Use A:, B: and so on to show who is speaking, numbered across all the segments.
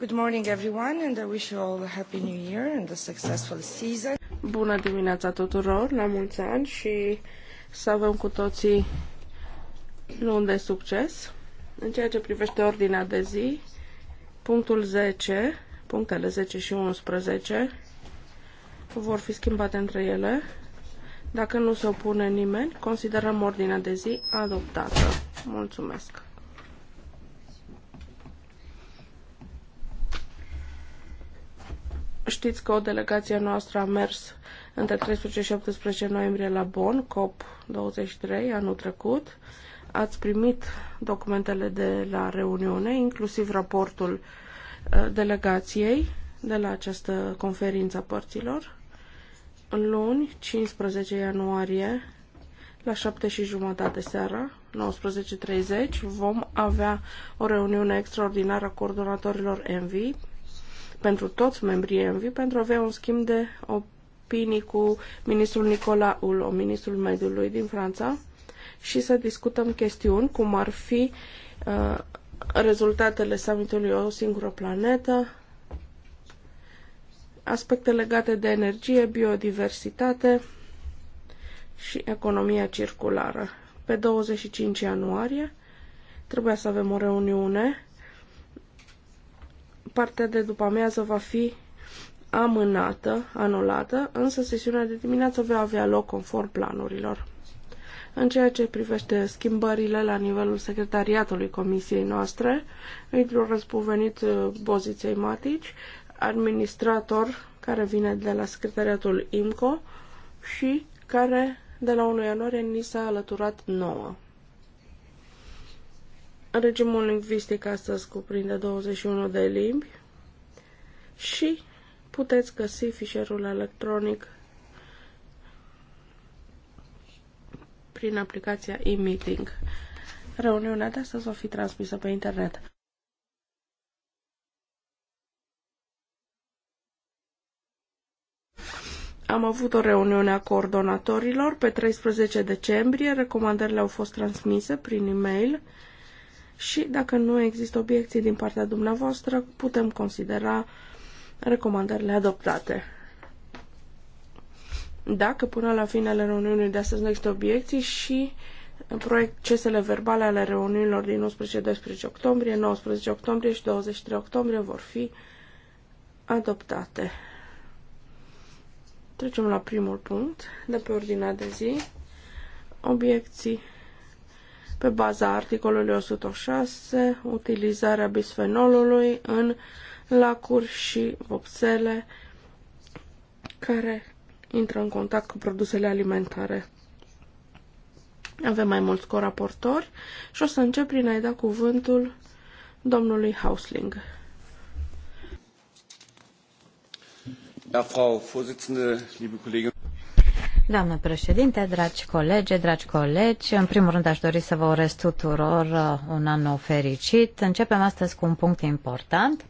A: Good morning everyone and I wish you all a happy new year and a successful season. Bună dimineața tuturor, la mulți ani și să avem cu toții luni de succes. În ceea ce privește ordinea de zi, punctul 10, punctele 10 și 11 vor fi schimbate între ele. Dacă nu se opune nimeni, considerăm ordinea de zi adoptată. Mulțumesc! Știți că o delegație noastră a mers între 13 și 18 noiembrie la Bonn, COP23, anul trecut. Ați primit documentele de la reuniune, inclusiv raportul uh, delegației de la această conferință a părților. În luni, 15 ianuarie, la 7 și jumătate seara, 19.30, vom avea o reuniune extraordinară a coordonatorilor ENVI pentru toți membrii MV pentru a avea un schimb de opinii cu ministrul Nicola Ulo, ministrul mediului din Franța, și să discutăm chestiuni cum ar fi uh, rezultatele summitului O singură planetă, aspecte legate de energie, biodiversitate și economia circulară. Pe 25 ianuarie trebuia să avem o reuniune partea de după amiază va fi amânată, anulată, însă sesiunea de dimineață va avea loc conform planurilor. În ceea ce privește schimbările la nivelul secretariatului comisiei noastre, într un răspuvenit uh, poziției Matici, administrator care vine de la secretariatul IMCO și care de la 1 ianuarie ni s-a alăturat nouă. Regimul lingvistic astăzi cuprinde 21 de limbi și puteți găsi fișierul electronic prin aplicația e-meeting. Reuniunea de astăzi va fi transmisă pe internet. Am avut o reuniune a coordonatorilor pe 13 decembrie. Recomandările au fost transmise prin e-mail și dacă nu există obiecții din partea dumneavoastră, putem considera recomandările adoptate. Dacă până la finele reuniunii de astăzi nu există obiecții și procesele verbale ale reuniunilor din 11-12 octombrie, 19 octombrie și 23 octombrie vor fi adoptate. Trecem la primul punct de pe ordinea de zi. Obiecții pe baza articolului 106, utilizarea bisfenolului în lacuri și vopsele care intră în contact cu produsele alimentare. Avem mai mulți coraportori și o să încep prin a-i da cuvântul
B: domnului Hausling.
C: Da, Frau Vorsitzende, liebe colegi.
B: Doamnă președinte, dragi colegi, dragi colegi, în primul rând aș dori să vă urez tuturor uh, un an nou fericit. Începem astăzi cu un punct important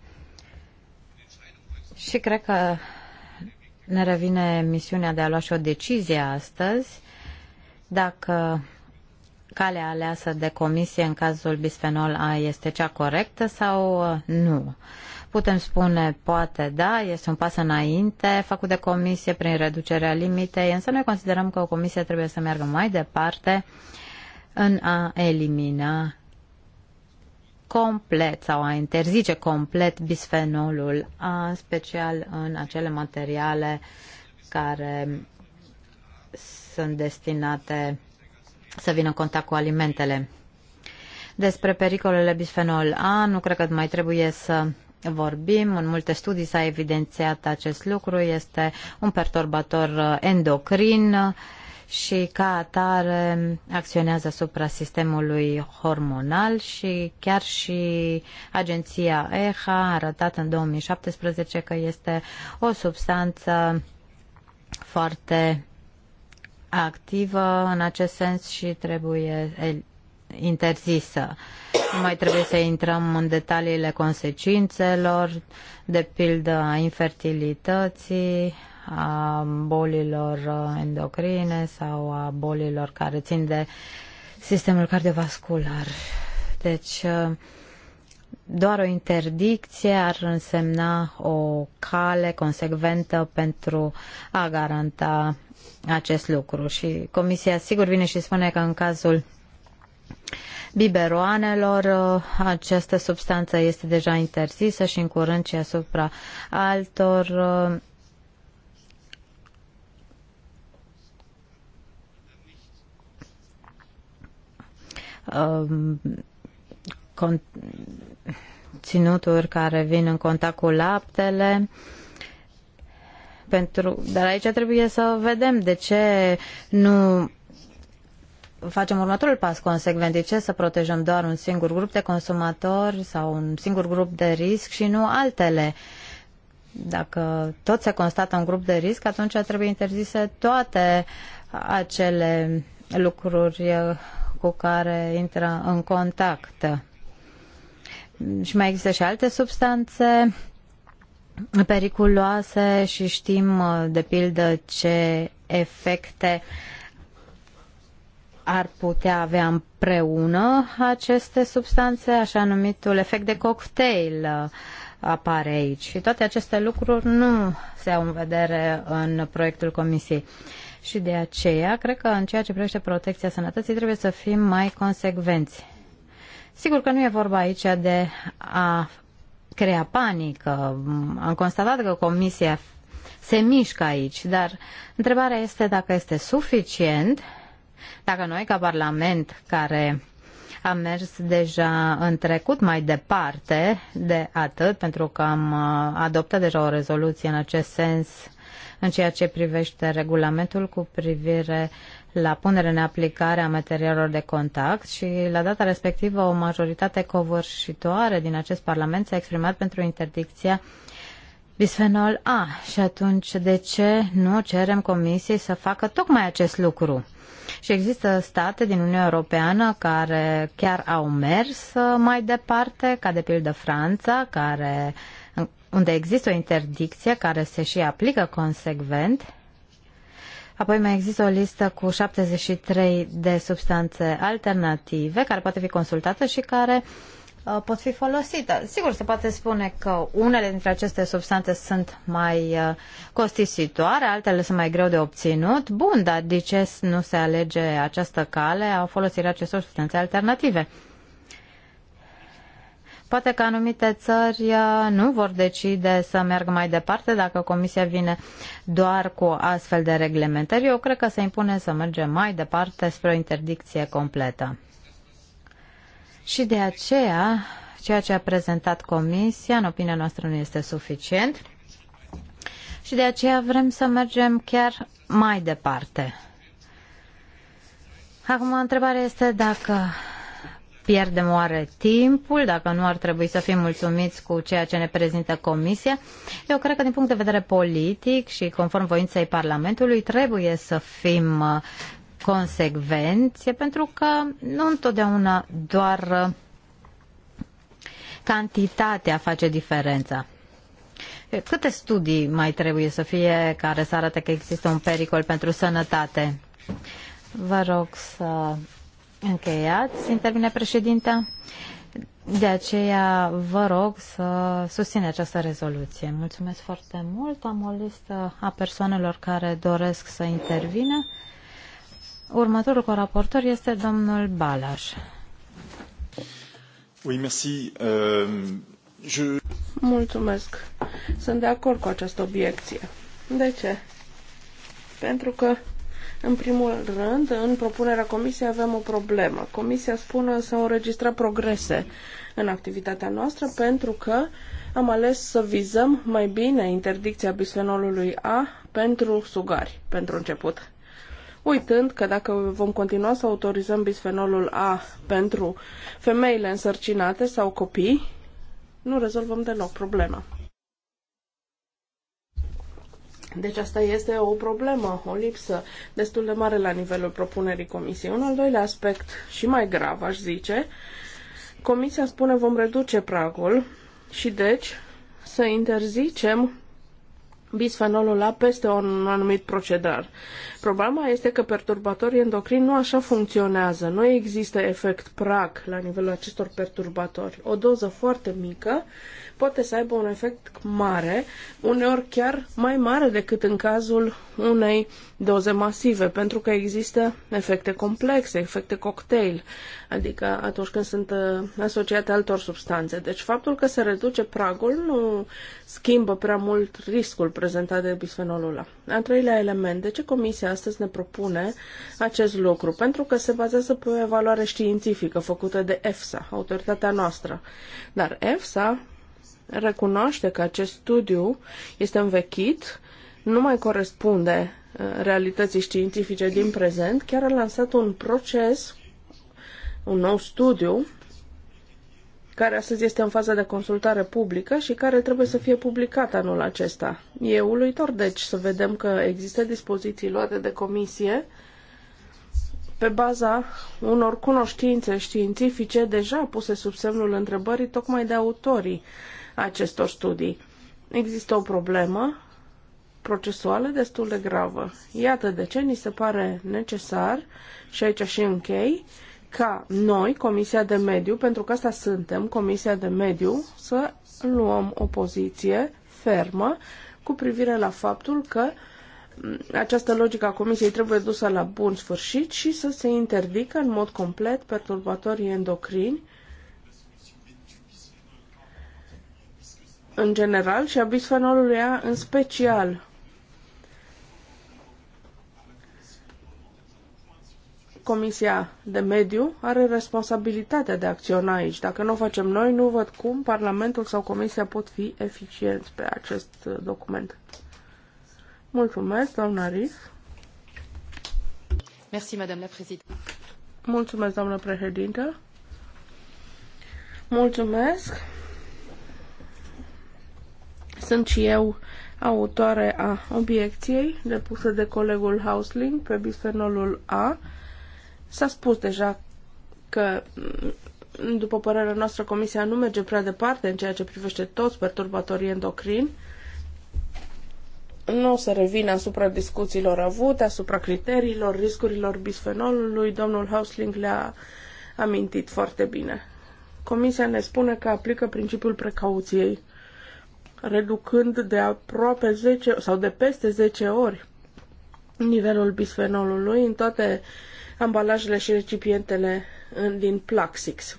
B: și cred că ne revine misiunea de a lua și o decizie astăzi dacă calea aleasă de comisie în cazul bisfenol A este cea corectă sau uh, nu. Putem spune, poate da, este un pas înainte făcut de comisie prin reducerea limitei, însă noi considerăm că o comisie trebuie să meargă mai departe în a elimina complet sau a interzice complet bisfenolul, A, în special în acele materiale care sunt destinate să vină în contact cu alimentele. Despre pericolele bisfenol A, nu cred că mai trebuie să vorbim. În multe studii s-a evidențiat acest lucru. Este un perturbator uh, endocrin uh, și ca atare acționează asupra sistemului hormonal și chiar și agenția EHA a arătat în 2017 că este o substanță foarte activă în acest sens și trebuie interzisă. Nu mai trebuie să intrăm în detaliile consecințelor, de pildă a infertilității, a bolilor endocrine sau a bolilor care țin de sistemul cardiovascular. Deci, doar o interdicție ar însemna o cale consecventă pentru a garanta acest lucru. Și Comisia sigur vine și spune că în cazul biberoanelor. Uh, această substanță este deja interzisă și în curând și asupra altor uh, um, ținuturi care vin în contact cu laptele. Pentru, dar aici trebuie să vedem de ce nu facem următorul pas consecvent. De ce să protejăm doar un singur grup de consumatori sau un singur grup de risc și nu altele? Dacă tot se constată un grup de risc, atunci trebuie interzise toate acele lucruri eh, cu care intră în contact. Și mai există și alte substanțe periculoase și știm, eh, de pildă, ce efecte uh, ar putea avea împreună aceste substanțe, așa numitul efect de cocktail uh, apare aici. Și toate aceste lucruri nu se au în vedere în proiectul Comisiei. Și de aceea, cred că în ceea ce privește protecția sănătății, trebuie să fim mai consecvenți. Sigur că nu e vorba aici de a crea panică. Am constatat că Comisia se mișcă aici, dar întrebarea este dacă este suficient dacă noi, ca Parlament, care am mers deja în trecut mai departe de atât, pentru că am uh, adoptat deja o rezoluție în acest sens în ceea ce privește regulamentul cu privire la punerea în aplicare a materialelor de contact și la data respectivă o majoritate covârșitoare din acest Parlament s-a exprimat pentru interdicția bisfenol A. Și atunci de ce nu cerem Comisiei să facă tocmai acest lucru? Și există state din Uniunea Europeană care chiar au mers uh, mai departe, ca de pildă Franța, care, unde există o interdicție care se și aplică consecvent. Apoi mai există o listă cu 73 de substanțe alternative care poate fi consultată și care uh, Uh, pot fi folosite. Sigur, se poate spune că unele dintre aceste substanțe sunt mai uh, costisitoare, altele sunt mai greu de obținut. Bun, dar de ce nu se alege această cale a folosirii acestor substanțe alternative? Poate că anumite țări uh, nu vor decide să meargă mai departe dacă Comisia vine doar cu astfel de reglementări. Eu cred că se impune să mergem mai departe spre o interdicție completă. Și de aceea, ceea ce a prezentat Comisia, în opinia noastră, nu este suficient. Și de aceea vrem să mergem chiar mai departe. Acum, întrebarea este dacă pierdem oare timpul, dacă nu ar trebui să fim mulțumiți cu ceea ce ne prezintă Comisia. Eu cred că din punct de vedere politic și conform voinței Parlamentului trebuie să fim consecvenție, pentru că nu întotdeauna doar uh, cantitatea face diferența. Câte studii mai trebuie să fie care să arate că există un pericol pentru sănătate? Vă rog să încheiați, intervine președinta. De aceea vă rog să susține această rezoluție. Mulțumesc foarte mult. Am o listă a persoanelor care doresc să intervină. Următorul coraportor este domnul Balas.
C: Oui, merci. Uh, je...
A: Mulțumesc. Sunt de acord cu această obiecție. De ce? Pentru că în primul rând, în propunerea comisiei avem o problemă. Comisia spune să înregistrăm progrese în activitatea noastră pentru că am ales să vizăm mai bine interdicția bisfenolului A pentru sugari, pentru început uitând că dacă vom continua să autorizăm bisfenolul A pentru femeile însărcinate sau copii, nu rezolvăm deloc problema. Deci asta este o problemă, o lipsă destul de mare la nivelul propunerii comisiei. Un al doilea aspect și mai grav, aș zice, comisia spune vom reduce pragul și deci să interzicem bisfenolul A peste un anumit procedar. Problema este că perturbatorii endocrini nu așa funcționează. Nu există efect prag la nivelul acestor perturbatori. O doză foarte mică poate să aibă un efect mare, uneori chiar mai mare decât în cazul unei doze masive, pentru că există efecte complexe, efecte cocktail, adică atunci când sunt uh, asociate altor substanțe. Deci faptul că se reduce pragul nu schimbă prea mult riscul prezentat de bisfenolul A. Al treilea element, de ce Comisia astăzi ne propune acest lucru, pentru că se bazează pe o evaluare științifică făcută de EFSA, autoritatea noastră. Dar EFSA recunoaște că acest studiu este învechit, nu mai corespunde uh, realității științifice din prezent, chiar a lansat un proces, un nou studiu care astăzi este în fază de consultare publică și care trebuie să fie publicat anul acesta. E uluitor, deci, să vedem că există dispoziții luate de comisie pe baza unor cunoștințe științifice deja puse sub semnul întrebării tocmai de autorii acestor studii. Există o problemă procesuală destul de gravă. Iată de ce ni se pare necesar, și aici și închei, ca noi, Comisia de Mediu, pentru că asta suntem, Comisia de Mediu, să luăm o poziție fermă cu privire la faptul că această logică a Comisiei trebuie dusă la bun sfârșit și să se interdică în mod complet perturbatorii endocrini în general și a bisfenolului A în special Comisia de Mediu are responsabilitatea de a acționa aici. Dacă nu o facem noi, nu văd cum Parlamentul sau Comisia pot fi eficienți pe acest document. Mulțumesc, doamna Rif.
C: Merci, madame la președinte.
A: Mulțumesc, doamnă președintă. Mulțumesc. Sunt și eu autoare a obiecției depusă de colegul Hausling pe bisfenolul A S-a spus deja că, mm, după părerea noastră, Comisia nu merge prea departe în ceea ce privește toți perturbatorii endocrini. Nu o să revin asupra discuțiilor avute, asupra criteriilor, riscurilor bisfenolului. Domnul Hausling le-a amintit foarte bine. Comisia ne spune că aplică principiul precauției, reducând de aproape 10 sau de peste 10 ori nivelul bisfenolului în toate uh, ambalajele și recipientele din Plaxix,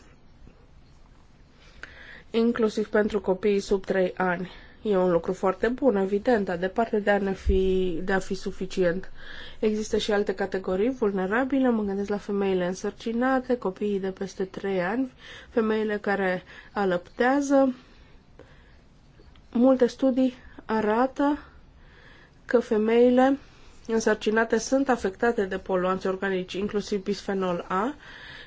A: inclusiv pentru copiii sub 3 ani. E un lucru foarte bun, evident, dar departe de a, ne fi, de a fi suficient. Există și alte categorii vulnerabile, mă gândesc la femeile însărcinate, copiii de peste 3 ani, femeile care alăptează. Multe studii arată că femeile însărcinate sunt afectate de poluanți organici, inclusiv bisfenol A,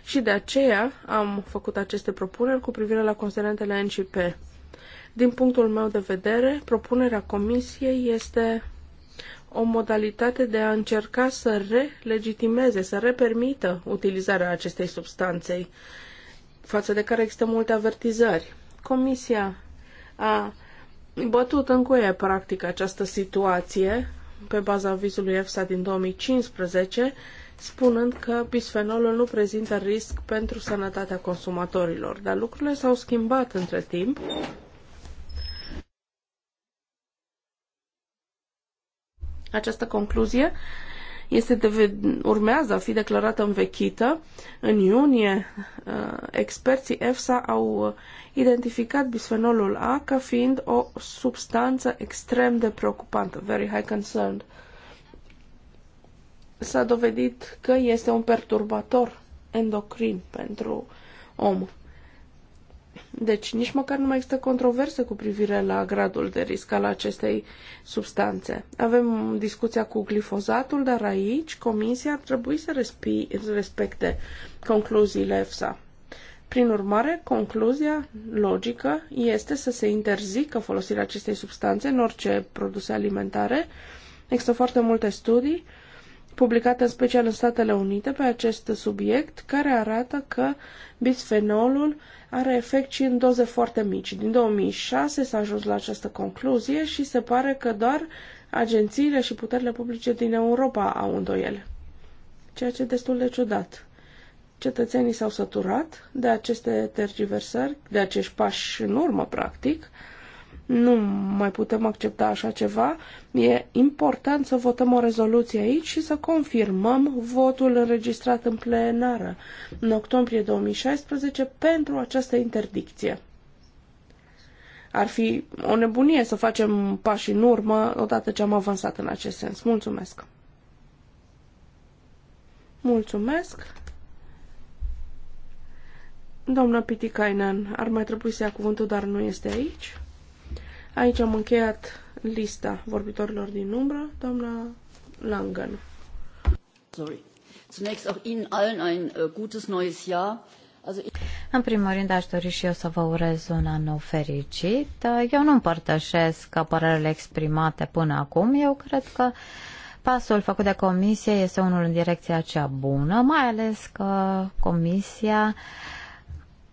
A: și de aceea am făcut aceste propuneri cu privire la considerentele N și P. Din punctul meu de vedere, propunerea Comisiei este o modalitate de a încerca să relegitimeze, să repermită utilizarea acestei substanței, față de care există multe avertizări. Comisia a bătut în cuie, practic, această situație pe baza avizului EFSA din 2015, spunând că bisfenolul nu prezintă risc pentru sănătatea consumatorilor, dar lucrurile s-au schimbat între timp. Această concluzie este de, urmează a fi declarată învechită. În iunie, uh, experții EFSA au uh, identificat bisfenolul A ca fiind o substanță extrem de preocupantă, very high concerned. S-a dovedit că este un perturbator endocrin pentru om. Deci nici măcar nu mai există controverse cu privire la gradul de risc al acestei substanțe. Avem discuția cu glifozatul, dar aici Comisia ar trebui să respecte concluziile EFSA. Prin urmare, concluzia logică este să se interzică folosirea acestei substanțe în orice produse alimentare. Există foarte multe studii publicate în special în Statele Unite pe acest subiect, care arată că bisfenolul are efect și în doze foarte mici. Din 2006 s-a ajuns la această concluzie și se pare că doar agențiile și puterile publice din Europa au îndoiele, ceea ce e destul de ciudat. Cetățenii s-au săturat de aceste tergiversări, de acești pași în urmă, practic, nu mai putem accepta așa ceva. E important să votăm o rezoluție aici și să confirmăm votul înregistrat în plenară în octombrie 2016 pentru această interdicție. Ar fi o nebunie să facem pași în urmă odată ce am avansat în acest sens. Mulțumesc! Mulțumesc! Doamna Pitikainen ar mai trebui să ia cuvântul, dar nu este aici. Aici am încheiat lista vorbitorilor din umbră,
C: doamna Langen. Sorry. Zunächst auch Ihnen allen ein äh, gutes neues Jahr.
B: În primul rând aș dori și eu să vă urez un an nou fericit. Eu nu împărtășesc apărările exprimate până acum. Eu cred că pasul făcut de comisie este unul în direcția cea bună, mai ales că comisia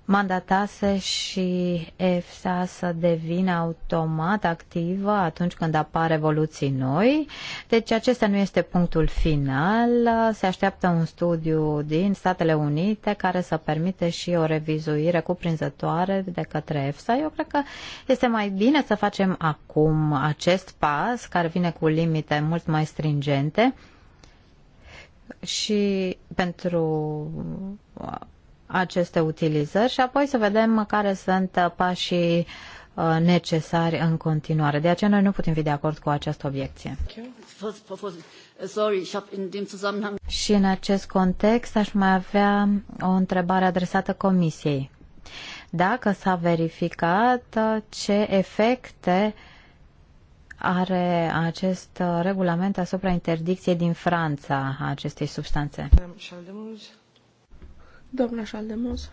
B: mandatase și EFSA să devină automat activă atunci când apar evoluții noi. Deci acesta nu este punctul final. Se așteaptă un studiu din Statele Unite care să permite și o revizuire cuprinzătoare de către EFSA. Eu cred că este mai bine să facem acum acest pas care vine cu limite mult mai stringente și pentru aceste utilizări și apoi să vedem care sunt pașii uh, necesari în continuare. De aceea noi nu putem fi de acord cu această obiecție. Și în acest context aș mai avea o întrebare adresată Comisiei. Dacă s-a verificat uh, ce efecte are acest uh, regulament asupra interdicției din Franța a acestei substanțe. Doamna Șaldemus.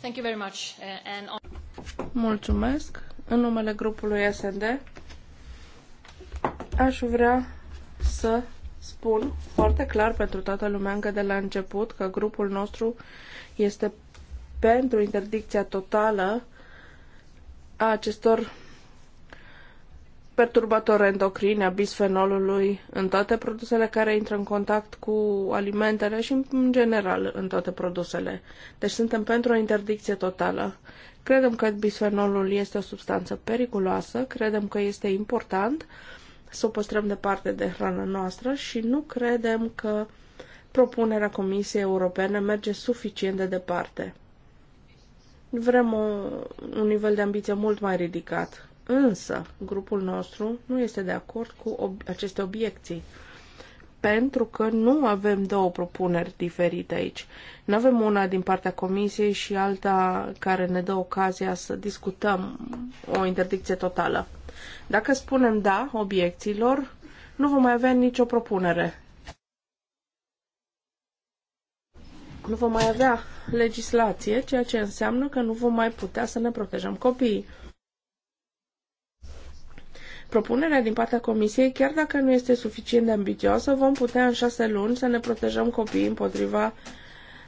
B: Thank you very much. Uh, and
A: Mulțumesc. În numele grupului SND aș vrea să spun foarte clar pentru toată lumea încă de la început că grupul nostru este pentru interdicția totală a acestor perturbatori endocrine a bisfenolului în toate produsele care intră în contact cu alimentele și în general în toate produsele. Deci suntem pentru o interdicție totală. Credem că bisfenolul este o substanță periculoasă, credem că este important să o păstrăm departe de hrana noastră și nu credem că propunerea Comisiei Europene merge suficient de departe. Vrem o, un nivel de ambiție mult mai ridicat Însă, grupul nostru nu este de acord cu ob- aceste obiecții, pentru că nu avem două propuneri diferite aici. Nu avem una din partea comisiei și alta care ne dă ocazia să discutăm o interdicție totală. Dacă spunem da obiecțiilor, nu vom mai avea nicio propunere. Nu vom mai avea legislație, ceea ce înseamnă că nu vom mai putea să ne protejăm copiii. Propunerea din partea Comisiei, chiar dacă nu este suficient de ambițioasă, vom putea în șase luni să ne protejăm copiii împotriva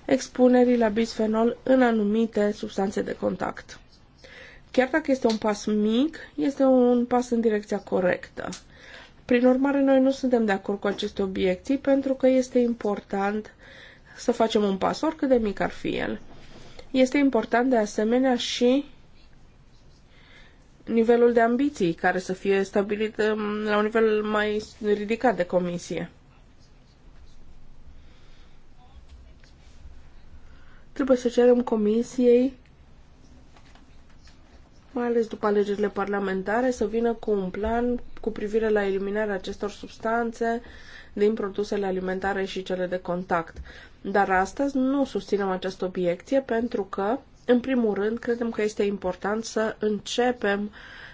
A: expunerii la bisfenol în anumite substanțe de contact. Chiar dacă este un pas mic, este un pas în direcția corectă. Prin urmare, noi nu suntem de acord cu aceste obiecții pentru că este important să facem un pas, oricât de mic ar fi el. Este important de asemenea și nivelul de ambiții care să fie stabilit um, la un nivel mai ridicat de comisie. Trebuie să cerem comisiei, mai ales după alegerile parlamentare, să vină cu un plan cu privire la eliminarea acestor substanțe din produsele alimentare și cele de contact. Dar astăzi nu susținem această obiecție pentru că în primul rând, credem că este important să începem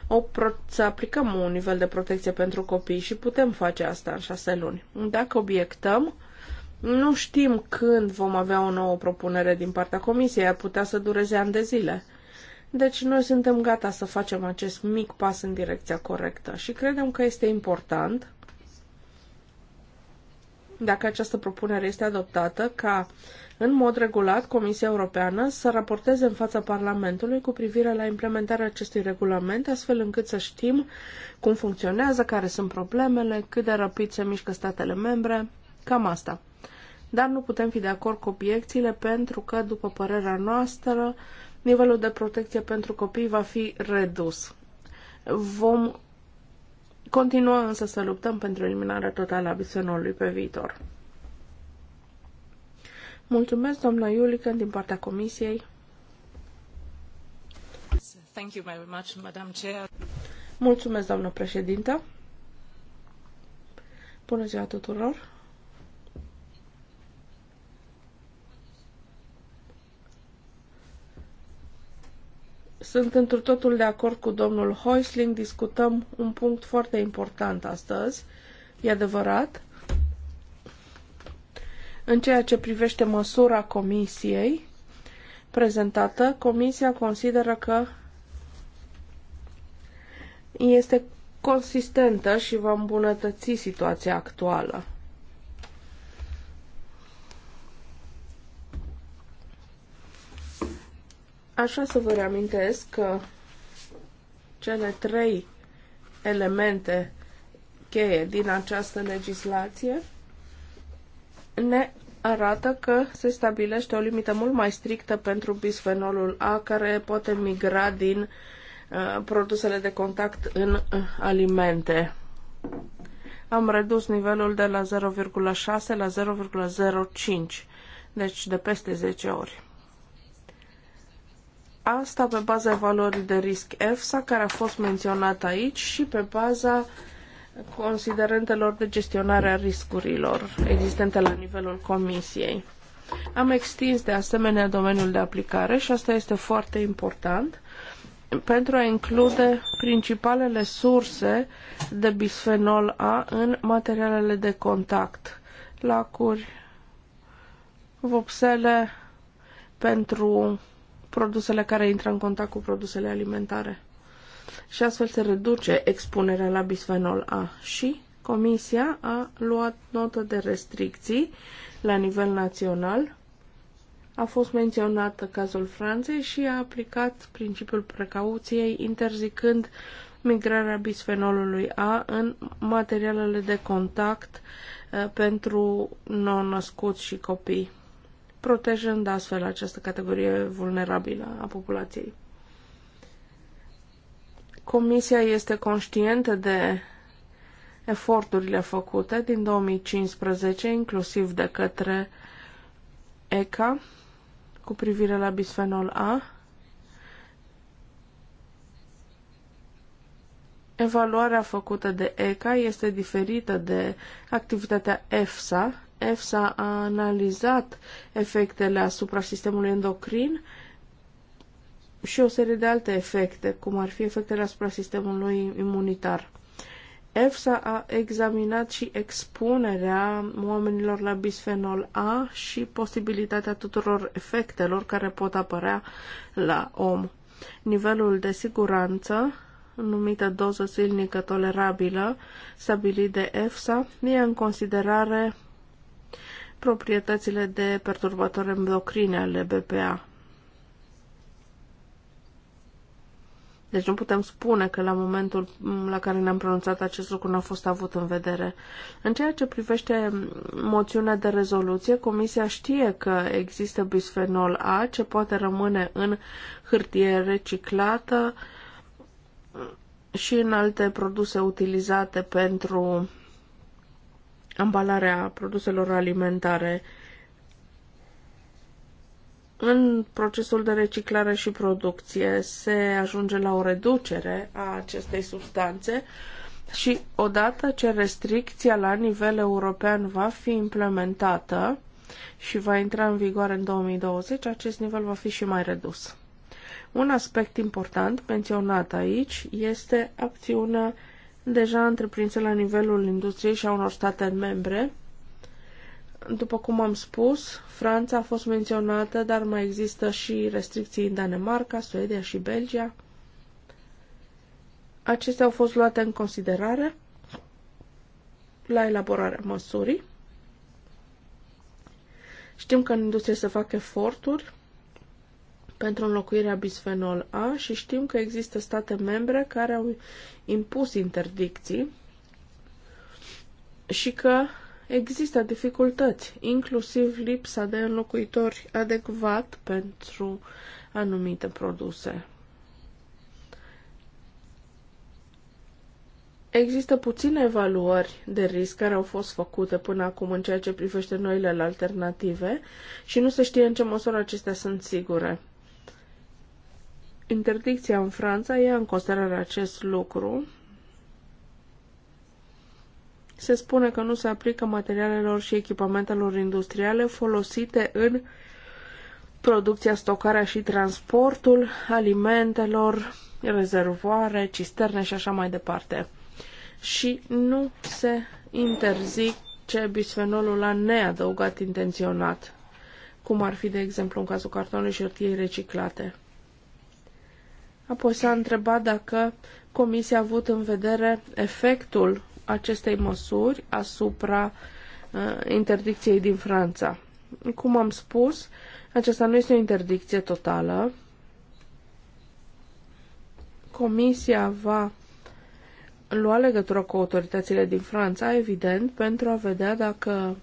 A: o pro- să aplicăm un nivel de protecție pentru copii și putem face asta în șase luni. Dacă obiectăm, nu știm când vom avea o nouă propunere din partea Comisiei, ar putea să dureze ani de zile. Deci noi suntem gata să facem acest mic pas în direcția corectă și credem că este important, dacă această propunere este adoptată, ca în mod regulat Comisia Europeană să raporteze în fața Parlamentului cu privire la implementarea acestui regulament, astfel încât să știm cum funcționează, care sunt problemele, cât de rapid se mișcă statele membre. Cam asta. Dar nu putem fi de acord cu obiecțiile pentru că, după părerea noastră, nivelul de protecție pentru copii va fi redus. Vom continua însă să luptăm pentru eliminarea totală a bisonului pe viitor. Mulțumesc, doamna Iulică, din partea Comisiei. Thank you very much, Madam Chair. Mulțumesc, doamnă președintă. Bună ziua tuturor. Sunt într totul de acord cu domnul Hoisling. Discutăm un punct foarte important astăzi. E adevărat, în ceea ce privește măsura comisiei prezentată, comisia consideră că este consistentă și va îmbunătăți situația actuală. Așa să vă reamintesc că cele trei elemente cheie din această legislație ne arată că se stabilește o limită mult mai strictă pentru bisfenolul A, care poate migra din uh, produsele de contact în uh, alimente. Am redus nivelul de la 0,6 la 0,05, deci de peste 10 ori. Asta pe baza valorii de risc EFSA, care a fost menționat aici, și pe baza uh, considerentelor de gestionare a riscurilor existente la nivelul Comisiei. Am extins de asemenea domeniul de aplicare și asta este foarte important pentru a include principalele surse de bisfenol A în materialele de contact, lacuri, vopsele pentru produsele care intră în contact cu produsele alimentare și astfel se reduce expunerea la bisfenol A. Și Comisia a luat notă de restricții la nivel național. A fost menționat cazul Franței și a aplicat principiul precauției, interzicând migrarea bisfenolului A în materialele de contact uh, pentru non-născuți și copii, protejând astfel această categorie vulnerabilă a populației. Comisia este conștientă de eforturile făcute din 2015, inclusiv de către ECA, cu privire la bisfenol A. Evaluarea făcută de ECA este diferită de activitatea EFSA. EFSA a analizat efectele asupra sistemului endocrin și o serie de alte efecte, cum ar fi efectele asupra sistemului imunitar. EFSA a examinat și expunerea oamenilor la bisfenol A și posibilitatea tuturor efectelor care pot apărea la om. Nivelul de siguranță, numită doză zilnică tolerabilă, stabilit de EFSA, e în considerare proprietățile de perturbatori endocrine ale BPA. Deci nu putem spune că la momentul la care ne-am pronunțat acest lucru n-a fost avut în vedere. În ceea ce privește moțiunea de rezoluție, Comisia știe că există bisfenol A ce poate rămâne în hârtie reciclată și în alte produse utilizate pentru ambalarea produselor alimentare în procesul de reciclare și producție se ajunge la o reducere a acestei substanțe și odată ce restricția la nivel european va fi implementată și va intra în vigoare în 2020, acest nivel va fi și mai redus. Un aspect important menționat aici este acțiunea deja întreprinsă la nivelul industriei și a unor state membre după cum am spus, Franța a fost menționată, dar mai există și restricții în Danemarca, Suedia și Belgia. Acestea au fost luate în considerare la elaborarea măsurii. Știm că în industrie se fac eforturi pentru înlocuirea bisfenol A și știm că există state membre care au impus interdicții și că Există dificultăți, inclusiv lipsa de înlocuitori adecvat pentru anumite produse. Există puține evaluări de risc care au fost făcute până acum în ceea ce privește noile alternative și nu se știe în ce măsură acestea sunt sigure. Interdicția în Franța ia în considerare acest lucru se spune că nu se aplică materialelor și echipamentelor industriale folosite în producția, stocarea și transportul alimentelor, rezervoare, cisterne și așa mai departe. Și nu se interzice bisfenolul la neadăugat intenționat, cum ar fi, de exemplu, în cazul cartonului și hârtiei reciclate. Apoi s-a întrebat dacă Comisia a avut în vedere efectul acestei măsuri asupra uh, interdicției din Franța. Cum am spus, aceasta nu este o interdicție totală. Comisia va lua legătură cu autoritățile din Franța, evident, pentru a vedea dacă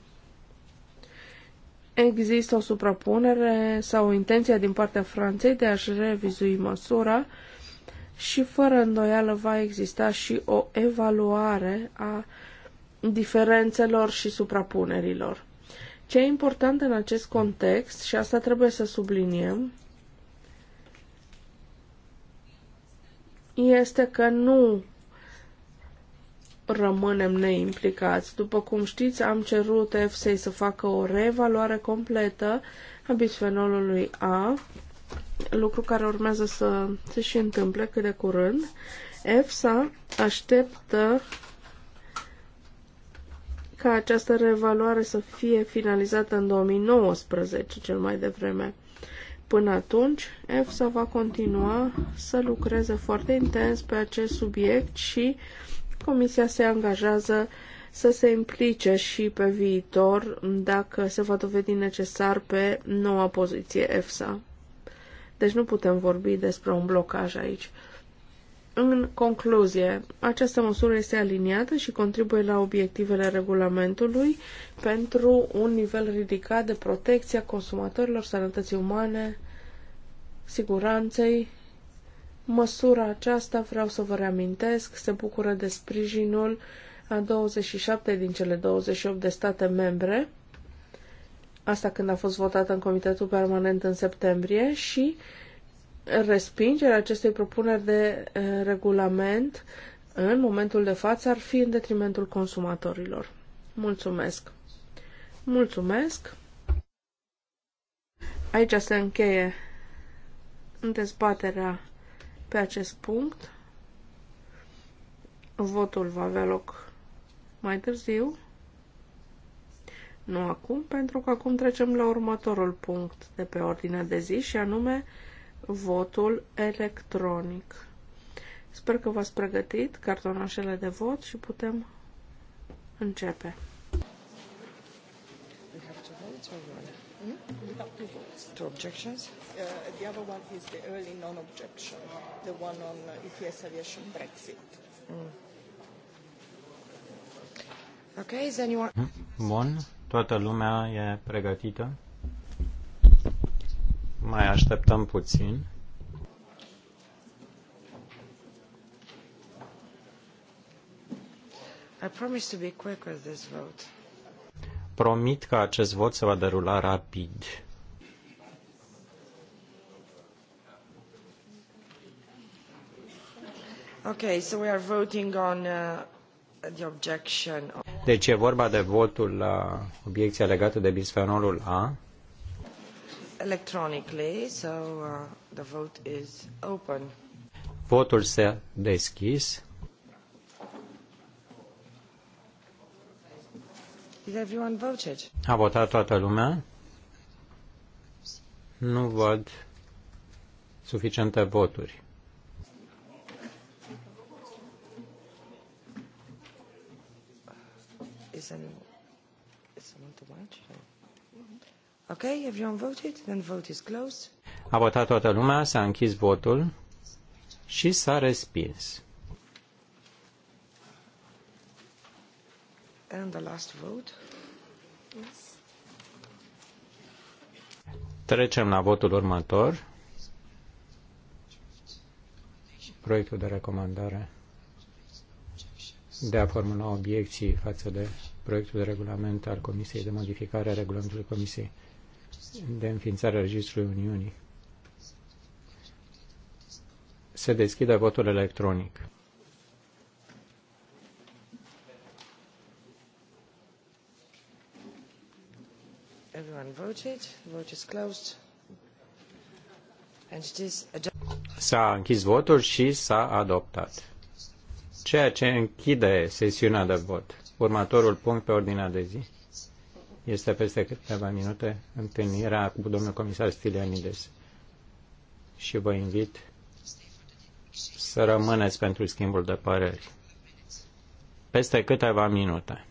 A: există o suprapunere sau o intenție din partea Franței de a-și revizui măsura și fără îndoială va exista și o evaluare a diferențelor și suprapunerilor. Ce e important în acest context, și asta trebuie să subliniem, este că nu rămânem neimplicați. După cum știți, am cerut EFSA să facă o reevaluare completă a bisfenolului A lucru care urmează să se și întâmple cât de curând. EFSA așteptă ca această reevaluare să fie finalizată în 2019, cel mai devreme. Până atunci, EFSA va continua să lucreze foarte intens pe acest subiect și Comisia se angajează să se implice și pe viitor dacă se va dovedi necesar pe noua poziție EFSA. Deci nu putem vorbi despre un blocaj aici. În concluzie, această măsură este aliniată și contribuie la obiectivele regulamentului pentru un nivel ridicat de protecție a consumatorilor, sănătății umane, siguranței. Măsura aceasta, vreau să vă reamintesc, se bucură de sprijinul a 27 din cele 28 de state membre asta când a fost votată în Comitetul Permanent în septembrie și respingerea acestei propuneri de eh, regulament în momentul de față ar fi în detrimentul consumatorilor. Mulțumesc! Mulțumesc! Aici se încheie dezbaterea pe acest punct. Votul va avea loc mai târziu. Nu acum, pentru că acum trecem la următorul punct de pe ordinea de zi și anume votul electronic. Sper că v-ați pregătit cartonașele de vot și putem începe.
D: Two objections? Uh, the other one is the early non-objection, the one on
A: uh, ETS aviation Brexit. Mm. Okay, is anyone...
D: Hmm? One. Toată lumea e pregătită. Mai așteptăm puțin.
A: I promise to be quick
D: with this vote. Promit că acest vot se va derula rapid.
A: Okay, so we are voting on uh, the objection.
D: Deci e vorba de votul la obiecția legată de bisfenolul A.
A: Electronically, so uh, the vote is open.
D: Votul se deschis. Is everyone voted? A votat toată lumea. Nu văd suficiente voturi.
A: anymore. It's not too much? Okay, everyone voted, then vote is closed.
D: A votat toată lumea, s-a închis votul și s-a respins. And the last vote. Yes. Trecem la votul următor. Proiectul de recomandare de a formula obiecții față de proiectul de regulament al Comisiei de modificare a regulamentului Comisiei de înființare a Registrului Uniunii. Se deschide votul electronic. S-a închis votul și s-a adoptat. Ceea ce închide sesiunea de vot. Următorul punct pe ordinea de zi este peste câteva minute întâlnirea cu domnul comisar Stilianides și vă invit să rămâneți pentru schimbul de păreri peste câteva minute.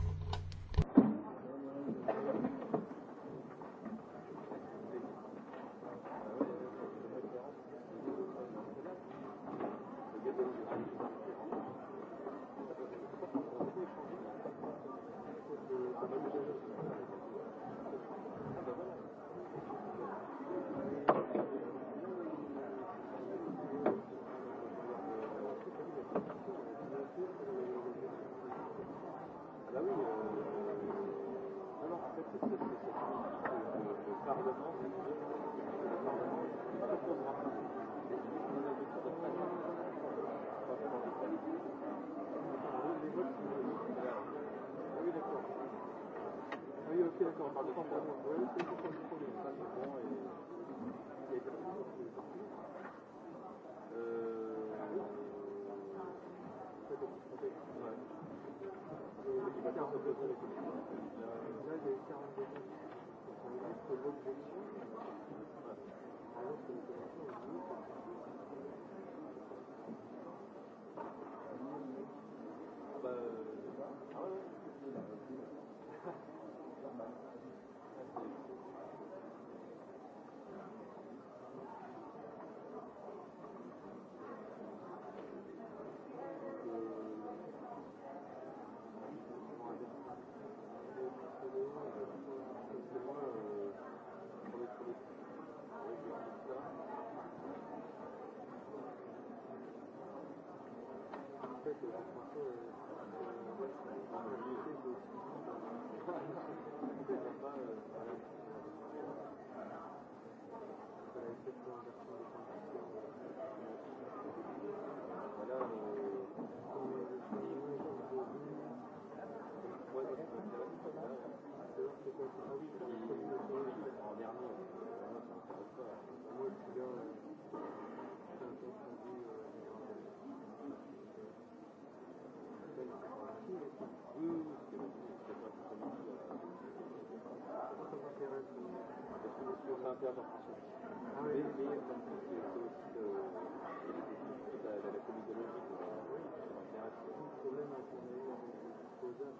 C: problème à ce qu'on a eu avec les exposants.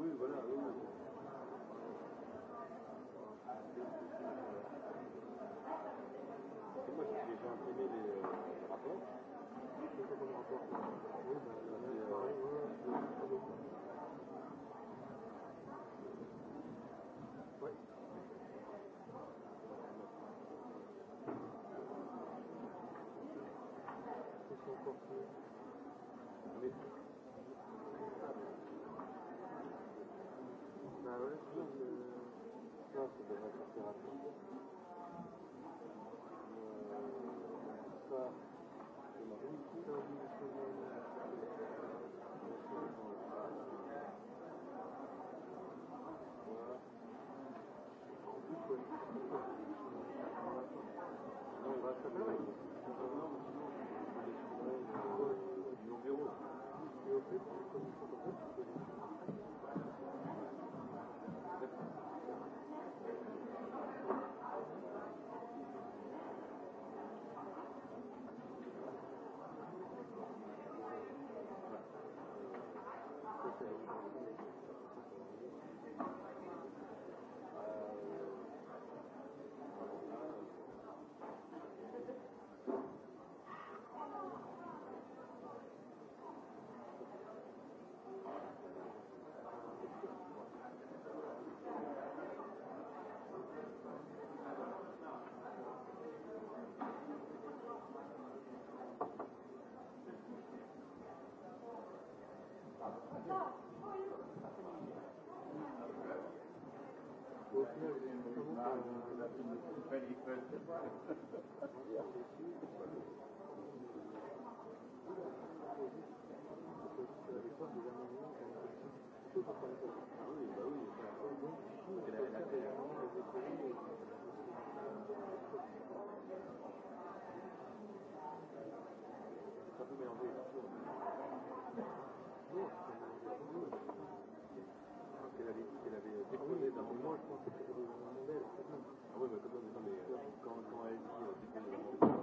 C: Oui, voilà, oui, oui. Ça peut mélanger la chose. Thank you.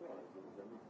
C: Grazie.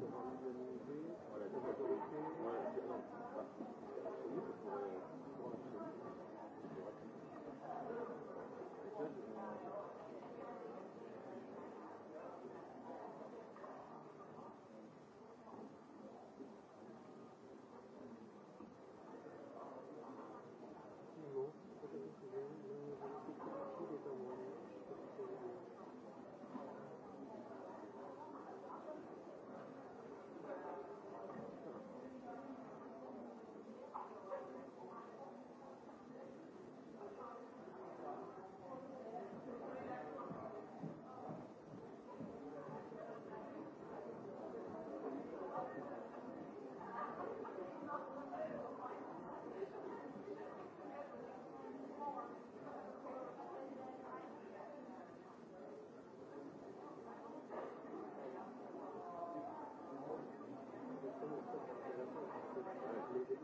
C: Voilà, donc la vérité, voilà, non, pas. Oui, ça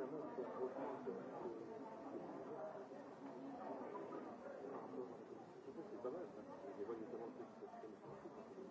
C: Давай, я говорю, это может быть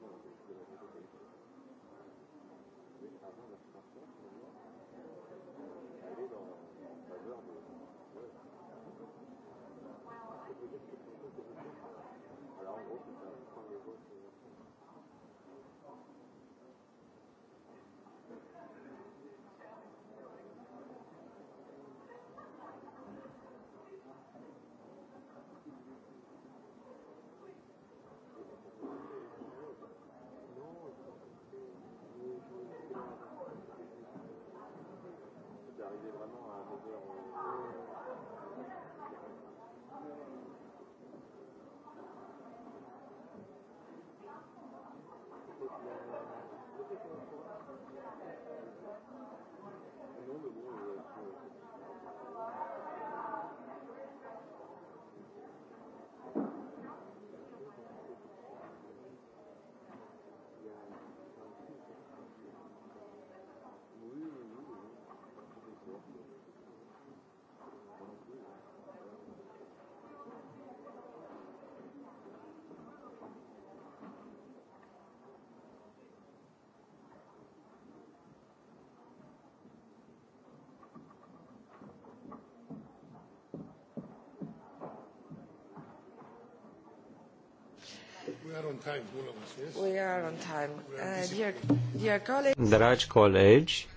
D: Dragi colegi,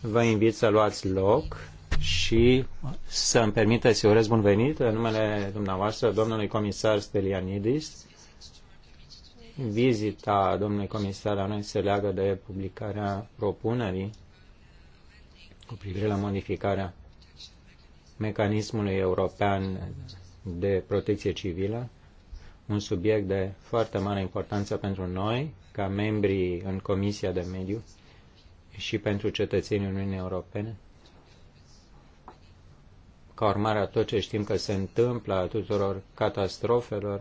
D: vă invit să luați loc și să îmi permiteți să urez bun venit în numele dumneavoastră, domnului comisar Stelianidis. Vizita domnului comisar a noi se leagă de publicarea propunerii cu privire la modificarea mecanismului european de protecție civilă un subiect de foarte mare importanță pentru noi, ca membri în Comisia de Mediu și pentru cetățenii Uniunii Europene. Ca urmare a tot ce știm că se întâmplă a tuturor catastrofelor,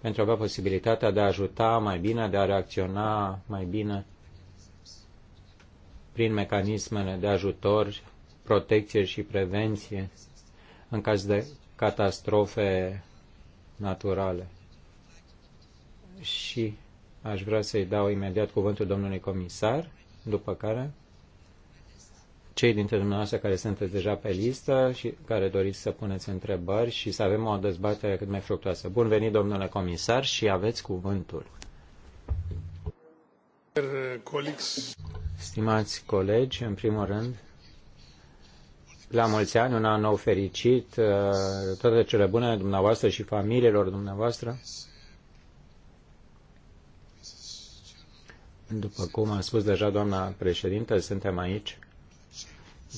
D: pentru a avea posibilitatea de a ajuta mai bine, de a reacționa mai bine prin mecanismele de ajutor, protecție și prevenție în caz de catastrofe naturale. Și aș vrea să-i dau imediat cuvântul domnului comisar, după care cei dintre dumneavoastră care sunteți deja pe listă și care doriți să puneți întrebări și să avem o dezbatere cât mai fructoasă. Bun venit, domnule comisar, și aveți cuvântul. Stimați colegi, în primul rând, la mulți ani, un an nou fericit, uh, toate cele bune dumneavoastră și familiilor dumneavoastră. După cum a spus deja doamna președintă, suntem aici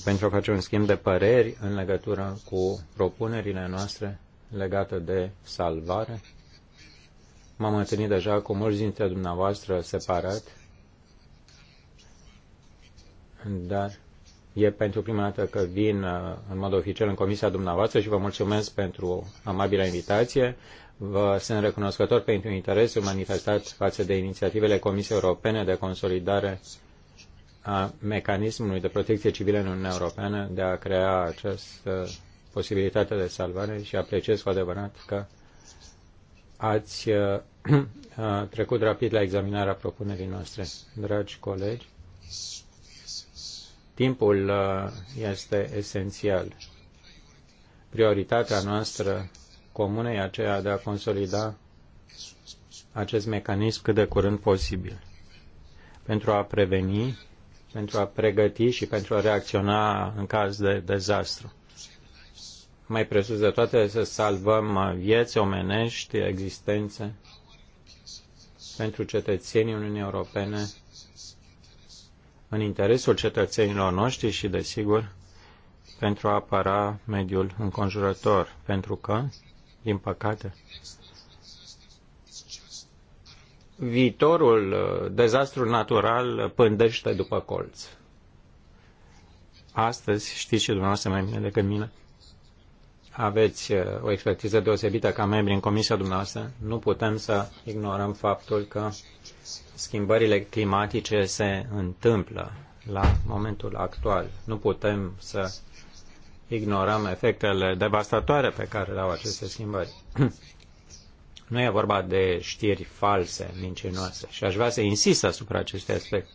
D: pentru a face un schimb de păreri în legătură cu propunerile noastre legate de salvare. M-am întâlnit deja cu mulți dintre dumneavoastră separat, dar E pentru prima dată că vin uh, în mod oficial în comisia dumneavoastră și vă mulțumesc pentru amabila invitație. Vă sunt recunoscător pentru interesul manifestat față de inițiativele Comisiei Europene de consolidare a mecanismului de protecție civilă în Uniunea Europeană de a crea această posibilitate de salvare și apreciez cu adevărat că ați uh, uh, trecut rapid la examinarea propunerii noastre. Dragi colegi, Timpul uh, este esențial. Prioritatea noastră comună e aceea de a consolida acest mecanism cât de curând posibil pentru a preveni, pentru a pregăti și pentru a reacționa în caz de dezastru. Mai presus de toate, să salvăm uh, vieți omenești, existențe pentru cetățenii Uniunii Europene în interesul cetățenilor noștri și, desigur, pentru a apăra mediul înconjurător, pentru că, din păcate, viitorul uh, dezastru natural pândește după colț. Astăzi, știți și dumneavoastră mai bine decât mine, aveți uh, o expertiză deosebită ca membri în comisia dumneavoastră, nu putem să ignorăm faptul că schimbările climatice se întâmplă la momentul actual. Nu putem să ignorăm efectele devastatoare pe care le au aceste schimbări. Nu e vorba de știri false, mincinoase. Și aș vrea să insist asupra acestui aspect.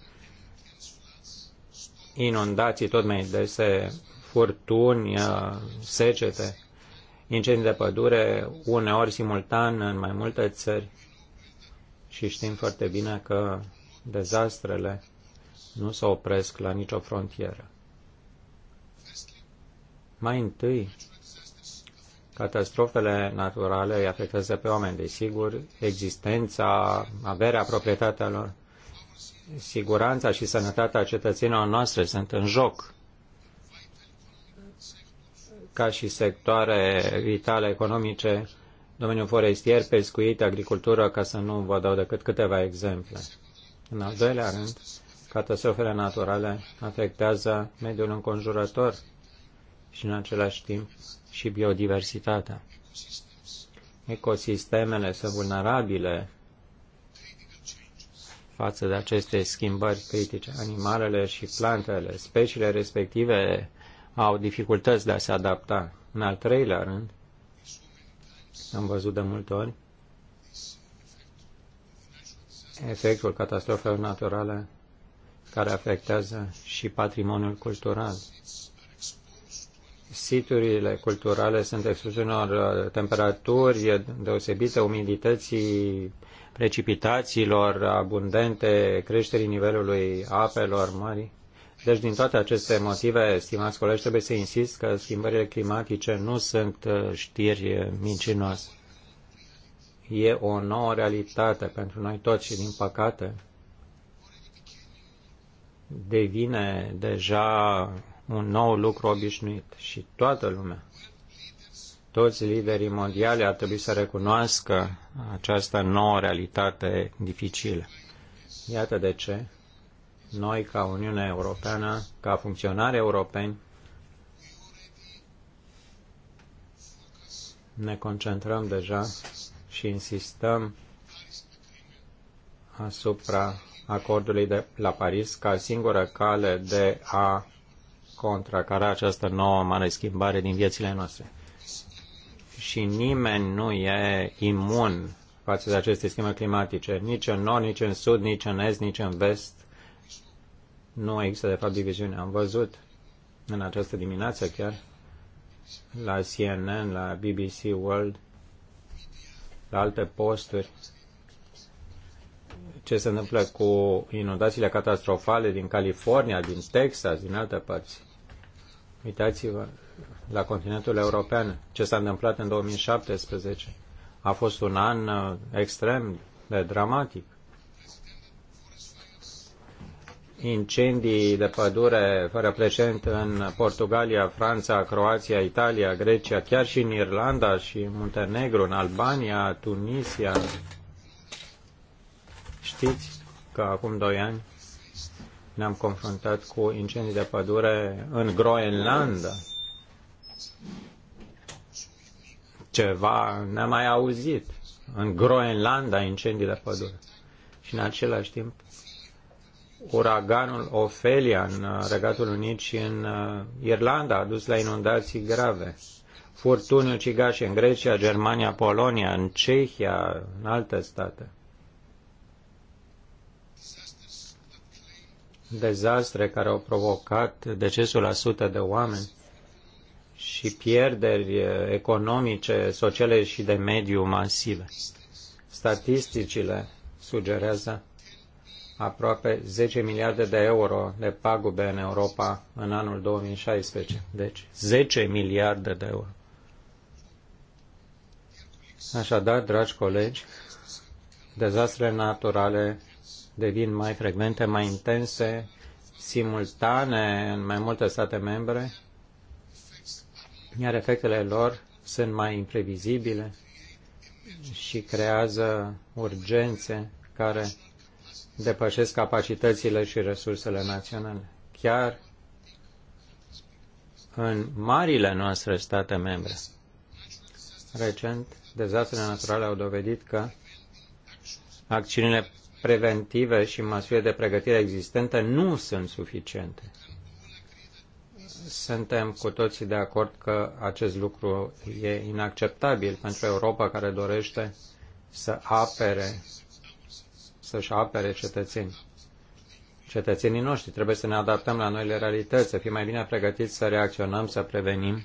D: Inundații tot mai dese, furtuni, uh, secete, incendii de pădure, uneori simultan în mai multe țări, și știm foarte bine că dezastrele nu se opresc la nicio frontieră. Mai întâi, catastrofele naturale îi afectează pe oameni, desigur, existența, averea, proprietatea lor, siguranța și sănătatea cetățenilor noastre sunt în joc ca și sectoare vitale economice domeniul forestier, pescuit, agricultură, ca să nu vă dau decât câteva exemple. În al doilea rând, catastrofele naturale afectează mediul înconjurător și în același timp și biodiversitatea. Ecosistemele sunt vulnerabile față de aceste schimbări critice. Animalele și plantele, speciile respective au dificultăți de a se adapta. În al treilea rând, am văzut de multe ori efectul catastrofelor naturale care afectează și patrimoniul cultural. Siturile culturale sunt expuse unor uh, temperaturi deosebite, umidității, precipitațiilor abundente, creșterii nivelului apelor, mării deci, din toate aceste motive, stimați colegi, trebuie să insist că schimbările climatice nu sunt uh, știri mincinoase. E o nouă realitate pentru noi toți și, din păcate, devine deja un nou lucru obișnuit și toată lumea, toți liderii mondiali ar trebui să recunoască această nouă realitate dificilă. Iată de ce noi ca Uniunea Europeană, ca funcționari europeni, ne concentrăm deja și insistăm asupra acordului de la Paris ca singură cale de a contracara această nouă mare schimbare din viețile noastre. Și nimeni nu e imun față de aceste schimbări climatice, nici în nord, nici în sud, nici în est, nici în vest, nu există, de fapt, diviziune. Am văzut în această dimineață chiar la CNN, la BBC World, la alte posturi, ce se întâmplă cu inundațiile catastrofale din California, din Texas, din alte părți. Uitați-vă la continentul european ce s-a întâmplat în 2017. A fost un an uh, extrem de dramatic. incendii de pădure fără precedent în Portugalia, Franța, Croația, Italia, Grecia, chiar și în Irlanda și Muntenegru, în Albania, Tunisia. Știți că acum doi ani ne-am confruntat cu incendii de pădure în Groenlanda. Ceva n-am mai auzit. În Groenlanda incendii de pădure. Și în același timp uraganul Ofelia în uh, Regatul Unit și în uh, Irlanda a dus la inundații grave. Furtuni ucigașe în Grecia, Germania, Polonia, în Cehia, în alte state. Dezastre care au provocat decesul a sute de oameni și pierderi uh, economice, sociale și de mediu masive. Statisticile sugerează aproape 10 miliarde de euro de pagube în Europa în anul 2016. Deci 10 miliarde de euro. Așadar, dragi colegi, dezastrele naturale devin mai frecvente, mai intense, simultane în mai multe state membre, iar efectele lor sunt mai imprevizibile și creează urgențe care depășesc capacitățile și resursele naționale. Chiar în marile noastre state membre. Recent, dezastrele naturale au dovedit că acțiunile preventive și măsurile de pregătire existente nu sunt suficiente. Suntem cu toții de acord că acest lucru e inacceptabil pentru Europa care dorește să apere să-și apere cetățenii. Cetățenii noștri trebuie să ne adaptăm la noile realități, să fim mai bine pregătiți să reacționăm, să prevenim.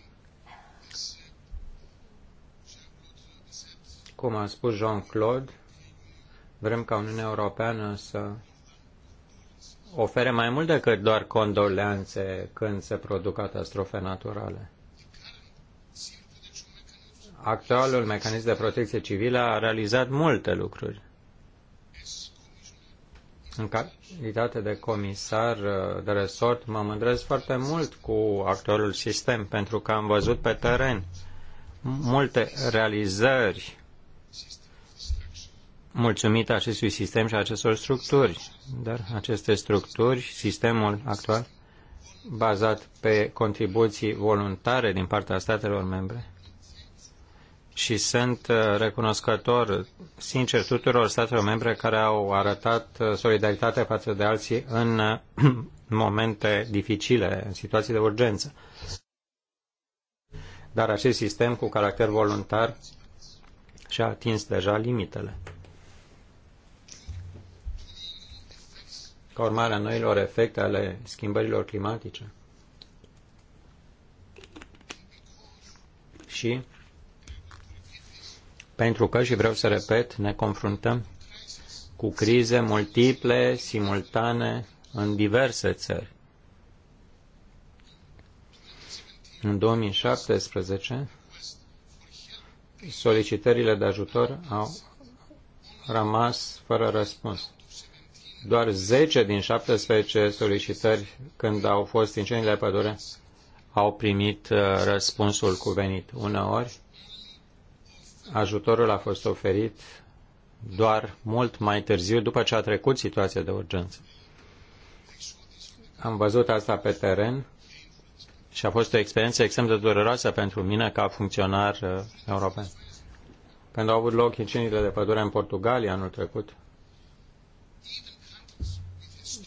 D: Cum a spus Jean-Claude, vrem ca Uniunea Europeană să ofere mai mult decât doar condoleanțe când se produc catastrofe naturale. Actualul mecanism de protecție civilă a realizat multe lucruri. În calitate de comisar uh, de resort, mă mândresc foarte mult cu actualul sistem, pentru că am văzut pe teren multe realizări mulțumită acestui sistem și acestor structuri. Dar aceste structuri, sistemul actual, bazat pe contribuții voluntare din partea statelor membre, și sunt uh, recunoscător sincer tuturor statelor membre care au arătat uh, solidaritate față de alții în uh, momente dificile, în situații de urgență. Dar acest sistem cu caracter voluntar și-a atins deja limitele. Ca urmare a noilor efecte ale schimbărilor climatice și pentru că, și vreau să repet, ne confruntăm cu crize multiple, simultane, în diverse țări. În 2017, solicitările de ajutor au rămas fără răspuns. Doar 10 din 17 solicitări, când au fost incendiile pădure, au primit uh, răspunsul cuvenit. Uneori, ajutorul a fost oferit doar mult mai târziu, după ce a trecut situația de urgență. Am văzut asta pe teren și a fost o experiență extrem de dureroasă pentru mine ca funcționar uh, european. Când au avut loc incendiile de pădure în Portugalia anul trecut,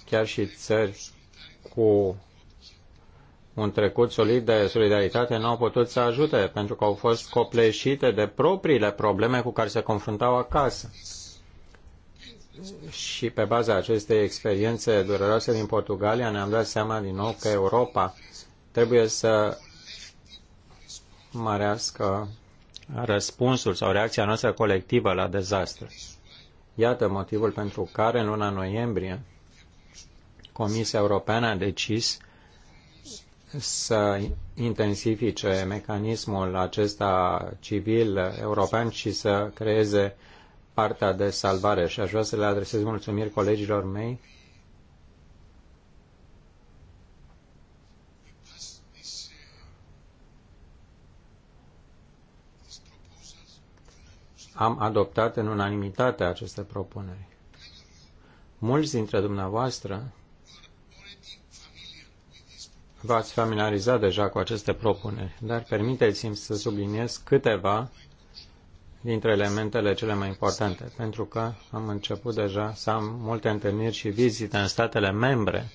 D: chiar și țări cu un trecut solid de solidaritate n-au putut să ajute pentru că au fost copleșite de propriile probleme cu care se confruntau acasă. Și pe baza acestei experiențe dureroase din Portugalia ne-am dat seama din nou că Europa trebuie să mărească răspunsul sau reacția noastră colectivă la dezastre. Iată motivul pentru care în luna noiembrie Comisia Europeană a decis să intensifice mecanismul acesta civil european și să creeze partea de salvare. Și aș vrea să le adresez mulțumiri colegilor mei am adoptat în unanimitate aceste propuneri. Mulți dintre dumneavoastră v-ați familiarizat deja cu aceste propuneri, dar permiteți-mi să subliniez câteva dintre elementele cele mai importante, pentru că am început deja să am multe întâlniri și vizite în statele membre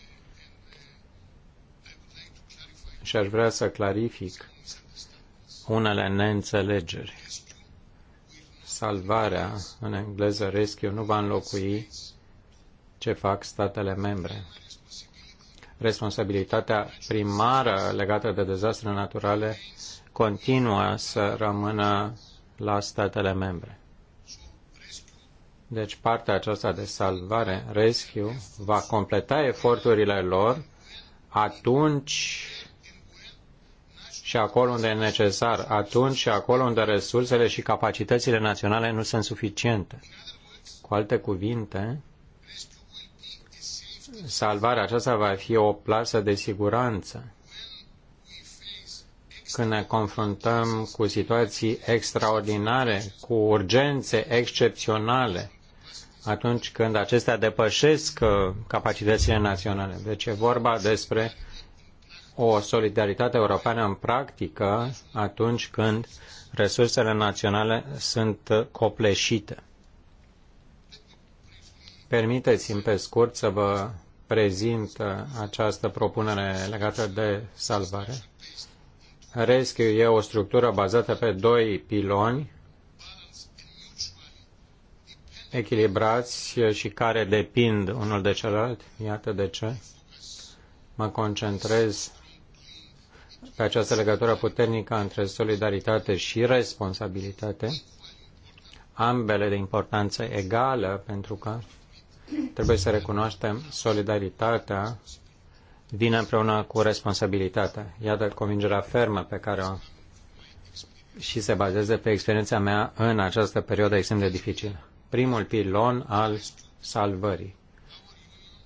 D: și aș vrea să clarific unele neînțelegeri. Salvarea, în engleză rescue, nu va înlocui ce fac statele membre responsabilitatea primară legată de dezastre naturale continuă să rămână la statele membre. Deci partea aceasta de salvare, rescue, va completa eforturile lor atunci și acolo unde e necesar, atunci și acolo unde resursele și capacitățile naționale nu sunt suficiente. Cu alte cuvinte, salvarea aceasta va fi o plasă de siguranță când ne confruntăm cu situații extraordinare, cu urgențe excepționale, atunci când acestea depășesc uh, capacitățile naționale. Deci e vorba despre o solidaritate europeană în practică atunci când resursele naționale sunt uh, copleșite. Permiteți-mi pe scurt să vă prezintă această propunere legată de salvare. Rescue e o structură bazată pe doi piloni echilibrați și care depind unul de celălalt. Iată de ce mă concentrez pe această legătură puternică între solidaritate și responsabilitate, ambele de importanță egală, pentru că Trebuie să recunoaștem solidaritatea vine împreună cu responsabilitatea. Iată convingerea fermă pe care o și se bazează pe experiența mea în această perioadă extrem de dificilă. Primul pilon al salvării.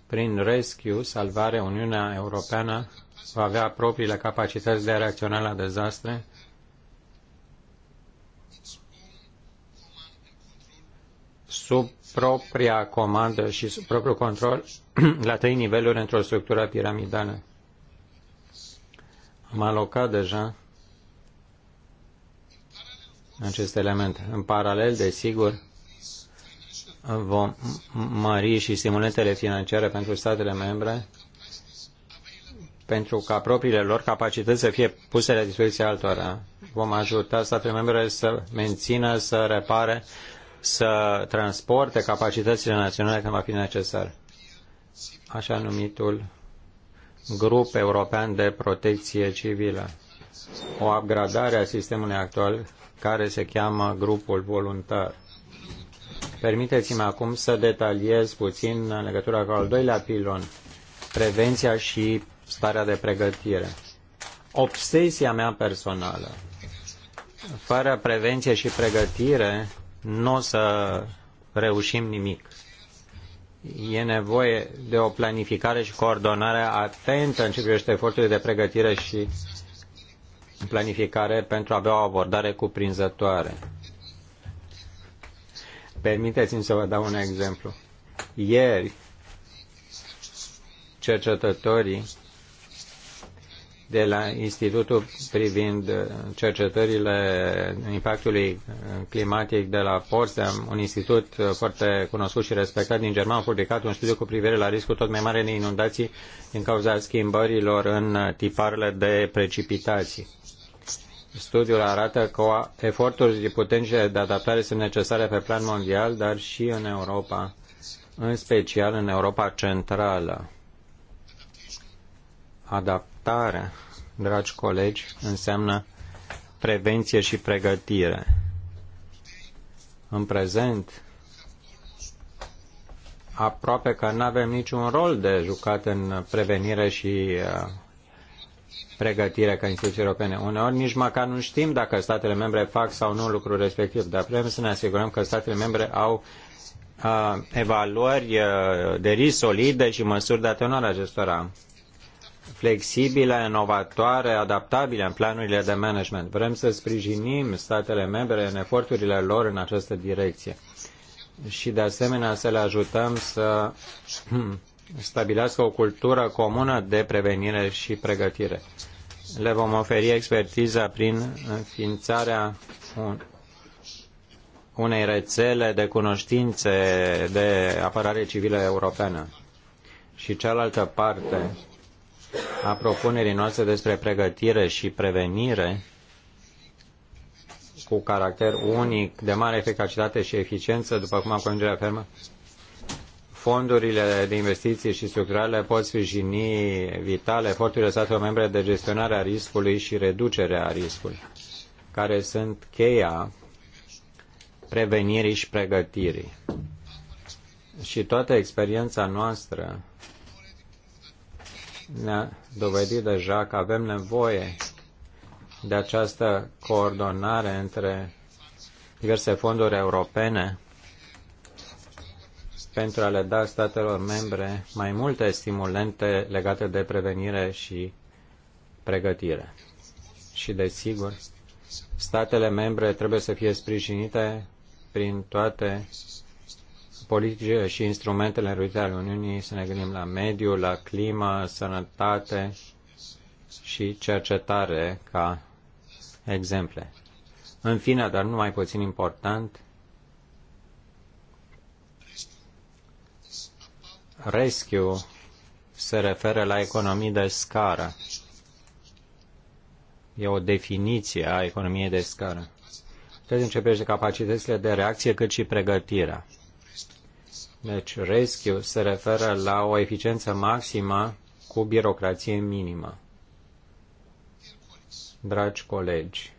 D: Prin Rescue, Salvare, Uniunea Europeană va avea propriile capacități de a reacționa la dezastre sub propria comandă și propriul control la trei niveluri într-o structură piramidală. Am alocat deja acest element. În paralel, desigur, vom mări și stimulentele financiare pentru statele membre pentru ca propriile lor capacități să fie puse la dispoziția altora. Vom ajuta statele membre să mențină, să repare să transporte capacitățile naționale când va fi necesar. Așa numitul grup european de protecție civilă. O upgradare a sistemului actual care se cheamă grupul voluntar. Permiteți-mi acum să detaliez puțin în legătură cu al doilea pilon, prevenția și starea de pregătire. Obsesia mea personală. Fără prevenție și pregătire, nu o să reușim nimic. E nevoie de o planificare și coordonare atentă în ce privește eforturile de pregătire și planificare pentru a avea o abordare cuprinzătoare. Permiteți-mi să vă dau un exemplu. Ieri, cercetătorii de la Institutul privind uh, cercetările impactului uh, climatic de la Potsdam, um, un institut uh, foarte cunoscut și respectat din Germania, a publicat un studiu cu privire la riscul tot mai mare de inundații din cauza schimbărilor în tiparele de precipitații. Studiul arată că eforturi puternice de adaptare sunt necesare pe plan mondial, dar și în Europa, în special în Europa Centrală. Adaptare Cercetare, dragi colegi, înseamnă prevenție și pregătire. În prezent, aproape că nu avem niciun rol de jucat în prevenire și uh, pregătire ca instituții europene. Uneori nici măcar nu știm dacă statele membre fac sau nu lucrul respectiv, dar vrem să ne asigurăm că statele membre au uh, evaluări uh, de risc solide și măsuri de atenuare acestora flexibile, inovatoare, adaptabile în planurile de management. Vrem să sprijinim statele membre în eforturile lor în această direcție și de asemenea să le ajutăm să stabilească o cultură comună de prevenire și pregătire. Le vom oferi expertiza prin înființarea unei rețele de cunoștințe de apărare civilă europeană. Și cealaltă parte a propunerii noastre despre pregătire și prevenire cu caracter unic, de mare eficacitate și eficiență, după cum am convingerea fermă, fondurile de investiții și structurale pot sprijini vitale eforturile statelor membre de gestionare a riscului și reducerea riscului, care sunt cheia prevenirii și pregătirii. Și toată experiența noastră ne-a dovedit deja că avem nevoie de această coordonare între diverse fonduri europene pentru a le da statelor membre mai multe stimulente legate de prevenire și pregătire. Și, desigur, statele membre trebuie să fie sprijinite prin toate politice și instrumentele rutite ale Uniunii, să ne gândim la mediu, la climă, sănătate și cercetare ca exemple. În fine, dar nu mai puțin important, rescue se referă la economii de scară. E o definiție a economiei de scară. Trebuie să începești de capacitățile de reacție, cât și pregătirea. Deci rescue se referă la o eficiență maximă cu birocrație minimă. Dragi colegi,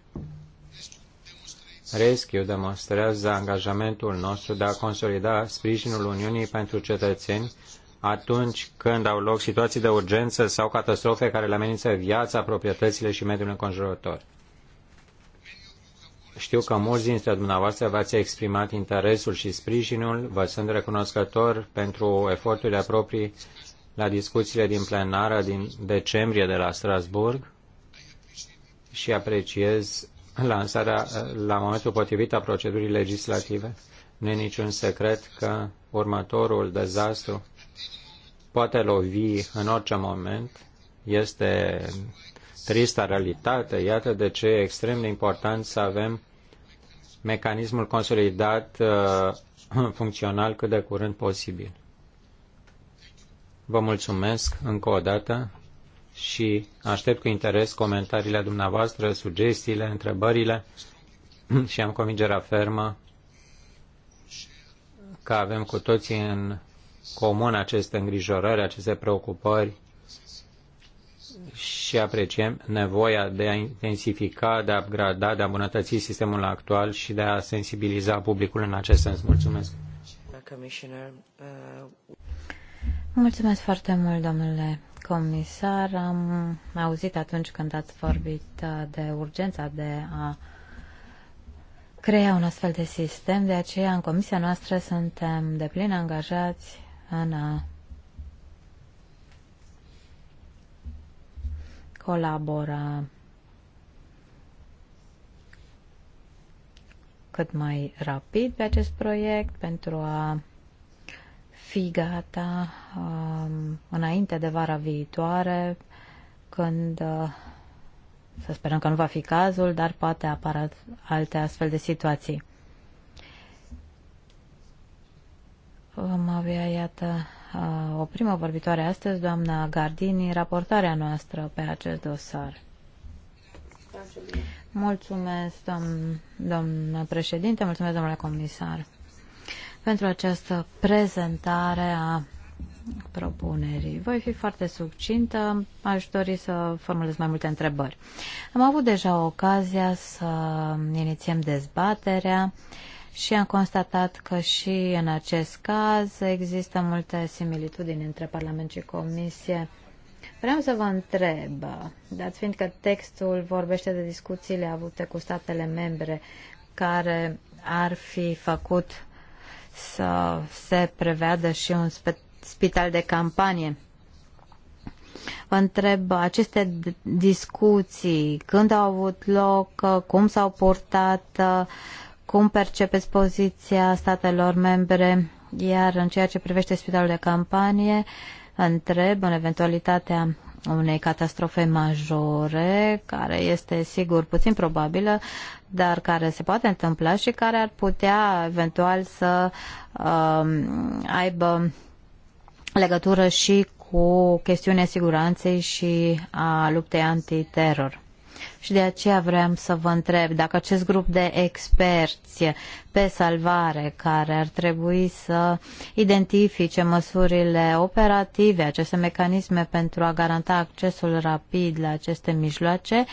D: Rescue demonstrează angajamentul nostru de a consolida sprijinul Uniunii pentru cetățeni atunci când au loc situații de urgență sau catastrofe care le amenință viața, proprietățile și mediul înconjurător. Știu că mulți dintre dumneavoastră v-ați exprimat interesul și sprijinul. Vă sunt recunoscător pentru eforturile proprii la discuțiile din plenară din decembrie de la Strasburg și apreciez lansarea la momentul potrivit a procedurii legislative. Nu e niciun secret că următorul dezastru poate lovi în orice moment. Este trista realitate. Iată de ce e extrem de important să avem mecanismul consolidat uh, funcțional cât de curând posibil. Vă mulțumesc încă o dată și aștept cu interes comentariile dumneavoastră, sugestiile, întrebările și am convingerea fermă că avem cu toții în comun aceste îngrijorări, aceste preocupări și apreciem nevoia de a intensifica, de a upgrada, de a îmbunătăți sistemul actual și de a sensibiliza publicul în acest sens. Mulțumesc!
B: Mulțumesc foarte mult, domnule comisar. Am auzit atunci când ați vorbit uh, de urgența de a crea un astfel de sistem, de aceea în comisia noastră suntem de plin angajați în a colabora cât mai rapid pe acest proiect pentru a fi gata um, înainte de vara viitoare, când uh, să sperăm că nu va fi cazul, dar poate apar alte astfel de situații. Vom avea, iată, o primă vorbitoare astăzi, doamna Gardini, raportarea noastră pe acest dosar. Mulțumesc, doamn, doamnă președinte, mulțumesc, domnule comisar, pentru această prezentare a propunerii. Voi fi foarte succintă, aș dori să formulez mai multe întrebări. Am avut deja ocazia să inițiem dezbaterea și am constatat că și în acest caz există multe similitudini între Parlament și Comisie. Vreau să vă întreb, dat fiind că textul vorbește de discuțiile avute cu statele membre care ar fi făcut să se prevadă și un spital de campanie. Vă întreb, aceste discuții, când au avut loc, cum s-au portat, cum percepeți poziția statelor membre? Iar în ceea ce privește spitalul de campanie, întreb în eventualitatea unei catastrofe majore, care este sigur puțin probabilă, dar care se poate întâmpla și care ar putea eventual să uh, aibă legătură și cu chestiunea siguranței și a luptei antiteror și de aceea vreau să vă întreb dacă acest grup de experți pe salvare care ar trebui să identifice măsurile operative, aceste mecanisme pentru a garanta accesul rapid la aceste mijloace,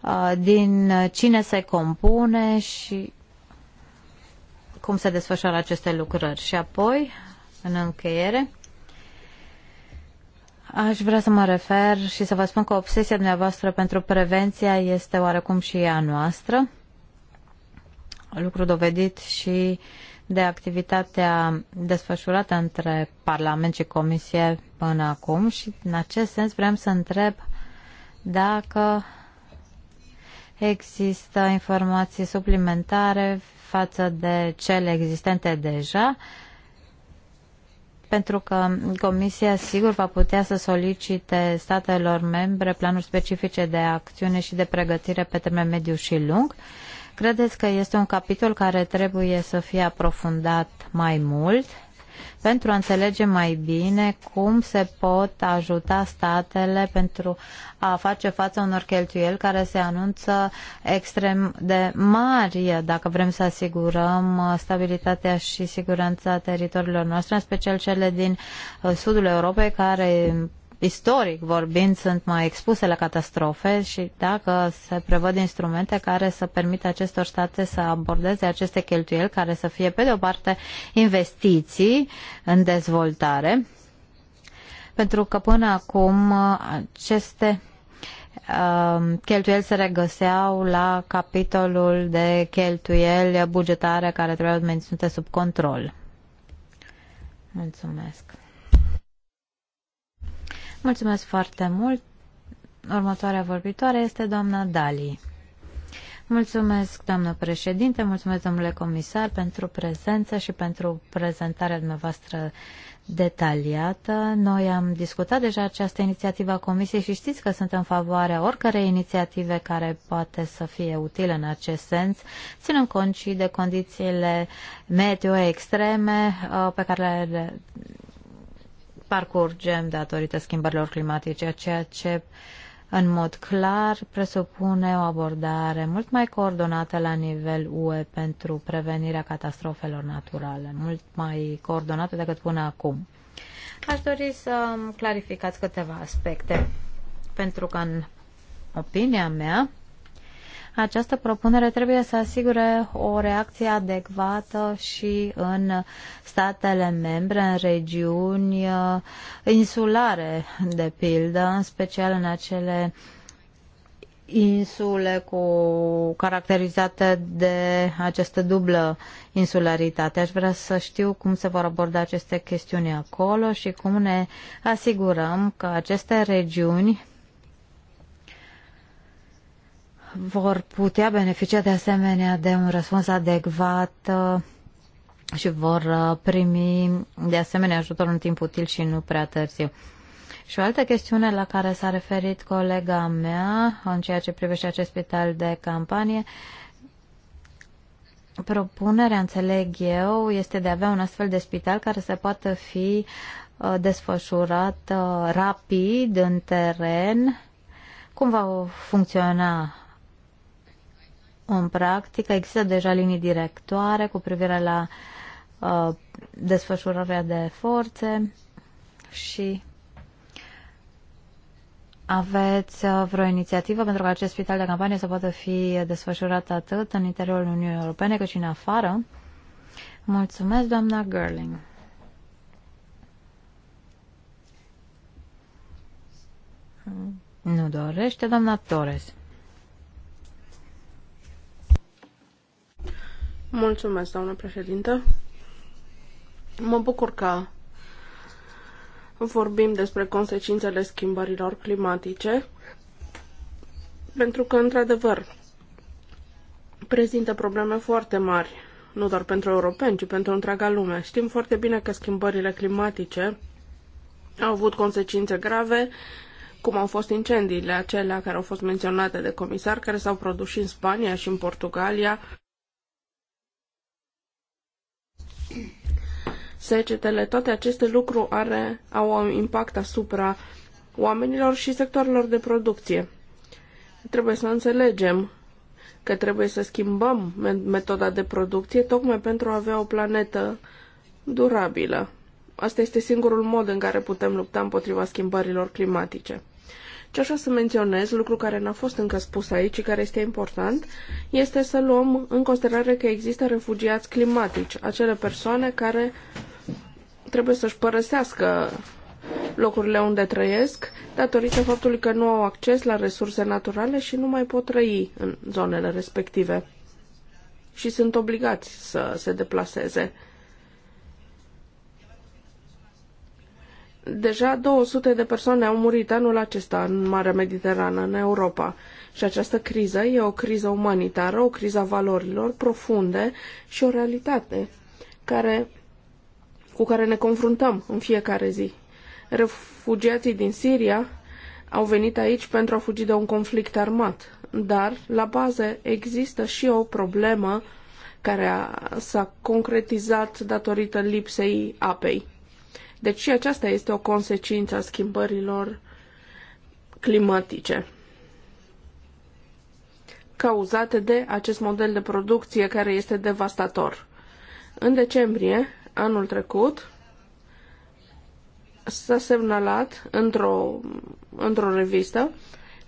B: uh, din cine se compune și cum se desfășoară aceste lucrări. Și apoi, în încheiere, Aș vrea să mă refer și să vă spun că obsesia dumneavoastră pentru prevenția este oarecum și a noastră, lucru dovedit și de activitatea desfășurată între Parlament și Comisie până acum și în acest sens vrem să întreb dacă există informații suplimentare față de cele existente deja pentru că Comisia sigur va putea să solicite statelor membre planuri specifice de acțiune și de pregătire pe termen mediu și lung. Credeți că este un capitol care trebuie să fie aprofundat mai mult? pentru a înțelege mai bine cum se pot ajuta statele pentru a face față unor cheltuieli care se anunță extrem de mari dacă vrem să asigurăm stabilitatea și siguranța teritoriilor noastre, în special cele din uh, sudul Europei care istoric vorbind, sunt mai expuse la catastrofe și dacă se prevăd instrumente care să permită acestor state să abordeze aceste cheltuieli, care să fie, pe de o parte, investiții în dezvoltare, pentru că până acum aceste uh, cheltuieli se regăseau la capitolul de cheltuieli bugetare care trebuiau menținute sub control. Mulțumesc. Mulțumesc foarte mult. Următoarea vorbitoare este doamna Dali. Mulțumesc, doamnă președinte, mulțumesc, domnule comisar, pentru prezență și pentru prezentarea dumneavoastră detaliată. Noi am discutat deja această inițiativă a Comisiei și știți că sunt în favoarea oricărei inițiative care poate să fie utile în acest sens, ținând cont și de condițiile meteo extreme uh, pe care le parcurgem datorită schimbărilor climatice, ceea ce în mod clar presupune o abordare mult mai coordonată la nivel UE pentru prevenirea catastrofelor naturale, mult mai coordonată decât până acum. Aș dori să clarificați câteva aspecte, pentru că în opinia mea această propunere trebuie să asigure o reacție adecvată și în statele membre, în regiuni uh, insulare, de pildă, în special în acele insule cu caracterizate de această dublă insularitate. Aș vrea să știu cum se vor aborda aceste chestiuni acolo și cum ne asigurăm că aceste regiuni vor putea beneficia de asemenea de un răspuns adecvat uh, și vor uh, primi de asemenea ajutor în timp util și nu prea târziu. Și o altă chestiune la care s-a referit colega mea în ceea ce privește acest spital de campanie, propunerea, înțeleg eu, este de a avea un astfel de spital care să poată fi uh, desfășurat rapid în teren. Cum va funcționa în practică există deja linii directoare cu privire la uh, desfășurarea de forțe și aveți uh, vreo inițiativă pentru ca acest spital de campanie să poată fi desfășurat atât în interiorul Uniunii Europene cât și în afară? Mulțumesc, doamna Gerling. Nu dorește, doamna Torres.
A: Mulțumesc, doamnă președintă. Mă bucur că vorbim despre consecințele schimbărilor climatice, pentru că, într-adevăr, prezintă probleme foarte mari, nu doar pentru europeni, ci pentru întreaga lume. Știm foarte bine că schimbările climatice au avut consecințe grave, cum au fost incendiile acelea care au fost menționate de comisar, care s-au produs și în Spania și în Portugalia, secetele, toate aceste lucruri are, au un impact asupra oamenilor și sectoarelor de producție. Trebuie să înțelegem că trebuie să schimbăm metoda de producție tocmai pentru a avea o planetă durabilă. Asta este singurul mod în care putem lupta împotriva schimbărilor climatice. Ce așa să menționez, lucru care n-a fost încă spus aici și care este important, este să luăm în considerare că există refugiați climatici, acele persoane care trebuie să-și părăsească locurile unde trăiesc, datorită faptului că nu au acces la resurse naturale și nu mai pot trăi în zonele respective și sunt obligați să se deplaseze. Deja 200 de persoane au murit anul acesta în Marea Mediterană, în Europa. Și această criză e o criză umanitară, o criză a valorilor profunde și o realitate care, cu care ne confruntăm în fiecare zi. Refugiații din Siria au venit aici pentru a fugi de un conflict armat, dar la bază există și o problemă care s-a concretizat datorită lipsei apei deci și aceasta este o consecință a schimbărilor climatice cauzate de acest model de producție care este devastator. În decembrie anul trecut s-a semnalat într-o, într revistă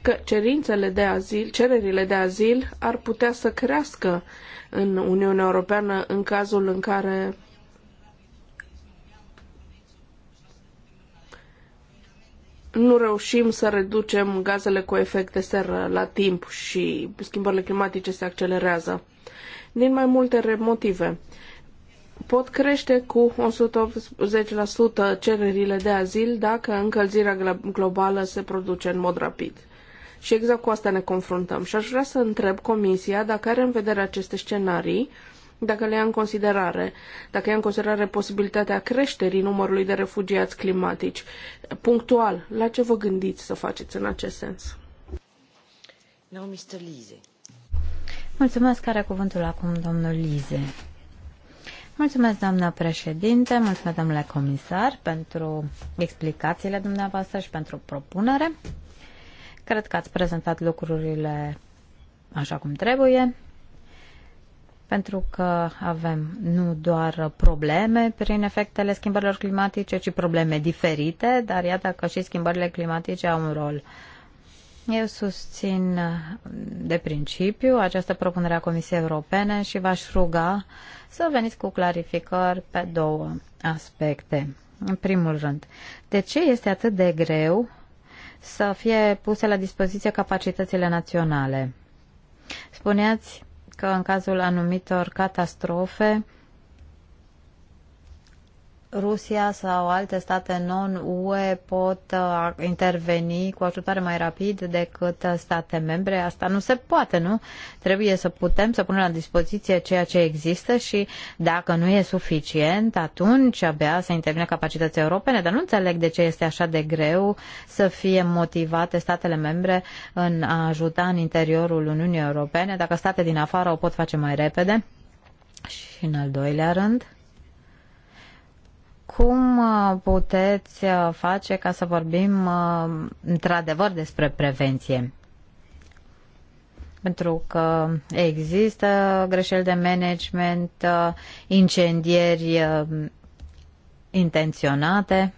A: că cerințele de azil, cererile de azil ar putea să crească în Uniunea Europeană în cazul în care nu reușim să reducem gazele cu efect de seră la timp și schimbările climatice se accelerează. Din mai multe motive. Pot crește cu 180% cererile de azil dacă încălzirea globală se produce în mod rapid. Și exact cu asta ne confruntăm. Și aș vrea să întreb Comisia dacă are în vedere aceste scenarii dacă le ia în considerare, dacă ia în considerare posibilitatea creșterii numărului de refugiați climatici. Punctual, la ce vă gândiți să faceți în acest sens?
B: No, Mr. Lise. Mulțumesc, care cuvântul acum, domnul Lize. Mulțumesc, doamna președinte, mulțumesc, domnule comisar, pentru explicațiile dumneavoastră și pentru propunere. Cred că ați prezentat lucrurile așa cum trebuie pentru că avem nu doar probleme prin efectele schimbărilor climatice, ci probleme diferite, dar iată că și schimbările climatice au un rol. Eu susțin uh, de principiu această propunere a Comisiei Europene și v-aș ruga să veniți cu clarificări pe două aspecte. În primul rând, de ce este atât de greu să fie puse la dispoziție capacitățile naționale? Spuneați că în cazul anumitor catastrofe Rusia sau alte state non-UE pot uh, interveni cu ajutare mai rapid decât uh, state membre. Asta nu se poate, nu? Trebuie să putem să punem la dispoziție ceea ce există și dacă nu e suficient, atunci abia să intervine capacități europene. Dar nu înțeleg de ce este așa de greu să fie motivate statele membre în a ajuta în interiorul Uniunii Europene, dacă state din afară o pot face mai repede. Și în al doilea rând, cum uh, puteți uh, face ca să vorbim uh, într-adevăr despre prevenție? Pentru că există greșeli de management, incendieri intenționate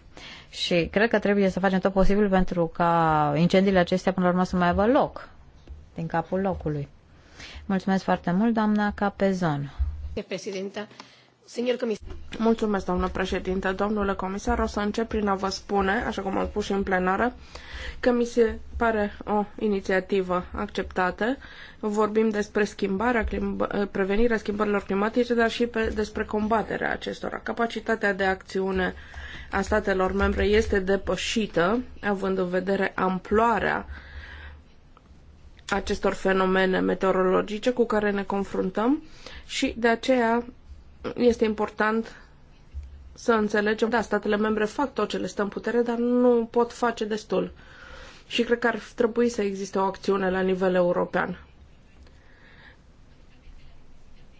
B: și cred că trebuie să facem tot posibil pentru ca incendiile acestea până la urmă să mai aibă loc din capul locului. Mulțumesc foarte mult, doamna Capezon. Președinta, comisar.
A: Mulțumesc, doamnă președinte. Domnule comisar, o să încep prin a vă spune, așa cum am spus și în plenară, că mi se pare o inițiativă acceptată. Vorbim despre schimbarea, prevenirea schimbărilor climatice, dar și pe, despre combaterea acestora. Capacitatea de acțiune a statelor membre este depășită, având în vedere amploarea acestor fenomene meteorologice cu care ne confruntăm și de aceea este important să înțelegem, da, statele membre fac tot ce le stă în putere, dar nu pot face destul. Și cred că ar trebui să existe o acțiune la nivel european.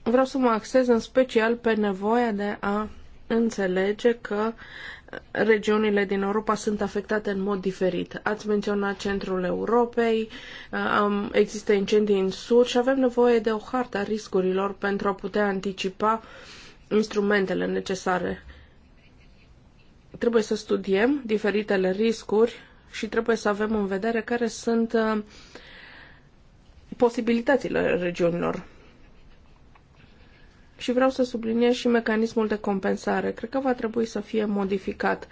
A: Vreau să mă axez în special pe nevoia de a înțelege că regiunile din Europa sunt afectate în mod diferit. Ați menționat centrul Europei, uh, există incendii în sud și avem nevoie de o hartă a riscurilor pentru a putea anticipa instrumentele necesare. Trebuie să studiem diferitele riscuri și trebuie să avem în vedere care sunt uh, posibilitățile regiunilor. Și vreau să subliniez și mecanismul de compensare. Cred că va trebui să fie modificat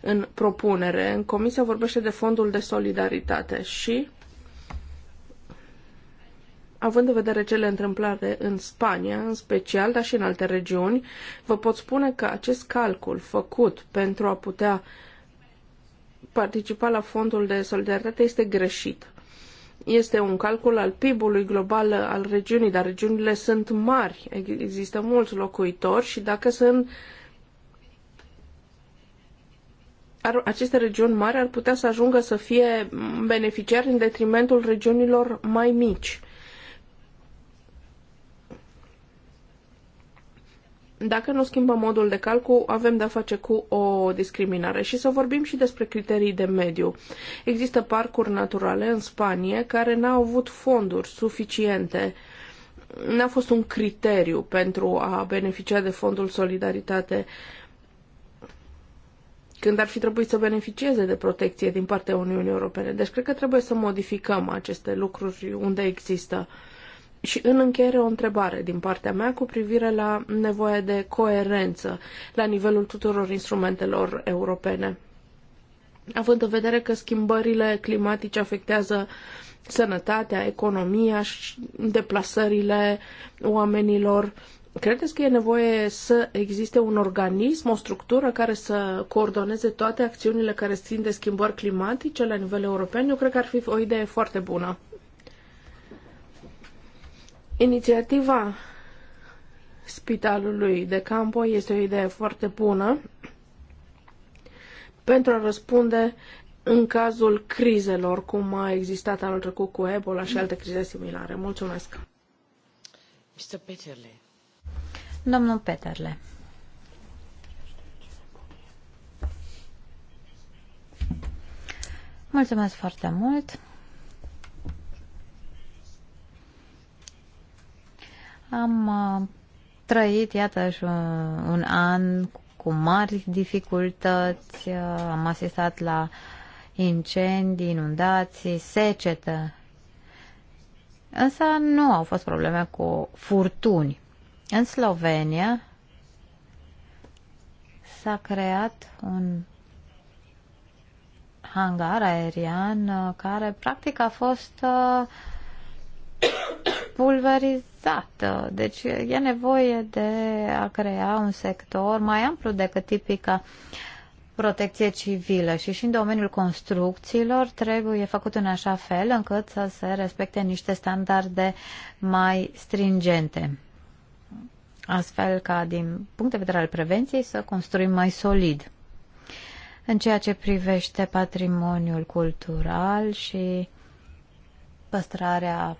A: în propunere. În comisia vorbește de fondul de solidaritate și având în vedere cele întâmplate în Spania, în special, dar și în alte regiuni, vă pot spune că acest calcul făcut pentru a putea participa la fondul de solidaritate este greșit. Este un calcul al PIB-ului global al regiunii, dar regiunile sunt mari, există mulți locuitori și dacă sunt ar, aceste regiuni mari ar putea să ajungă să fie beneficiari în detrimentul regiunilor mai mici. Dacă nu schimbăm modul de calcul, avem de-a face cu o discriminare. Și să vorbim și despre criterii de mediu. Există parcuri naturale în Spanie care n-au avut fonduri suficiente n-a fost un criteriu pentru a beneficia de fondul solidaritate când ar fi trebuit să beneficieze de protecție din partea Uniunii Europene. Deci cred că trebuie să modificăm aceste lucruri unde există uh, și în încheiere o întrebare din partea mea cu privire la nevoia de coerență la nivelul tuturor instrumentelor europene. Având în vedere că schimbările climatice afectează sănătatea, economia și deplasările oamenilor, credeți că e nevoie să existe un organism, o structură care să coordoneze toate acțiunile care țin de schimbări climatice la nivel european? Eu cred că ar fi o idee foarte bună. Inițiativa spitalului de Campo este o idee foarte bună pentru a răspunde în cazul crizelor, cum a existat anul trecut cu Ebola și alte crize similare. Mulțumesc! Mr. Peterle.
B: Domnul Peterle. Mulțumesc foarte mult! Am uh, trăit, iată, și uh, un an cu mari dificultăți, uh, am asistat la incendii, inundații, secetă. Însă nu au fost probleme cu furtuni. În Slovenia s-a creat un hangar aerian care practic a fost pulverizată. Deci e nevoie de a crea un sector mai amplu decât tipica protecție civilă și și în domeniul construcțiilor trebuie făcut în așa fel încât să se respecte niște standarde mai stringente. Astfel ca din punct de vedere al prevenției să construim mai solid. În ceea ce privește patrimoniul cultural și păstrarea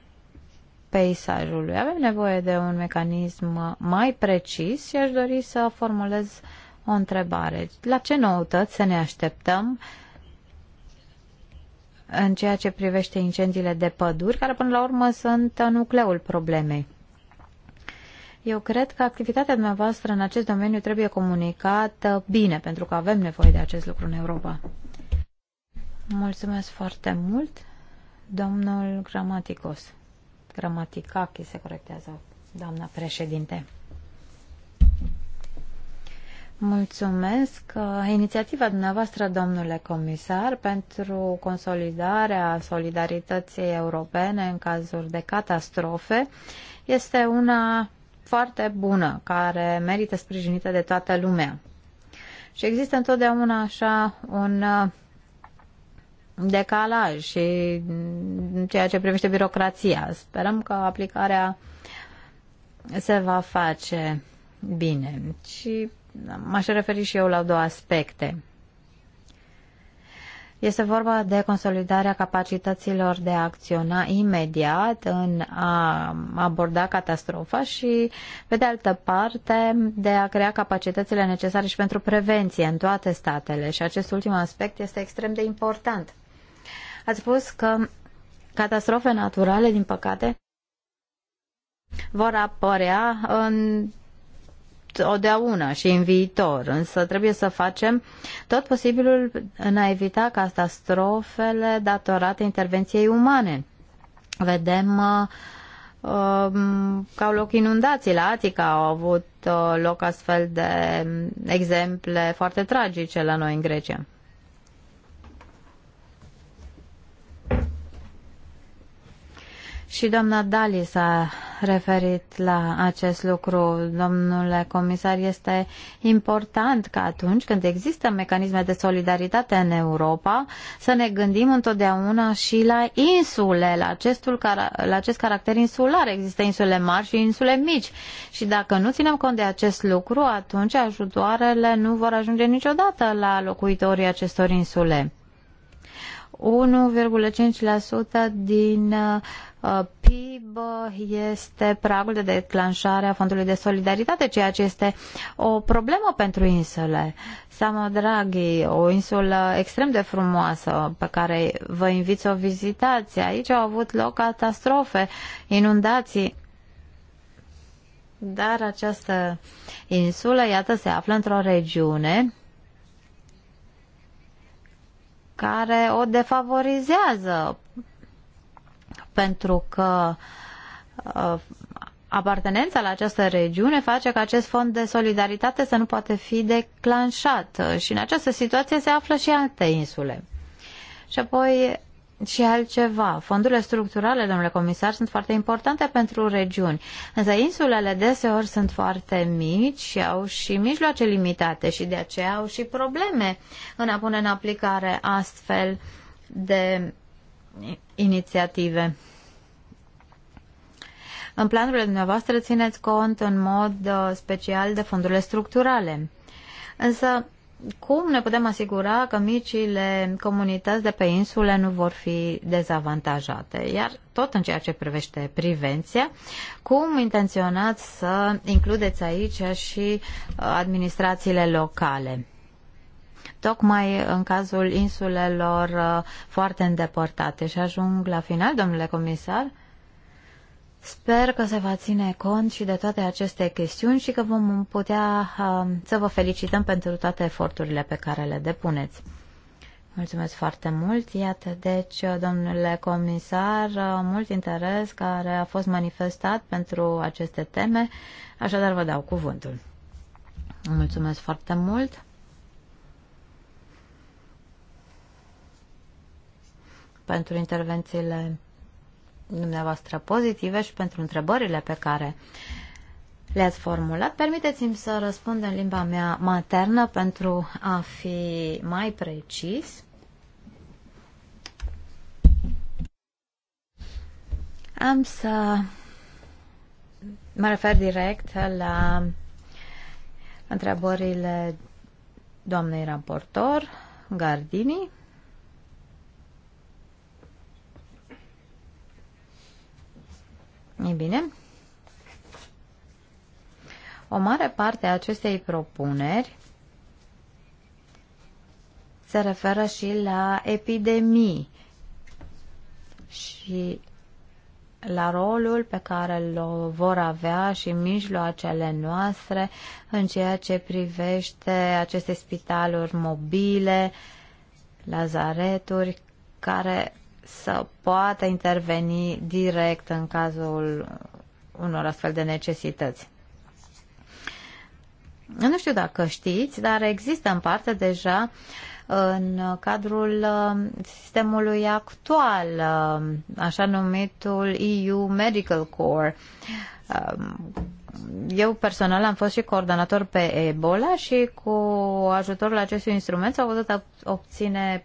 B: peisajului. Avem nevoie de un mecanism mai precis și aș dori să formulez o întrebare. La ce noutăți să ne așteptăm în ceea ce privește incendiile de păduri, care până la urmă sunt nucleul problemei? Eu cred că activitatea dumneavoastră în acest domeniu trebuie comunicată bine, pentru că avem nevoie de acest lucru în Europa. Mulțumesc foarte mult, domnul Gramaticos che se corectează, doamna președinte. Mulțumesc. Inițiativa dumneavoastră, domnule comisar, pentru consolidarea solidarității europene în cazuri de catastrofe este una foarte bună, care merită sprijinită de toată lumea. Și există întotdeauna așa un decalaj și în ceea ce privește birocrația. Sperăm că aplicarea se va face bine. Și m-aș referi și eu la două aspecte. Este vorba de consolidarea capacităților de a acționa imediat în a aborda catastrofa și, pe de altă parte, de a crea capacitățile necesare și pentru prevenție în toate statele. Și acest ultim aspect este extrem de important. Ați spus că catastrofe naturale, din păcate, vor apărea în odeauna și în viitor, însă trebuie să facem tot posibilul în a evita catastrofele datorate intervenției umane. Vedem uh, că au loc inundații la Atica, au avut uh, loc astfel de um, exemple foarte tragice la noi în Grecia. Și doamna Dali s-a referit la acest lucru. Domnule comisar, este important că atunci când există mecanisme de solidaritate în Europa, să ne gândim întotdeauna și la insule, la, acestul, la acest caracter insular. Există insule mari și insule mici. Și dacă nu ținem cont de acest lucru, atunci ajutoarele nu vor ajunge niciodată la locuitorii acestor insule. 1,5% din uh, PIB este pragul de declanșare a Fondului de Solidaritate, ceea ce este o problemă pentru insule. Draghi, o insulă extrem de frumoasă pe care vă invit să o vizitați. Aici au avut loc catastrofe, inundații. Dar această insulă, iată, se află într-o regiune care o defavorizează pentru că uh, apartenența la această regiune face ca acest fond de solidaritate să nu poate fi declanșat și în această situație se află și alte insule. Și apoi și altceva. Fondurile structurale, domnule comisar, sunt foarte importante pentru regiuni, însă insulele deseori sunt foarte mici și au și mijloace limitate și de aceea au și probleme în a pune în aplicare astfel de inițiative. În planurile dumneavoastră țineți cont în mod uh, special de fondurile structurale. Însă cum ne putem asigura că micile comunități de pe insule nu vor fi dezavantajate? Iar tot în ceea ce privește prevenția, cum intenționați să includeți aici și uh, administrațiile locale? tocmai în cazul insulelor uh, foarte îndepărtate. Și ajung la final, domnule comisar, Sper că se va ține cont și de toate aceste chestiuni și că vom putea um, să vă felicităm pentru toate eforturile pe care le depuneți. Mulțumesc foarte mult. Iată, deci, domnule comisar, mult interes care a fost manifestat pentru aceste teme, așadar vă dau cuvântul. Mulțumesc foarte mult. pentru intervențiile dumneavoastră pozitive și pentru întrebările pe care le-ați formulat. Permiteți-mi să răspund în limba mea maternă pentru a fi mai precis. Am să mă refer direct la întrebările doamnei raportor Gardini. E bine, o mare parte a acestei propuneri se referă și la epidemii și la rolul pe care îl vor avea și mijloacele noastre în ceea ce privește aceste spitaluri mobile, lazareturi, care să poată interveni direct în cazul unor astfel de necesități. Nu știu dacă știți, dar există în parte deja în cadrul uh, sistemului actual, uh, așa numitul EU Medical Corps. Uh, eu personal am fost și coordonator pe Ebola și cu ajutorul acestui instrument s-au putut obține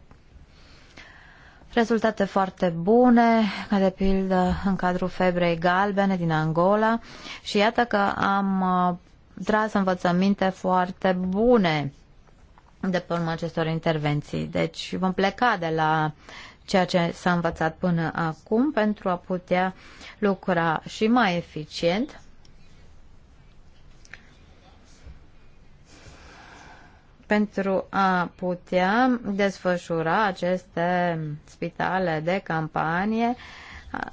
B: rezultate foarte bune, ca de pildă în cadrul febrei galbene din Angola și iată că am uh, tras învățăminte foarte bune de pe urma acestor intervenții. Deci vom pleca de la ceea ce s-a învățat până acum pentru a putea lucra și mai eficient pentru a putea desfășura aceste spitale de campanie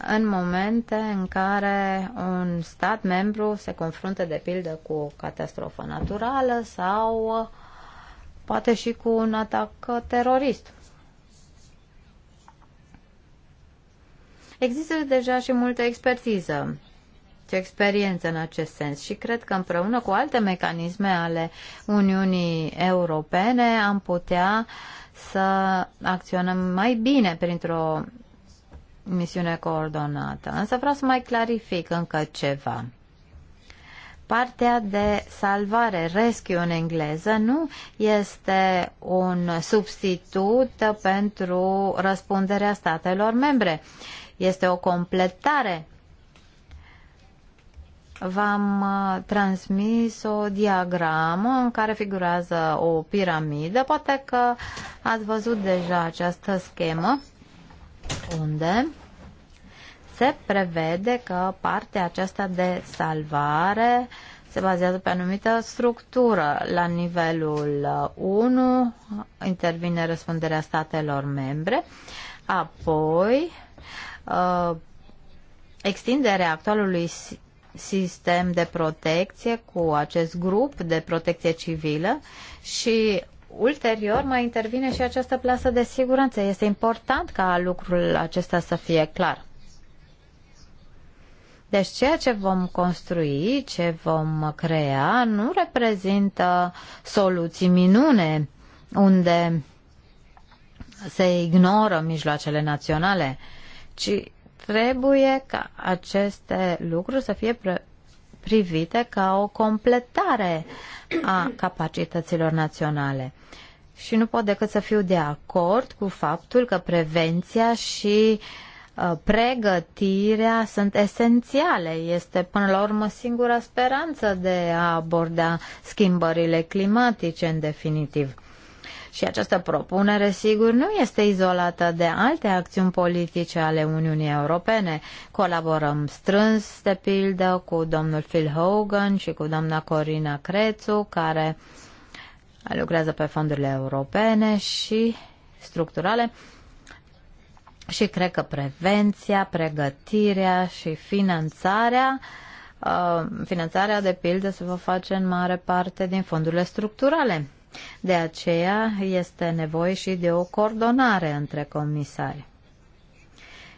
B: în momente în care un stat membru se confruntă de pildă cu o catastrofă naturală sau poate și cu un atac terorist. Există deja și multă expertiză ce experiență în acest sens și cred că împreună cu alte mecanisme ale Uniunii Europene am putea să acționăm mai bine printr-o misiune coordonată. Însă vreau să mai clarific încă ceva. Partea de salvare, rescue în engleză, nu este un substitut pentru răspunderea statelor membre. Este o completare v-am uh, transmis o diagramă în care figurează o piramidă. Poate că ați văzut deja această schemă unde se prevede că partea aceasta de salvare se bazează pe anumită structură. La nivelul 1 uh, intervine răspunderea statelor membre, apoi uh, extinderea actualului sistem de protecție cu acest grup de protecție civilă și ulterior mai intervine și această plasă de siguranță. Este important ca lucrul acesta să fie clar. Deci ceea ce vom construi, ce vom crea, nu reprezintă soluții minune unde se ignoră mijloacele naționale, ci Trebuie ca aceste lucruri să fie privite ca o completare a capacităților naționale. Și nu pot decât să fiu de acord cu faptul că prevenția și uh, pregătirea sunt esențiale. Este până la urmă singura speranță de a aborda schimbările climatice în definitiv. Și această propunere, sigur, nu este izolată de alte acțiuni politice ale Uniunii Europene. Colaborăm strâns, de pildă, cu domnul Phil Hogan și cu doamna Corina Crețu, care lucrează pe fondurile europene și structurale. Și cred că prevenția, pregătirea și finanțarea uh, finanțarea, de pildă, se va face în mare parte din fondurile structurale. De aceea este nevoie și de o coordonare între comisari.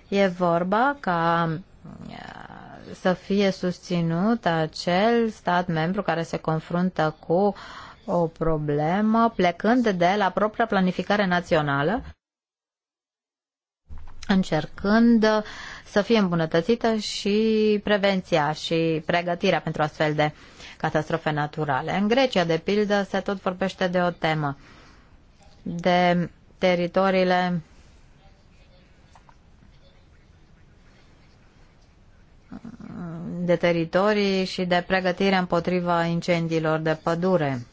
B: E vorba ca uh, să fie susținut acel stat membru care se confruntă cu o problemă plecând de la propria planificare națională, încercând uh, să fie îmbunătățită și prevenția și pregătirea pentru astfel de catastrofe naturale. În Grecia, de pildă, se tot vorbește de o temă, de teritoriile de teritorii și de pregătire împotriva incendiilor de pădure.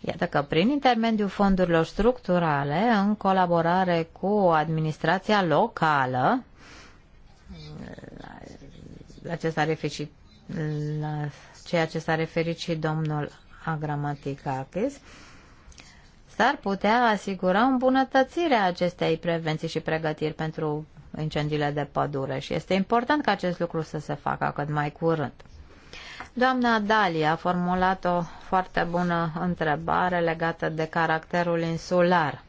B: Iată că prin intermediul fondurilor structurale, în colaborare cu administrația locală, s-a referit la ceea ce s-a referit și domnul Agramaticakis, s-ar putea asigura îmbunătățirea acestei prevenții și pregătiri pentru incendiile de pădure și este important ca acest lucru să se facă cât mai curând. Doamna Dalia a formulat o foarte bună întrebare legată de caracterul insular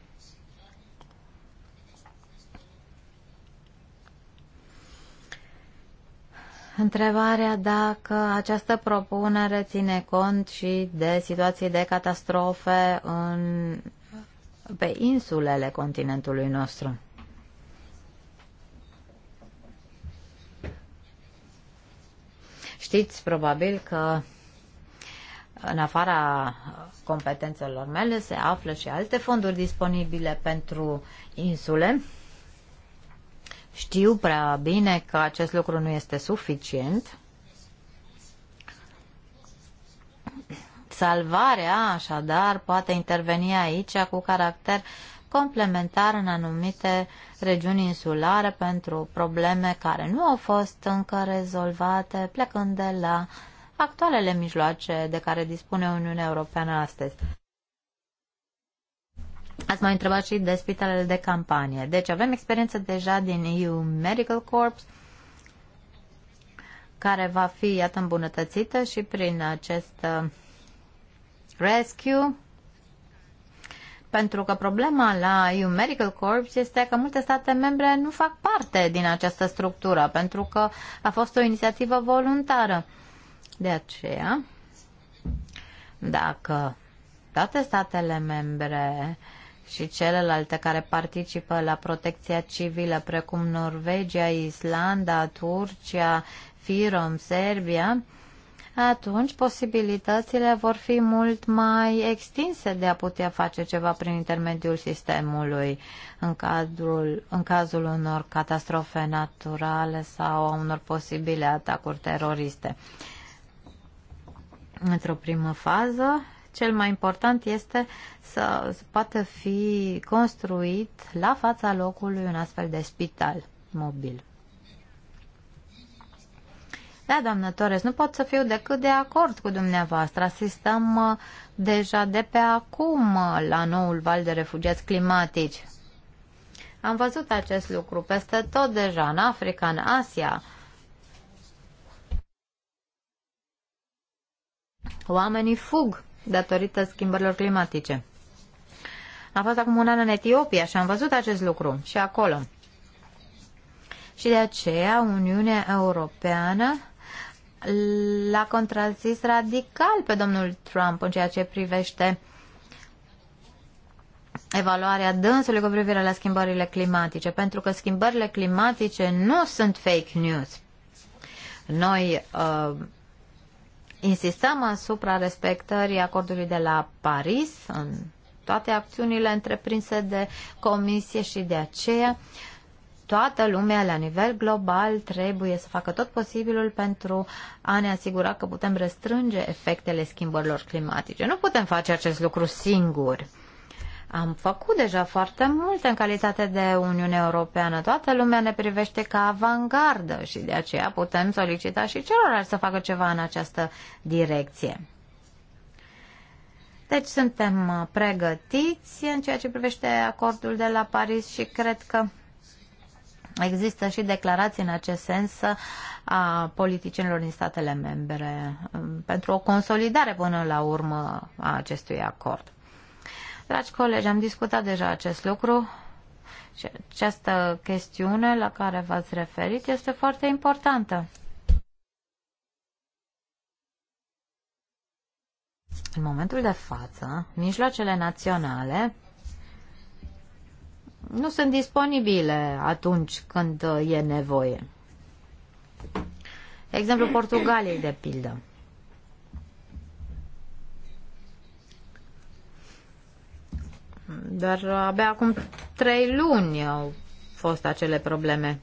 B: întrebarea dacă această propunere ține cont și de situații de catastrofe în, pe insulele continentului nostru. Știți probabil că în afara competențelor mele se află și alte fonduri disponibile pentru insule. Știu prea bine că acest lucru nu este suficient. Salvarea, așadar, poate interveni aici cu caracter complementar în anumite regiuni insulare pentru probleme care nu au fost încă rezolvate, plecând de la actualele mijloace de care dispune Uniunea Europeană astăzi. Ați mai întrebat și de spitalele de campanie. Deci avem experiență deja din EU Medical Corps, care va fi, iată, îmbunătățită și prin acest uh, rescue. Pentru că problema la EU Medical Corps este că multe state membre nu fac parte din această structură, pentru că a fost o inițiativă voluntară. De aceea, dacă toate statele membre uh, și celelalte care participă la protecția civilă, precum Norvegia, Islanda, Turcia, Firom, Serbia, atunci posibilitățile vor fi mult mai extinse de a putea face ceva prin intermediul sistemului în, cadrul, în cazul unor catastrofe naturale sau a unor posibile atacuri teroriste. Într-o primă fază, cel mai important este să poată fi construit la fața locului un astfel de spital mobil. Da, doamnă Torres, nu pot să fiu decât de acord cu dumneavoastră. Asistăm uh, deja de pe acum uh, la noul val de refugiați climatici. Am văzut acest lucru peste tot deja, în Africa, în Asia. Oamenii fug datorită schimbărilor climatice. Am fost acum un an în Etiopia și am văzut acest lucru și acolo. Și de aceea Uniunea Europeană l-a contrazis radical pe domnul Trump în ceea ce privește evaluarea dânsului cu privire la schimbările climatice, pentru că schimbările climatice nu sunt fake news. Noi uh, insistăm asupra respectării acordului de la Paris în toate acțiunile întreprinse de comisie și de aceea toată lumea la nivel global trebuie să facă tot posibilul pentru a ne asigura că putem restrânge efectele schimbărilor climatice. Nu putem face acest lucru singuri. Am făcut deja foarte multe în calitate de Uniune Europeană. Toată lumea ne privește ca avangardă și de aceea putem solicita și celorlalți să facă ceva în această direcție. Deci suntem uh, pregătiți în ceea ce privește acordul de la Paris și cred că există și declarații în acest sens uh, a politicienilor din statele membre um, pentru o consolidare până la urmă a acestui acord. Dragi colegi, am discutat deja acest lucru și această chestiune la care v-ați referit este foarte importantă. În momentul de față, mijloacele naționale nu sunt disponibile atunci când e nevoie. Exemplu Portugaliei, de pildă. Dar abia acum trei luni au fost acele probleme.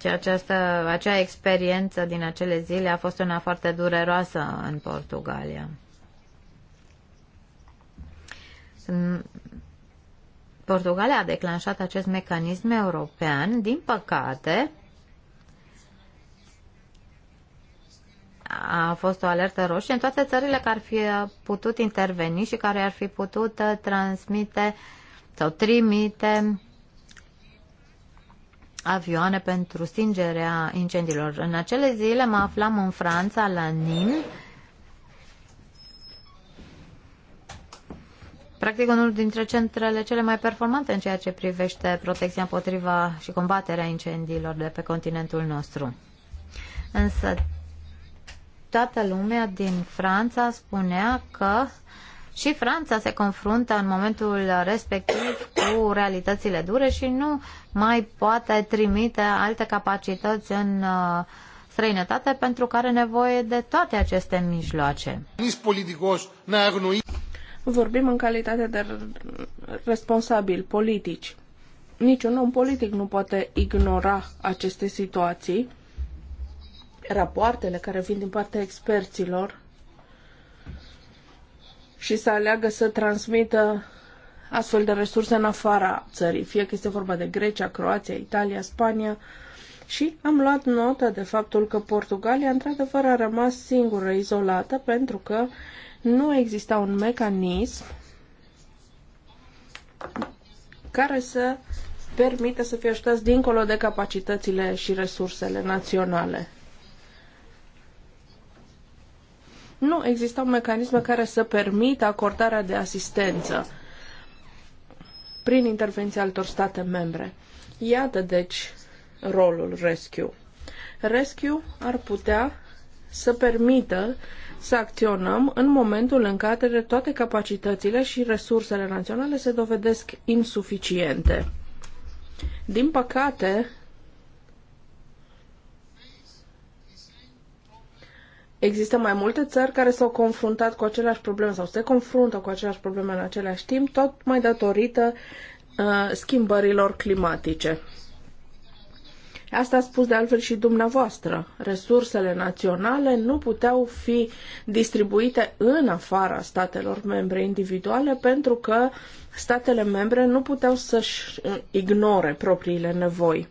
B: Și această, acea experiență din acele zile a fost una foarte dureroasă în Portugalia. Portugalia a declanșat acest mecanism european, din păcate, a fost o alertă roșie în toate țările care ar fi putut interveni și care ar fi putut uh, transmite sau trimite avioane pentru stingerea incendiilor. În acele zile mă aflam în Franța, la Nîmes, practic unul dintre centrele cele mai performante în ceea ce privește protecția împotriva și combaterea incendiilor de pe continentul nostru. Însă toată lumea din Franța spunea că și Franța se confruntă în momentul respectiv cu realitățile dure și nu mai poate trimite alte capacități în uh, străinătate pentru care are nevoie de toate aceste mijloace.
C: Vorbim
A: în calitate de responsabil politici. Niciun om politic nu poate ignora aceste situații rapoartele care vin din partea experților și să aleagă să transmită astfel de resurse în afara țării, fie că este vorba de Grecia, Croația, Italia, Spania. Și am luat notă de faptul că Portugalia, într-adevăr, a rămas singură, izolată, pentru că nu exista un mecanism care să permită să fie ajutați dincolo de capacitățile și resursele naționale. nu existau mecanisme care să permită acordarea de asistență prin intervenția altor state membre. Iată, deci, rolul Rescue. Rescue ar putea să permită să acționăm în momentul în care toate capacitățile și resursele naționale se dovedesc insuficiente. Din păcate, Există mai multe țări care s-au confruntat cu aceleași probleme sau se confruntă cu aceleași probleme în același timp, tot mai datorită uh, schimbărilor climatice. Asta a spus de altfel și dumneavoastră. Resursele naționale nu puteau fi distribuite în afara statelor membre individuale pentru că statele membre nu puteau să-și uh, ignore propriile nevoi.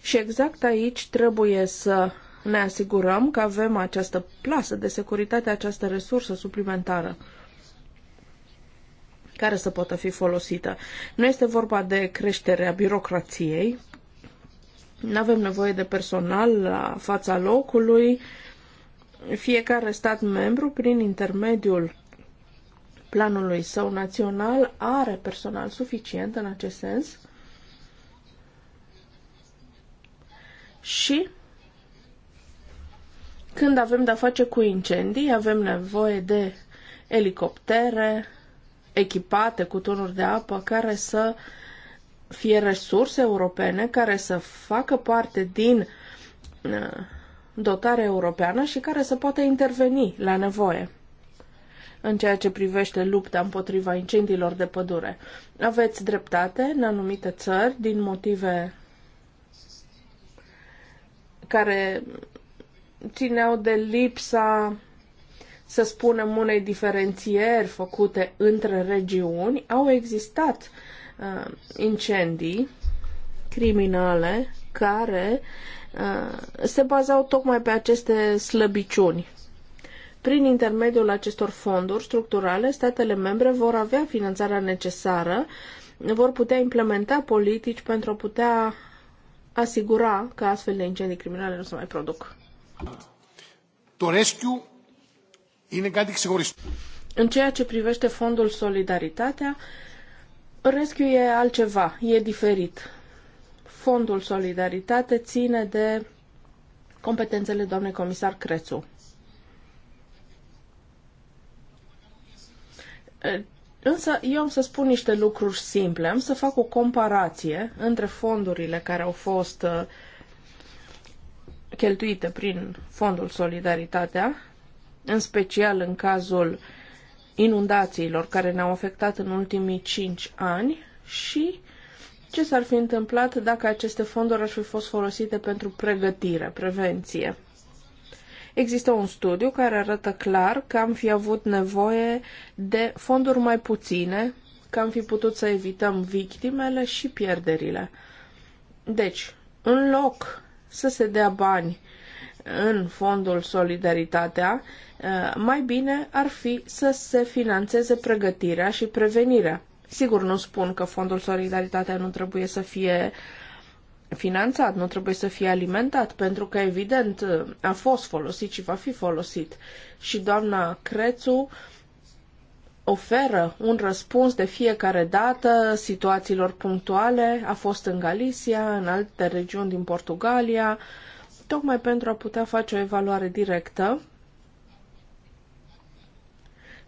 A: Și exact aici trebuie să ne asigurăm că avem această plasă de securitate, această resursă suplimentară care să poată fi folosită. Nu este vorba de creșterea birocrației, nu avem nevoie de personal la fața locului. Fiecare stat membru, prin intermediul planului său național, are personal suficient în acest sens. Și când avem de-a face cu incendii, avem nevoie de elicoptere echipate cu tunuri de apă care să fie resurse europene, care să facă parte din uh, dotare europeană și care să poată interveni la nevoie în ceea ce privește lupta împotriva incendiilor de pădure. Aveți dreptate în anumite țări din motive care țineau de lipsa, să spunem, unei diferențieri făcute între regiuni. Au existat uh, incendii criminale care uh, se bazau tocmai pe aceste slăbiciuni. Prin intermediul acestor fonduri structurale, statele membre vor avea finanțarea necesară, vor putea implementa politici pentru a putea asigura că astfel de incendii criminale nu se mai produc.
C: Το rescue είναι κάτι ξεχωριστό.
A: În ceea ce privește fondul Solidaritatea, rescue e altceva, e diferit. Fondul Solidaritate ține de competențele doamnei comisar Crețu. Însă eu am să spun niște lucruri simple, am să fac o comparație între fondurile care au fost uh, cheltuite prin Fondul Solidaritatea, în special în cazul inundațiilor care ne-au afectat în ultimii 5 ani și ce s-ar fi întâmplat dacă aceste fonduri ar fi fost folosite pentru pregătire, prevenție. Există un studiu care arată clar că am fi avut nevoie de fonduri mai puține, că am fi putut să evităm victimele și pierderile. Deci, în loc să se dea bani în fondul Solidaritatea, eh, mai bine ar fi să se financeze pregătirea și prevenirea. Sigur, nu spun că fondul Solidaritatea nu trebuie să fie finanțat, nu trebuie să fie alimentat, pentru că, evident, eh, a fost folosit și va fi folosit. Și doamna Crețu uh, oferă un răspuns de fiecare dată situațiilor punctuale. A fost în Galicia, în alte regiuni din Portugalia, tocmai pentru a putea face o evaluare directă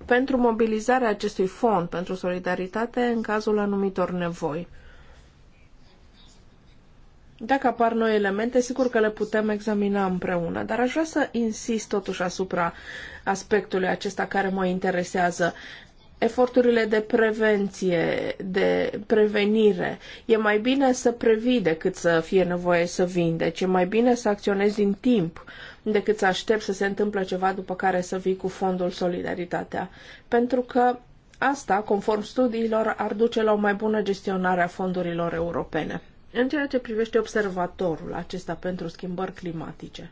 A: pentru mobilizarea acestui fond pentru solidaritate în cazul anumitor nevoi. Dacă apar noi elemente, sigur că le putem examina împreună, dar aș vrea să insist totuși asupra aspectului acesta care mă interesează eforturile de prevenție, de prevenire. E mai bine să previi decât să fie nevoie să vindeci. E mai bine să acționezi din timp decât să aștepți să se întâmple ceva după care să vii cu fondul Solidaritatea. Pentru că asta, conform studiilor, ar duce la o mai bună gestionare a fondurilor europene. În ceea ce privește observatorul acesta pentru schimbări climatice,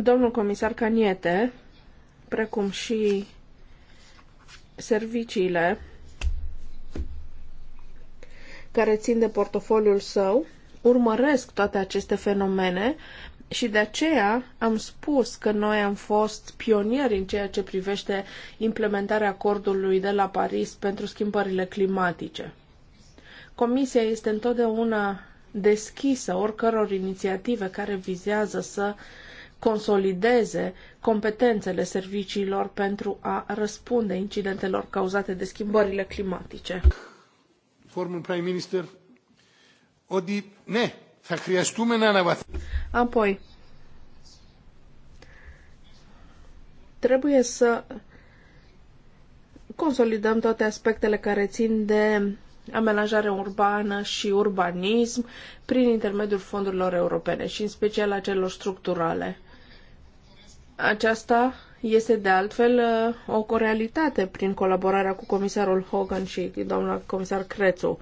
A: domnul comisar Caniete, precum și serviciile care țin de portofoliul său, urmăresc toate aceste fenomene și de aceea am spus că noi am fost pionieri în ceea ce privește implementarea acordului de la Paris pentru schimbările climatice. Comisia este întotdeauna deschisă oricăror inițiative care vizează să consolideze competențele serviciilor pentru a răspunde incidentelor cauzate de schimbările climatice.
C: Formul prim minister Odi,
D: ne, θα χρειαστούμε να αναβαθμίσουμε.
A: Apoi, trebuie să consolidăm toate aspectele care țin de amenajare urbană și urbanism prin intermediul fondurilor europene și în special a celor structurale. Aceasta este de altfel o realitate prin colaborarea cu comisarul Hogan și doamna comisar Crețu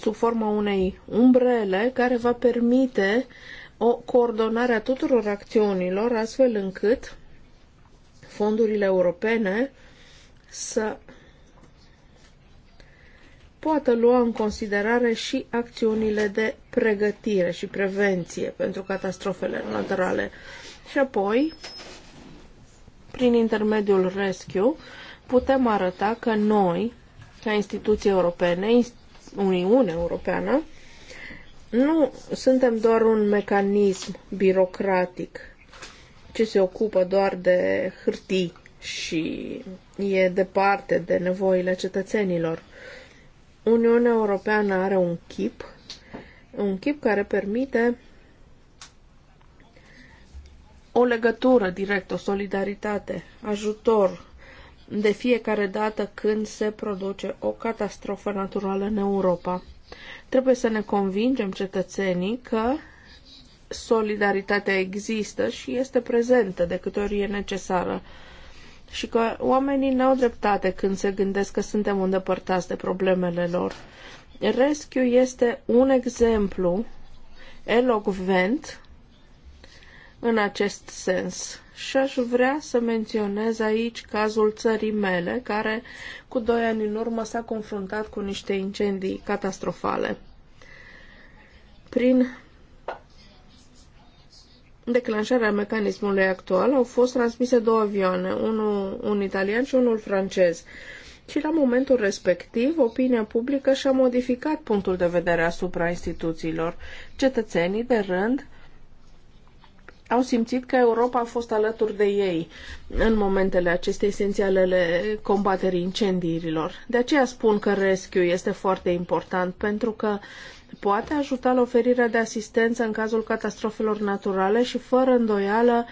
A: sub forma unei umbrele care va permite o coordonare a tuturor acțiunilor, astfel încât fondurile europene să poată lua în considerare și acțiunile de pregătire și prevenție pentru catastrofele naturale. Și apoi, prin intermediul Rescue, putem arăta că noi, ca instituții europene, Uniunea Europeană, nu suntem doar un mecanism birocratic ce se ocupă doar de hârtii și e departe de nevoile cetățenilor. Uniunea Europeană are un chip, un chip care permite o legătură directă, o solidaritate, ajutor de fiecare dată când se produce o catastrofă naturală în Europa. Trebuie să ne convingem cetățenii că solidaritatea există și este prezentă de câte ori e necesară și că oamenii n-au dreptate când se gândesc că suntem îndepărtați de problemele lor. Rescue este un exemplu elocvent în acest sens și aș vrea să menționez aici cazul țării mele, care cu doi ani în urmă s-a confruntat cu niște incendii catastrofale. Prin declanșarea mecanismului actual au fost transmise două avioane, unul un italian și unul francez. Și la momentul respectiv, opinia publică și-a modificat punctul de vedere asupra instituțiilor. Cetățenii, de rând, au simțit că Europa a fost alături de ei în momentele acestei esențiale ale combaterii incendiilor. De aceea spun că rescue este foarte important, pentru că poate ajuta la oferirea de asistență în cazul catastrofelor naturale și, fără îndoială,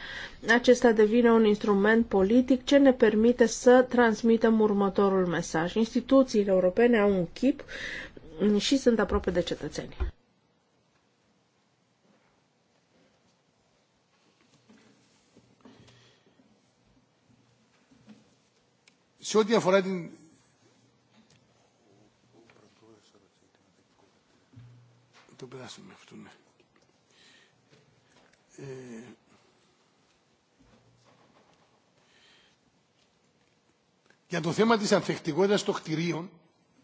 A: acesta devine un instrument politic ce ne permite să transmitem următorul mesaj. Instituțiile europene au un chip și sunt aproape de cetățeni.
C: Σε ό,τι αφορά την... Το περάσαμε αυτό, ναι. Ε... Για το θέμα της ανθεκτικότητας των κτηρίων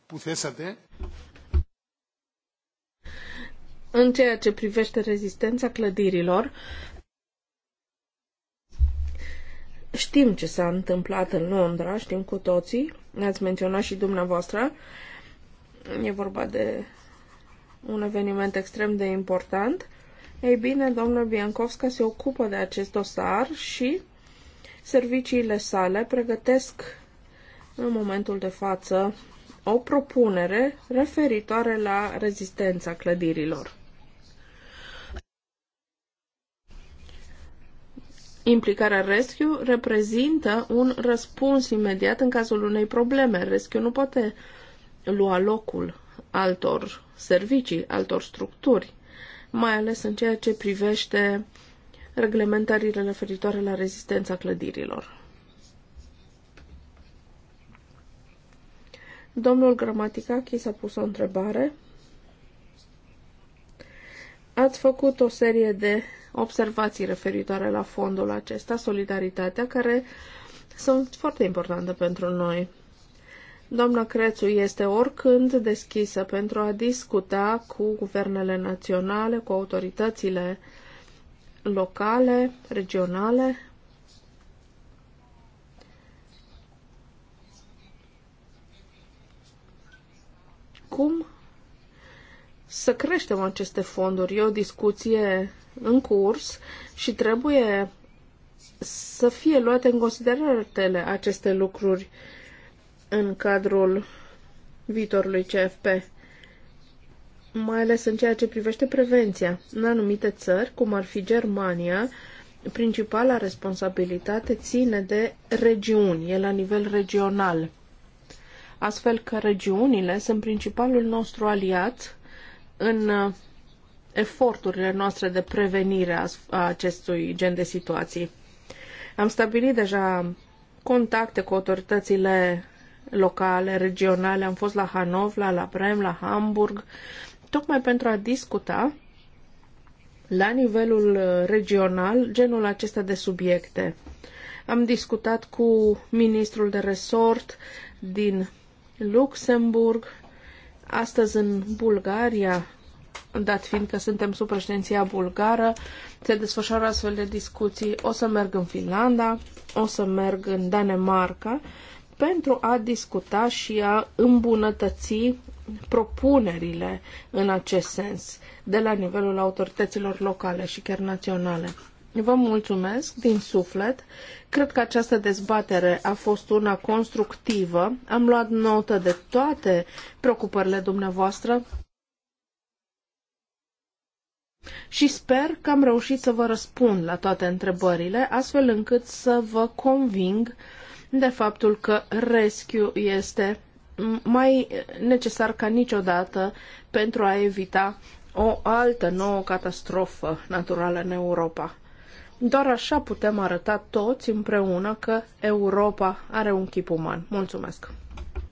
C: που θέσατε...
A: În ceea ce privește rezistența clădirilor, Știm ce s-a întâmplat în Londra, știm cu toții, ne-ați menționat și dumneavoastră. E vorba de un eveniment extrem de important. Ei bine, domnul Biancovska se ocupă de acest dosar și serviciile sale pregătesc în momentul de față o propunere referitoare la rezistența clădirilor. Implicarea Rescue reprezintă un răspuns imediat în cazul unei probleme. Rescue nu poate lua locul altor servicii, altor structuri, mai ales în ceea ce privește reglementările referitoare la rezistența clădirilor. Domnul Gramaticachi s-a pus o întrebare. Ați făcut o serie de observații referitoare la fondul acesta, solidaritatea, care sunt foarte importante pentru noi. Doamna Crețu este oricând deschisă pentru a discuta cu guvernele naționale, cu autoritățile locale, regionale. Cum să creștem aceste fonduri? E o discuție în curs și trebuie să fie luate în considerare aceste lucruri în cadrul viitorului CFP, mai ales în ceea ce privește prevenția. În anumite țări, cum ar fi Germania, principala responsabilitate ține de regiuni, e la nivel regional. Astfel că regiunile sunt principalul nostru aliat în eforturile noastre de prevenire a acestui gen de situații. Am stabilit deja contacte cu autoritățile locale, regionale. Am fost la Hanovra, la Brem, la Hamburg, tocmai pentru a discuta la nivelul regional genul acesta de subiecte. Am discutat cu ministrul de resort din Luxemburg, astăzi în Bulgaria, dat fiind că suntem sub președinția bulgară, se desfășoară astfel de discuții. O să merg în Finlanda, o să merg în Danemarca pentru a discuta și a îmbunătăți propunerile în acest sens de la nivelul autorităților locale și chiar naționale. Vă mulțumesc din suflet. Cred că această dezbatere a fost una constructivă. Am luat notă de toate preocupările dumneavoastră și sper că am reușit să vă răspund la toate întrebările, astfel încât să vă conving de faptul că rescue este mai necesar ca niciodată pentru a evita o altă nouă catastrofă naturală în Europa. Doar așa putem arăta toți împreună că Europa are un chip uman. Mulțumesc!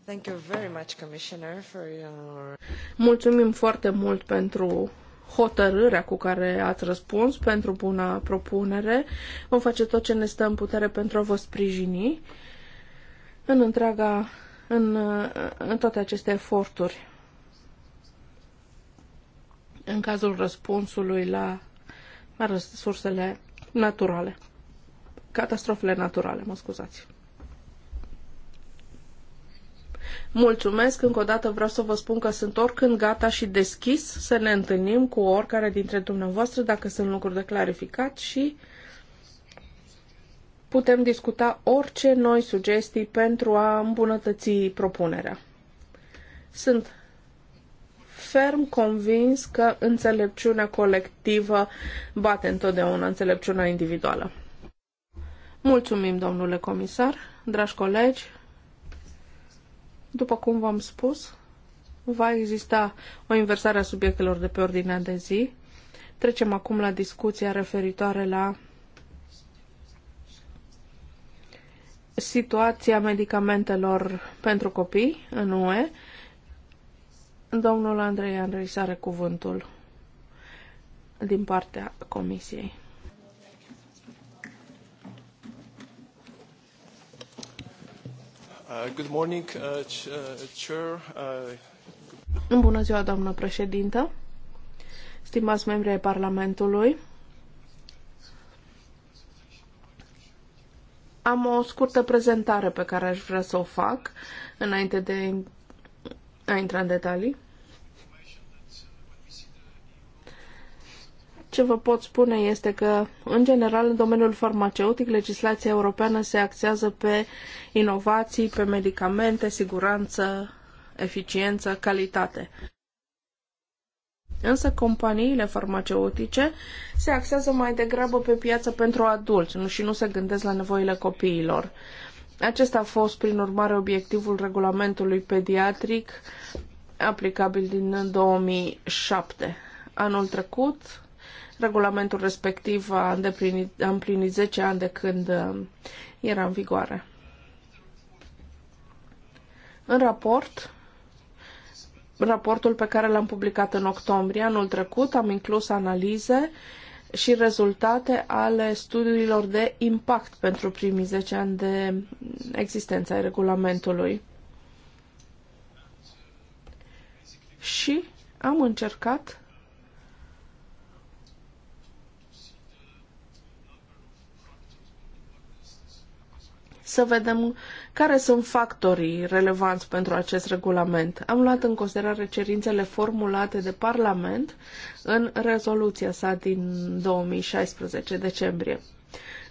A: Thank you very much, Commissioner, for your... Mulțumim foarte mult pentru hotărârea cu care ați răspuns pentru buna propunere. Vom face tot ce ne stă în putere pentru a vă sprijini în întreaga, în, în toate aceste eforturi. În cazul răspunsului la, la resursele naturale, catastrofele naturale, mă scuzați. Mulțumesc, încă o dată vreau să vă spun că sunt oricând gata și deschis să ne întâlnim cu oricare dintre dumneavoastră dacă sunt lucruri de clarificat și putem discuta orice noi sugestii pentru a îmbunătăți propunerea. Sunt ferm convins că înțelepciunea colectivă bate întotdeauna înțelepciunea individuală. Mulțumim, domnule comisar, dragi colegi, după cum v-am spus, va exista o inversare a subiectelor de pe ordinea de zi. Trecem acum la discuția referitoare la situația medicamentelor pentru copii în UE. Domnul Andrei Andrei are cuvântul din partea Comisiei.
C: Uh, uh,
A: uh, Bună ziua, doamnă președintă, stimați membri ai Parlamentului. Am o scurtă prezentare pe care aș vrea să o fac înainte de a intra în detalii. Ce vă pot spune este că, în general, în domeniul farmaceutic, legislația europeană se axează pe inovații, pe medicamente, siguranță, eficiență, calitate. Însă companiile farmaceutice se axează mai degrabă pe piața pentru adulți nu, și nu se gândesc la nevoile copiilor. Acesta a fost, prin urmare, obiectivul regulamentului pediatric aplicabil din 2007. Anul trecut, Regulamentul respectiv a îndeplinit, a împlinit 10 ani de când uh, era în vigoare. În raport, raportul pe care l-am publicat în octombrie anul trecut, am inclus analize și rezultate ale studiilor de impact pentru primii 10 ani de existență ai regulamentului. Și am încercat să vedem care sunt factorii relevanți pentru acest regulament. Am luat în considerare cerințele formulate de Parlament în rezoluția sa din 2016 decembrie.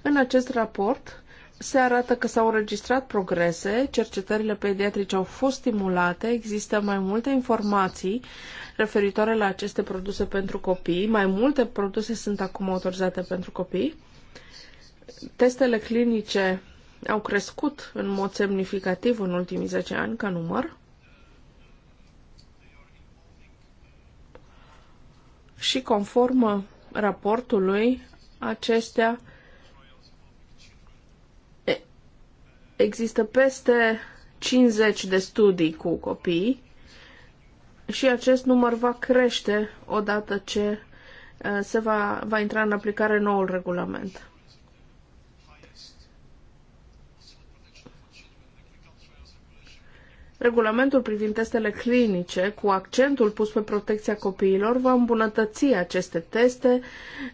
A: În acest raport se arată că s-au înregistrat progrese, cercetările pediatrice au fost stimulate, există mai multe informații referitoare la aceste produse pentru copii, mai multe produse sunt acum autorizate pentru copii. Testele clinice au crescut în mod semnificativ în ultimii 10 ani ca număr. Și conform raportului, acestea există peste 50 de studii cu copii și acest număr va crește odată ce uh, se va, va intra în aplicare noul regulament. Regulamentul privind testele clinice, cu accentul pus pe protecția copiilor, va îmbunătăți aceste teste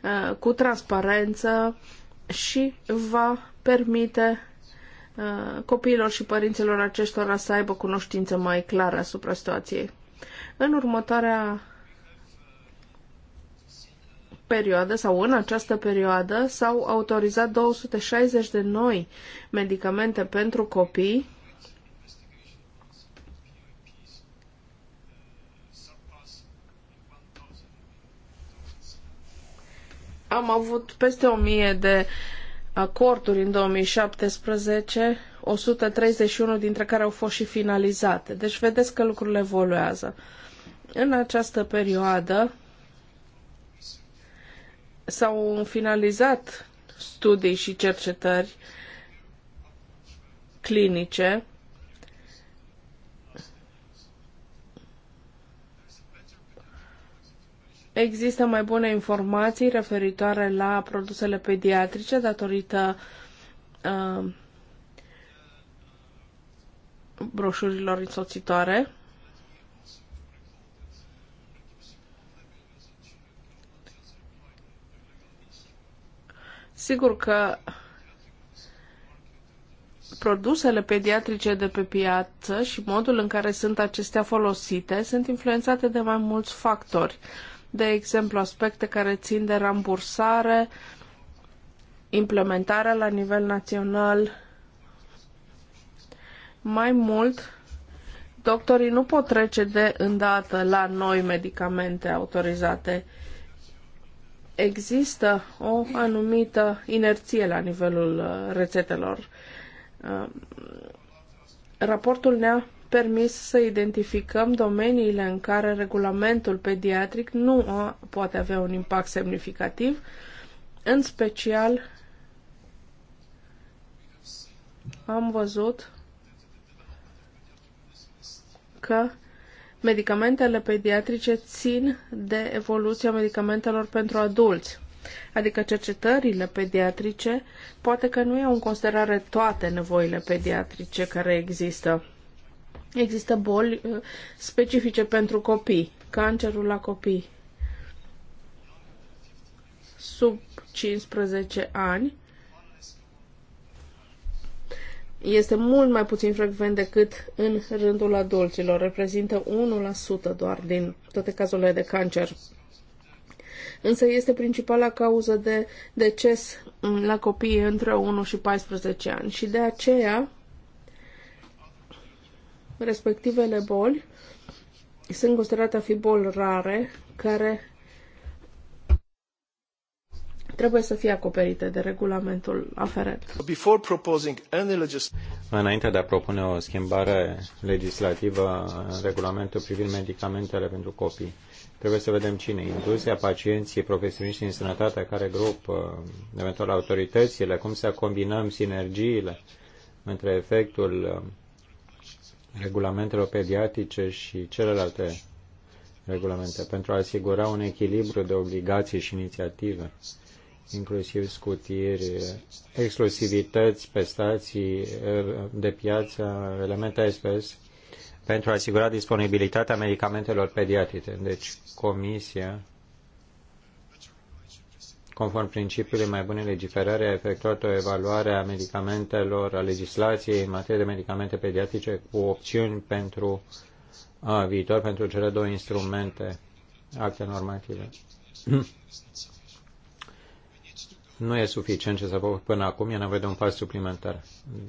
A: uh, cu transparență și va permite uh, copiilor și părinților acestora să aibă cunoștință mai clară asupra situației. În următoarea perioadă sau în această perioadă s-au autorizat 260 de noi medicamente pentru copii Am avut peste 1000 de acorduri în 2017, 131 dintre care au fost și finalizate. Deci vedeți că lucrurile evoluează. În această perioadă s-au finalizat studii și cercetări clinice Există mai bune informații referitoare la produsele pediatrice datorită uh, broșurilor însoțitoare. Sigur că produsele pediatrice de pe piață și modul în care sunt acestea folosite sunt influențate de mai mulți factori. Uh, de exemplu aspecte care țin de rambursare, implementarea la nivel național. Mai mult, doctorii nu pot trece de îndată la noi medicamente autorizate. Există o anumită inerție la nivelul uh, rețetelor. Uh, raportul ne-a permis să identificăm domeniile în care regulamentul pediatric nu poate avea un impact semnificativ, în special am văzut că medicamentele pediatrice țin de evoluția medicamentelor pentru adulți. Adică cercetările pediatrice poate că nu iau în considerare toate nevoile pediatrice care există. Există boli uh, specifice pentru copii, cancerul la copii sub 15 ani este mult mai puțin frecvent decât în rândul adulților. Reprezintă 1% doar din toate cazurile de cancer. Însă este principala cauză de deces la copii între 1 și 14 ani și de aceea respectivele boli sunt considerate a fi boli rare care trebuie să fie acoperite de regulamentul aferent.
D: Înainte de a propune o schimbare legislativă în regulamentul privind medicamentele pentru copii, trebuie să vedem cine, industria, pacienții, profesioniștii în sănătate, care grup, eventual autoritățile, cum să combinăm sinergiile între efectul regulamentelor pediatrice și celelalte regulamente pentru a asigura un echilibru de obligații și inițiative, inclusiv scutiri, exclusivități pe stații de piață, elemente SPS, pentru a asigura disponibilitatea medicamentelor pediatrice. Deci, Comisia conform principiului mai bune legiferare, a efectuat o evaluare a medicamentelor, a legislației în materie de medicamente pediatrice cu opțiuni pentru a, viitor pentru cele două instrumente, acte normative. nu e suficient ce s-a făcut până acum, e nevoie de un pas suplimentar.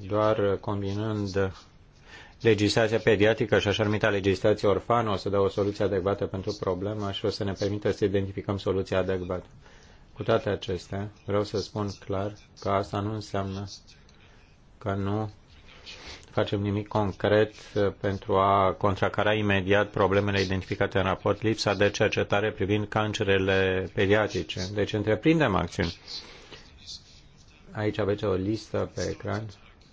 D: Doar combinând legislația pediatrică și așa numită legislație orfană o să dă o soluție adecvată pentru problemă și o să ne permită să identificăm soluția adecvată. Cu toate acestea, vreau să spun clar că asta nu înseamnă că nu facem nimic concret uh, pentru a contracara imediat problemele identificate în raport, lipsa de cercetare privind cancerele pediatrice. Deci întreprindem acțiuni. Aici aveți o listă pe ecran,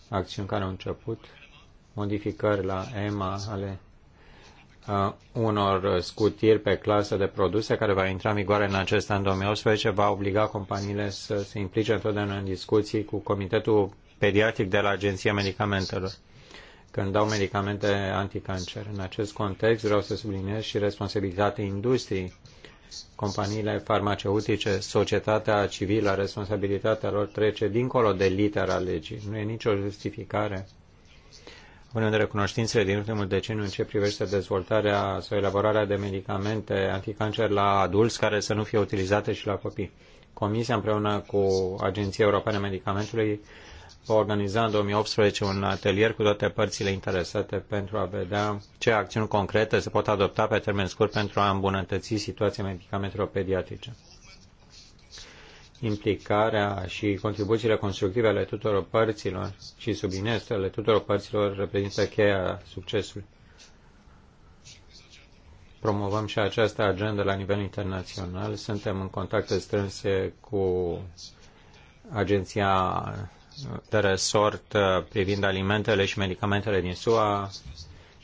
D: acțiuni care au început, modificări la EMA ale Uh, unor scutiri pe clasă de produse care va intra în vigoare în acest an 2018 va obliga companiile să se implice întotdeauna în discuții cu Comitetul Pediatric de la Agenția Medicamentelor când dau medicamente anticancer. În acest context vreau să subliniez și responsabilitatea industriei, companiile farmaceutice, societatea civilă, responsabilitatea lor trece dincolo de litera legii. Nu e nicio justificare având în recunoștințele din ultimul deceniu în ce privește dezvoltarea sau elaborarea de medicamente anticancer la adulți care să nu fie utilizate și la copii. Comisia împreună cu Agenția Europeană a Medicamentului va organiza în 2018 un atelier cu toate părțile interesate pentru a vedea ce acțiuni concrete se pot adopta pe termen scurt pentru a îmbunătăți situația medicamentelor pediatrice implicarea și contribuțiile constructive ale tuturor părților și subliniez ale tuturor părților reprezintă cheia succesului. Promovăm și această agendă la nivel internațional. Suntem în contact strânse cu agenția de resort privind alimentele și medicamentele din SUA,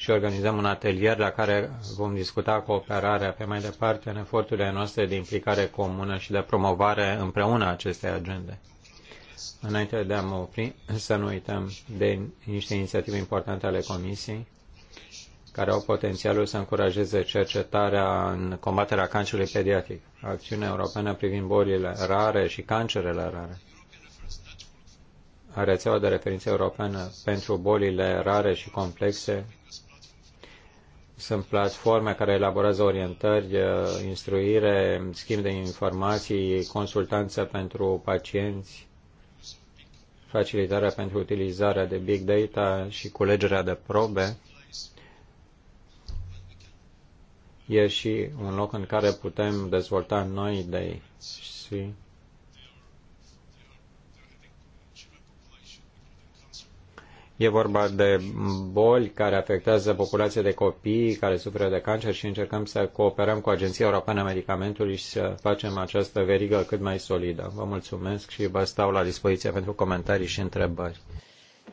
D: și organizăm un atelier la care vom discuta cooperarea pe mai departe în eforturile noastre de implicare comună și de promovare împreună a acestei agende. Înainte de a mă opri, să nu uităm de niște inițiative importante ale Comisiei care au potențialul să încurajeze cercetarea în combaterea cancerului pediatric, acțiunea europeană privind bolile rare și cancerele rare rețeaua de referință europeană pentru bolile rare și complexe sunt platforme care elaborează orientări, uh, instruire, schimb de informații, consultanță pentru pacienți, facilitarea pentru utilizarea de big data și culegerea de probe. E și un loc în care putem dezvolta noi idei și E vorba de boli care afectează populația de copii care suferă de cancer și încercăm să cooperăm cu Agenția Europeană a Medicamentului și să facem această verigă cât mai solidă. Vă mulțumesc și vă stau la dispoziție pentru comentarii și întrebări.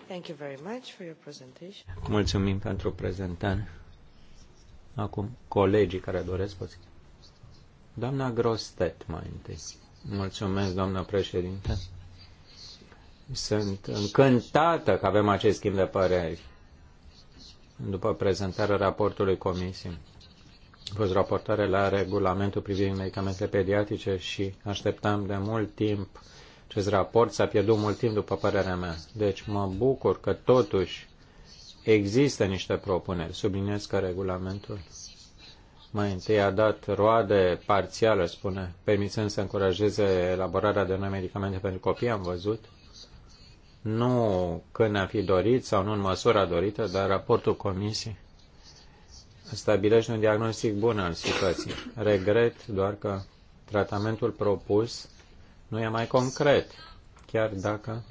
A: Thank you very much for your presentation.
D: Mulțumim pentru prezentare. Acum, colegii care doresc poți. Doamna Grostet mai întâi. Mulțumesc, doamna președinte. Sunt încântată că avem acest schimb de păreri după prezentarea raportului comisiei. A fost raportare la regulamentul privind medicamentele pediatrice și așteptam de mult timp acest raport. S-a pierdut mult timp, după părerea mea. Deci mă bucur că totuși există niște propuneri. Subliniez că regulamentul mai întâi a dat roade parțială, spune, permițând să încurajeze elaborarea de noi medicamente pentru copii, am văzut, nu când ne-a fi dorit sau nu în măsura dorită, dar raportul comisiei stabilește un diagnostic bun al situației. Regret doar că tratamentul propus nu e mai concret, chiar dacă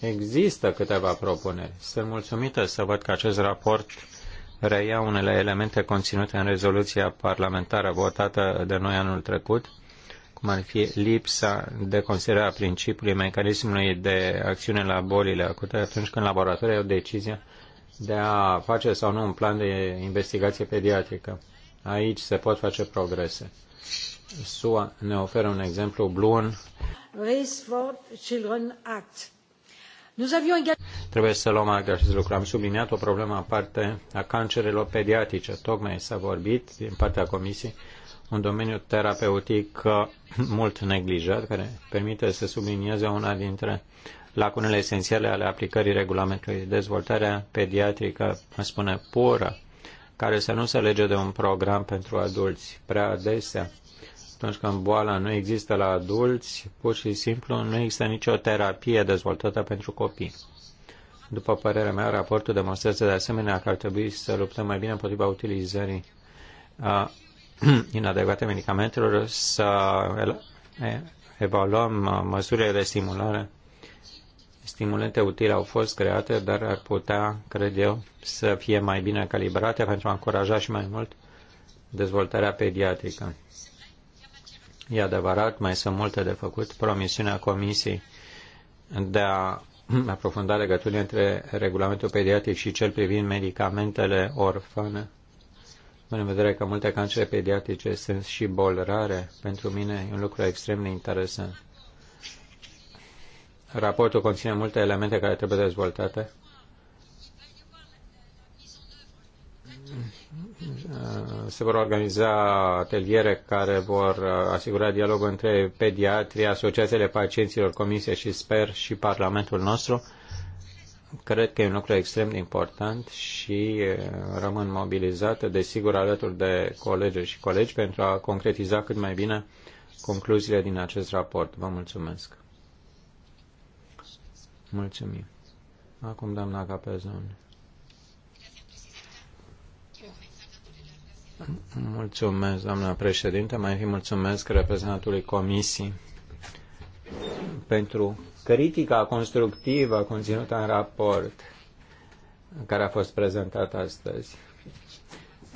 D: există câteva propuneri. Sunt mulțumită să văd că acest raport reia unele elemente conținute în rezoluția parlamentară votată de noi anul trecut cum ar fi lipsa de considerare a principiului mecanismului de acțiune la bolile acute atunci când laboratorul au decizia de a face sau nu un plan de investigație pediatrică. Aici se pot face progrese. SUA ne oferă un exemplu BLUN. Trebuie să luăm act de acest lucru. Am subliniat o problemă aparte a cancerelor pediatrice. Tocmai s-a vorbit din partea Comisiei un domeniu terapeutic uh, mult neglijat, care permite să sublinieze una dintre lacunele esențiale ale aplicării regulamentului. Dezvoltarea pediatrică, mă spune, pură, care să nu se lege de un program pentru adulți. Prea adesea, atunci când boala nu există la adulți, pur și simplu nu există nicio terapie dezvoltată pentru copii. După părerea mea, raportul demonstrează de asemenea că ar trebui să luptăm mai bine împotriva utilizării a inadecvate medicamentelor, să evaluăm uh, măsurile de stimulare. Stimulente utile au fost create, dar ar putea, cred eu, să fie mai bine calibrate pentru a încuraja și mai mult dezvoltarea pediatrică. E adevărat, mai sunt multe de făcut. Promisiunea Comisiei de a aprofunda legăturile între regulamentul pediatric și cel privind medicamentele orfane în vedere că multe cancere pediatrice sunt și boli rare, pentru mine e un lucru extrem de interesant. Raportul conține multe elemente care trebuie dezvoltate. Se vor organiza ateliere care vor asigura dialogul între pediatrii, asociațiile pacienților, comisie și sper și Parlamentul nostru Cred că e un lucru extrem de important și rămân mobilizată, desigur, alături de colegi și colegi pentru a concretiza cât mai bine concluziile din acest raport. Vă mulțumesc. Mulțumim. Acum, doamna Capezon. Mulțumesc, doamna președinte. Mai fi mulțumesc reprezentantului Comisii pentru critica constructivă conținută în raport care a fost prezentat astăzi.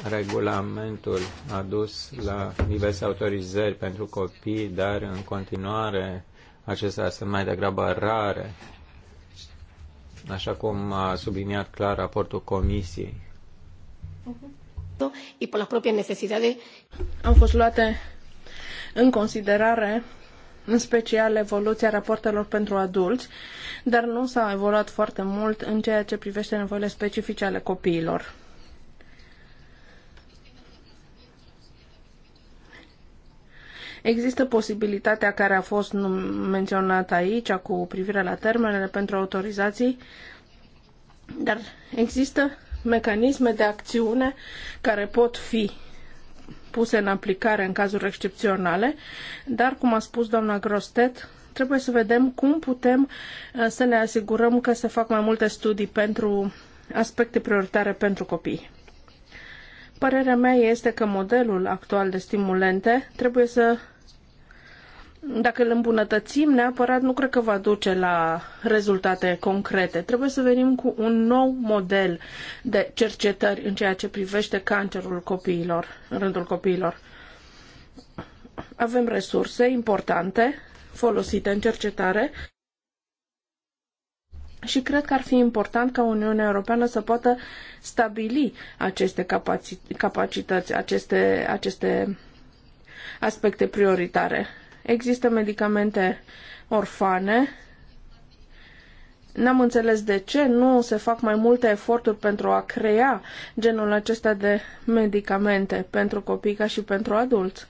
D: Regulamentul a dus la diverse autorizări pentru copii, dar în continuare acestea sunt mai degrabă rare, așa cum a subliniat clar raportul Comisiei.
A: Uh-huh. Și pe la propria necesitate Au fost luate în considerare în special evoluția rapoartelor pentru adulți, dar nu s-a evoluat foarte mult în ceea ce privește nevoile specifice ale copiilor. Există posibilitatea care a fost menționată aici cu privire la termenele pentru autorizații, dar există mecanisme de acțiune care pot fi puse în aplicare în cazuri excepționale, dar, cum a spus doamna Grostet, trebuie să vedem cum putem uh, să ne asigurăm că se fac mai multe studii pentru aspecte prioritare pentru copii. Părerea mea este că modelul actual de stimulente trebuie să dacă îl îmbunătățim neapărat, nu cred că va duce la rezultate concrete. Trebuie să venim cu un nou model de cercetări în ceea ce privește cancerul copiilor, în rândul copiilor. Avem resurse importante folosite în cercetare și cred că ar fi important ca Uniunea Europeană să poată stabili aceste capaci- capacități, aceste, aceste aspecte prioritare. Există medicamente orfane. N-am înțeles de ce nu se fac mai multe eforturi pentru a crea genul acesta de medicamente pentru copii ca și pentru adulți.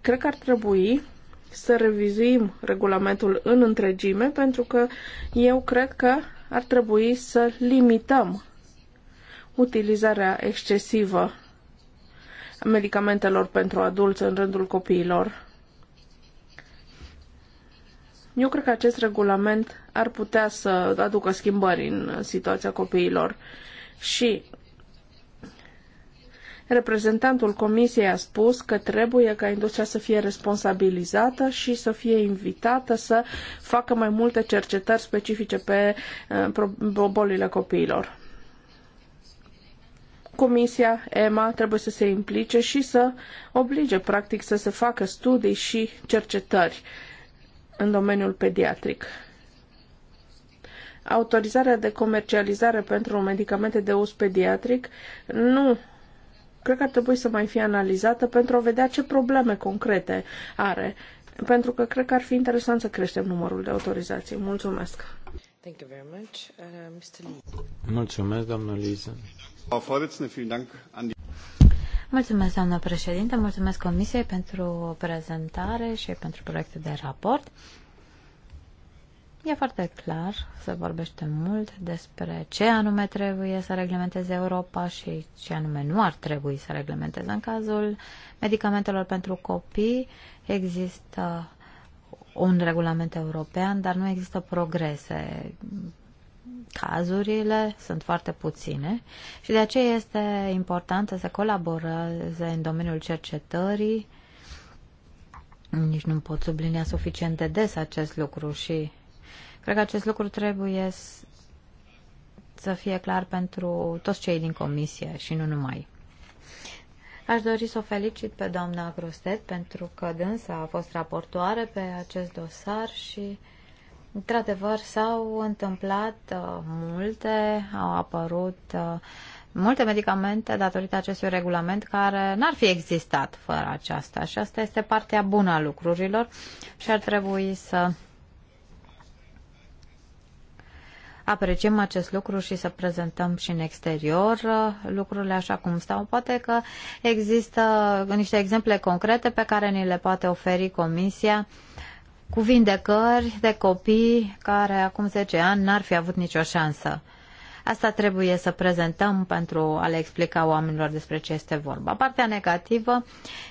A: Cred că ar trebui să revizuim regulamentul în întregime pentru că eu cred că ar trebui să limităm utilizarea excesivă a medicamentelor pentru adulți în rândul copiilor. Eu cred că acest regulament ar putea să aducă schimbări în situația copiilor. Și reprezentantul Comisiei a spus că trebuie ca industria să fie responsabilizată și să fie invitată să facă mai multe cercetări specifice pe eh, bolile copiilor. Comisia, EMA, trebuie să se implice și să oblige, practic, să se facă studii și cercetări în domeniul pediatric. Autorizarea de comercializare pentru medicamente de uz pediatric nu cred că ar trebui să mai fie analizată pentru a vedea ce probleme concrete are, pentru că cred că ar fi interesant să creștem numărul de autorizații. Mulțumesc!
C: Thank you very much. Uh, Mr. Lee.
D: Mulțumesc, doamnă Liză.
B: Mulțumesc, doamnă președinte, mulțumesc Comisiei pentru prezentare și pentru proiectul de raport. E foarte clar, se vorbește mult despre ce anume trebuie să reglementeze Europa și ce anume nu ar trebui să reglementeze. În cazul medicamentelor pentru copii există un regulament european, dar nu există progrese Cazurile sunt foarte puține și de aceea este important să se colaboreze în domeniul cercetării. Nici nu pot sublinia suficient de des acest lucru și cred că acest lucru trebuie să fie clar pentru toți cei din comisie și nu numai. Aș dori să o felicit pe doamna Grostet pentru că dânsa a fost raportoare pe acest dosar și Într-adevăr, s-au întâmplat uh, multe, au apărut uh, multe medicamente datorită acestui regulament care n-ar fi existat fără aceasta și asta este partea bună a lucrurilor și ar trebui să apreciem acest lucru și să prezentăm și în exterior uh, lucrurile așa cum stau. Poate că există niște exemple concrete pe care ni le poate oferi Comisia uh, cu vindecări de copii care acum 10 ani n-ar fi avut nicio șansă. Asta trebuie să prezentăm pentru a le explica oamenilor despre ce este vorba. Partea negativă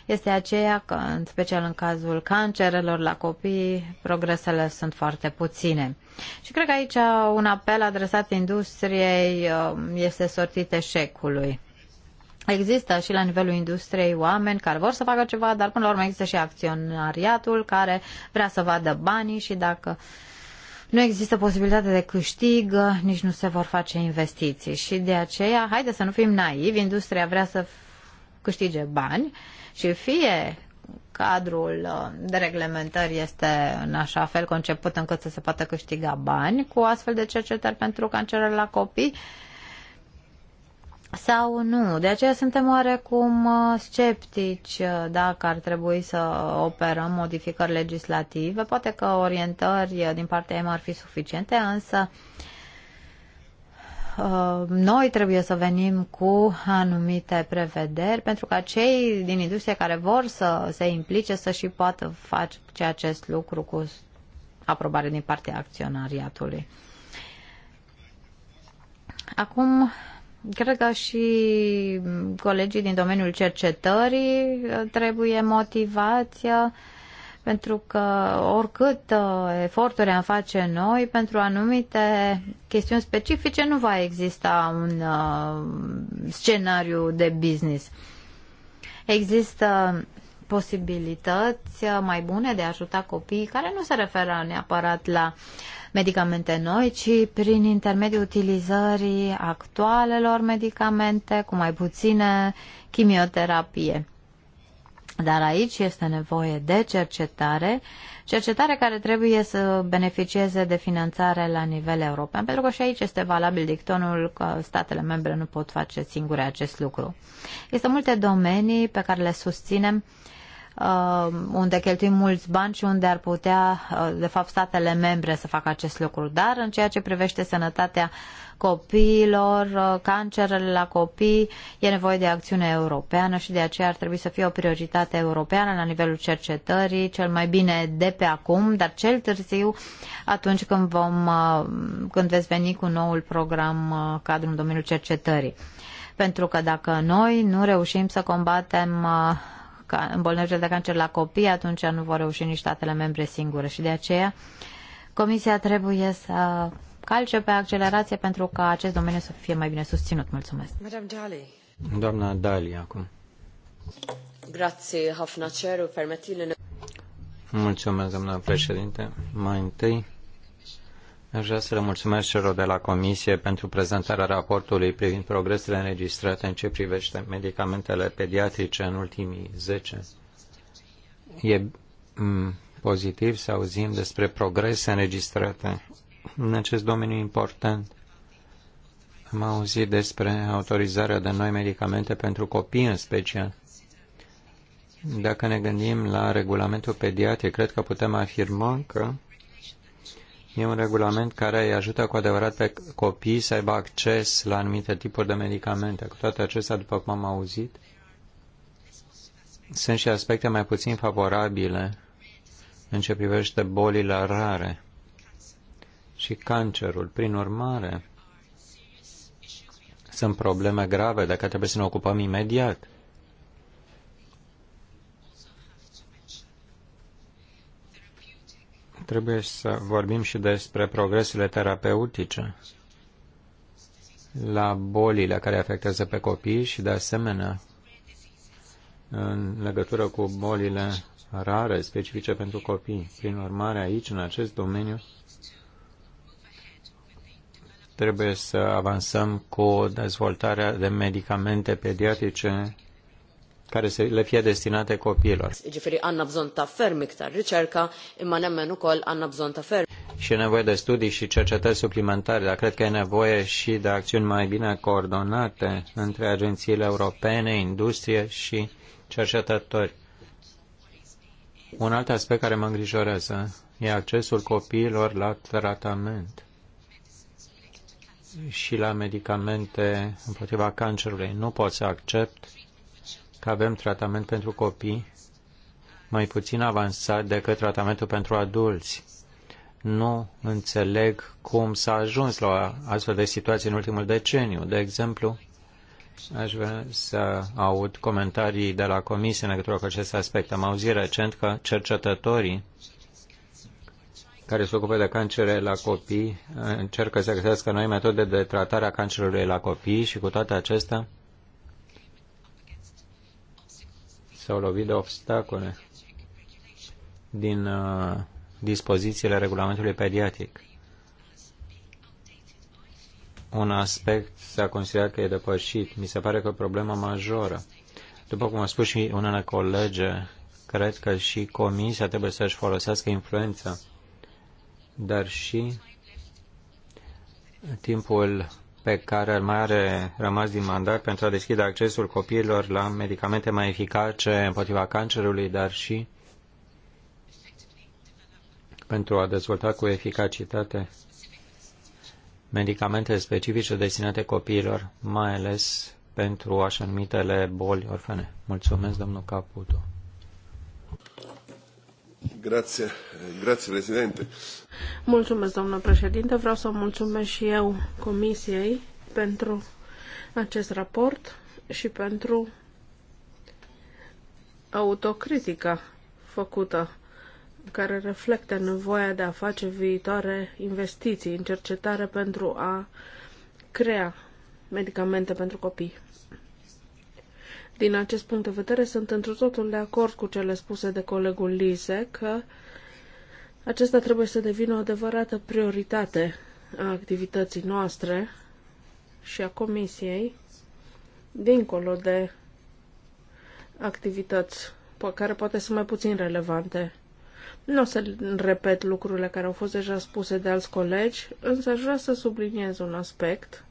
B: este aceea că, în special în cazul cancerelor la copii, progresele sunt foarte puține. Și cred că aici un apel adresat industriei uh, este sortit eșecului. Există și la nivelul industriei oameni care vor să facă ceva, dar până la urmă există și acționariatul care vrea să vadă banii și dacă nu există posibilitate de câștig, nici nu se vor face investiții. Și de aceea, haide să nu fim naivi, industria vrea să câștige bani și fie cadrul uh, de reglementări este în așa fel conceput încât să se poată câștiga bani cu astfel de cercetări pentru cancerul la copii, sau nu. De aceea suntem oarecum uh, sceptici uh, dacă ar trebui să operăm modificări legislative. Poate că orientări uh, din partea ei ar fi suficiente, însă noi trebuie să venim cu anumite prevederi pentru ca cei din industrie care vor să se implice să și poată face acest lucru cu aprobare din partea acționariatului. Acum, Cred că și colegii din domeniul cercetării uh, trebuie motivați uh, pentru că oricât uh, eforturi am face noi, pentru anumite chestiuni specifice nu va exista un uh, scenariu de business. Există posibilități mai bune de a ajuta copiii care nu se referă neapărat la medicamente noi, ci prin intermediul utilizării actualelor medicamente cu mai puține chimioterapie. Dar aici este nevoie de cercetare, cercetare care trebuie să beneficieze de finanțare la nivel european, pentru că și aici este valabil dictonul că statele membre nu pot face singure acest lucru. Este multe domenii pe care le susținem uh, Uh, unde cheltuim mulți bani și unde ar putea, uh, de fapt, statele membre să facă acest lucru. Dar în ceea ce privește sănătatea copiilor, uh, cancerele la copii, e nevoie de acțiune europeană și de aceea ar trebui să fie o prioritate europeană la nivelul cercetării, cel mai bine de pe acum, dar cel târziu atunci când, vom, când veți veni cu noul program cadru în domeniul cercetării. Pentru că dacă noi nu reușim să combatem îmbolnăvirile de cancer la copii, atunci nu vor reuși nici statele membre singure și de aceea Comisia trebuie să calce pe accelerație pentru ca acest domeniu să fie mai bine susținut. Mulțumesc.
D: Doamna Dali, acum.
B: Grazie,
D: Mulțumesc, doamna președinte. Mai întâi, Aș vrea să le mulțumesc celor de la Comisie pentru prezentarea raportului privind progresele înregistrate în ce privește medicamentele pediatrice în ultimii 10. E pozitiv să auzim despre progrese înregistrate în acest domeniu important. Am auzit despre autorizarea de noi medicamente pentru copii în special. Dacă ne gândim la regulamentul pediatric, cred că putem afirma că E un regulament care îi ajută cu adevărat pe copii să aibă acces la anumite tipuri de medicamente. Cu toate acestea, după cum am auzit, sunt și aspecte mai puțin favorabile în ce privește bolile rare și cancerul. Prin urmare, sunt probleme grave de care trebuie să ne ocupăm imediat. trebuie să vorbim și despre progresele terapeutice la bolile care afectează pe copii și, de asemenea, în legătură cu bolile rare, specifice pentru copii. Prin urmare, aici, în acest domeniu, trebuie să avansăm cu dezvoltarea de medicamente pediatrice care să le fie destinate copiilor. ferm. Și e nevoie de studii și cercetări suplimentare, dar cred că e nevoie și de acțiuni mai bine coordonate între agențiile europene, industrie și cercetători. Un alt aspect care mă îngrijorează e accesul copiilor la tratament și la medicamente împotriva cancerului. Nu pot să accept că avem tratament pentru copii mai puțin avansat decât tratamentul pentru adulți. Nu înțeleg cum s-a ajuns la astfel de situație în ultimul deceniu. De exemplu, aș vrea să aud comentarii de la comisie în legătură cu acest aspect. Am auzit recent că cercetătorii care se ocupă de cancere la copii încercă să găsească noi metode de tratare a cancerului la copii și cu toate acestea s-au lovit de obstacole din uh, dispozițiile regulamentului pediatric. Un aspect s-a considerat că e depășit. Mi se pare că o problemă majoră. După cum a spus și unele colege, cred că și comisia trebuie să-și folosească influența, dar și timpul pe care îl mai are rămas din mandat pentru a deschide accesul copiilor la medicamente mai eficace împotriva cancerului, dar și pentru a dezvolta cu eficacitate medicamente specifice destinate copiilor, mai ales pentru așa numitele boli orfane. Mulțumesc, domnul Caputo.
C: Grazie, grazie Presidente.
A: Mulțumesc, doamnă președinte. Vreau să mulțumesc și eu Comisiei pentru acest raport și pentru autocritica făcută care reflectă nevoia de a face viitoare investiții în cercetare pentru a crea medicamente pentru copii. Din acest punct de vedere, sunt într totul de acord cu cele spuse de colegul Lise că acesta trebuie să devină o adevărată prioritate a activității noastre și a Comisiei, dincolo de activități care poate sunt mai puțin relevante. Nu o să repet lucrurile care au fost deja spuse de alți colegi, însă aș vrea să subliniez un aspect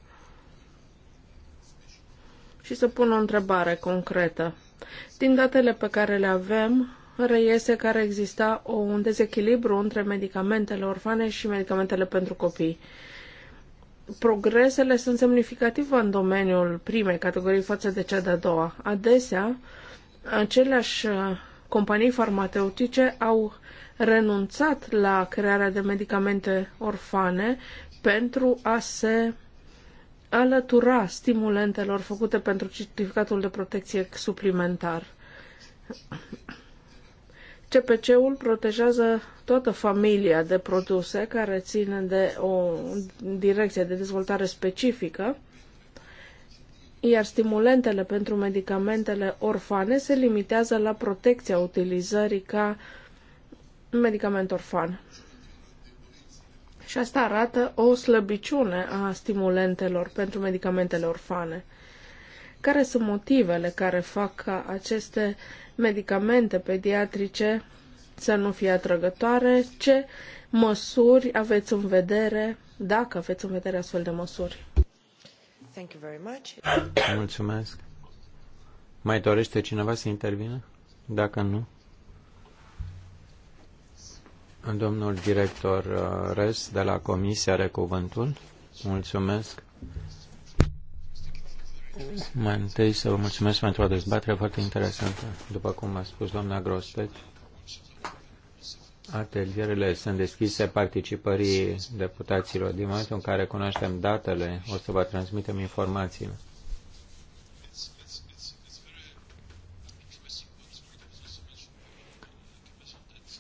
A: și să pun o întrebare concretă. Din datele pe care le avem, reiese că ar exista un dezechilibru între medicamentele orfane și medicamentele pentru copii. Progresele sunt semnificative în domeniul primei categorii față de cea de-a doua. Adesea, aceleași companii farmaceutice au renunțat la crearea de medicamente orfane pentru a se alătura stimulentelor făcute pentru certificatul de protecție suplimentar. CPC-ul protejează toată familia de produse care țin de o direcție de dezvoltare specifică, iar stimulentele pentru medicamentele orfane se limitează la protecția utilizării ca medicament orfan. Și asta arată o slăbiciune a stimulentelor pentru medicamentele orfane. Care sunt motivele care fac ca aceste medicamente pediatrice să nu fie atrăgătoare? Ce măsuri aveți în vedere, dacă aveți în vedere astfel de măsuri?
C: Thank you very much.
D: Mulțumesc. Mai dorește cineva să intervină? Dacă nu, Domnul director uh, Res de la Comisie are cuvântul. Mulțumesc. Mai întâi să vă mulțumesc pentru o dezbatere foarte interesantă. După cum a spus doamna Grosteci, Atelierele sunt deschise participării deputaților. Din momentul în care cunoaștem datele, o să vă transmitem informațiile.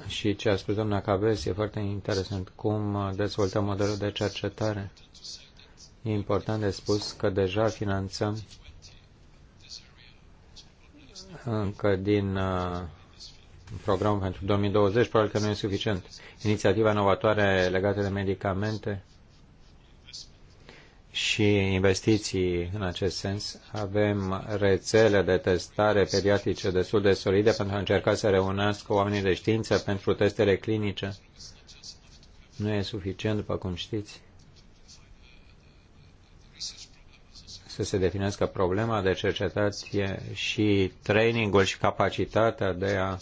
D: și ce a spus doamna Caves e foarte interesant. Cum dezvoltăm modelul de cercetare? E important de spus că deja finanțăm încă din uh, programul pentru 2020, probabil că nu e suficient. Inițiativa novatoare legată de medicamente și investiții în acest sens. Avem rețele de testare pediatrice destul de solide pentru a încerca să reunească oamenii de știință pentru testele clinice. Nu e suficient, după cum știți, să se definească problema de cercetație și trainingul și capacitatea de a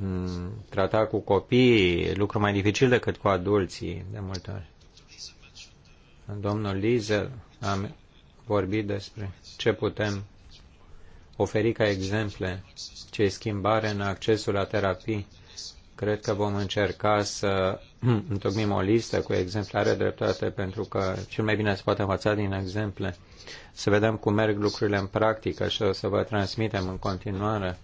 D: mm, trata cu copiii, lucru mai dificil decât cu adulții de multe ori domnul Lizer am vorbit despre ce putem oferi ca exemple, ce schimbare în accesul la terapii. Cred că vom încerca să întocmim o listă cu exemple. Are dreptate pentru că cel mai bine se poate învăța din exemple. Să vedem cum merg lucrurile în practică și o să vă transmitem în continuare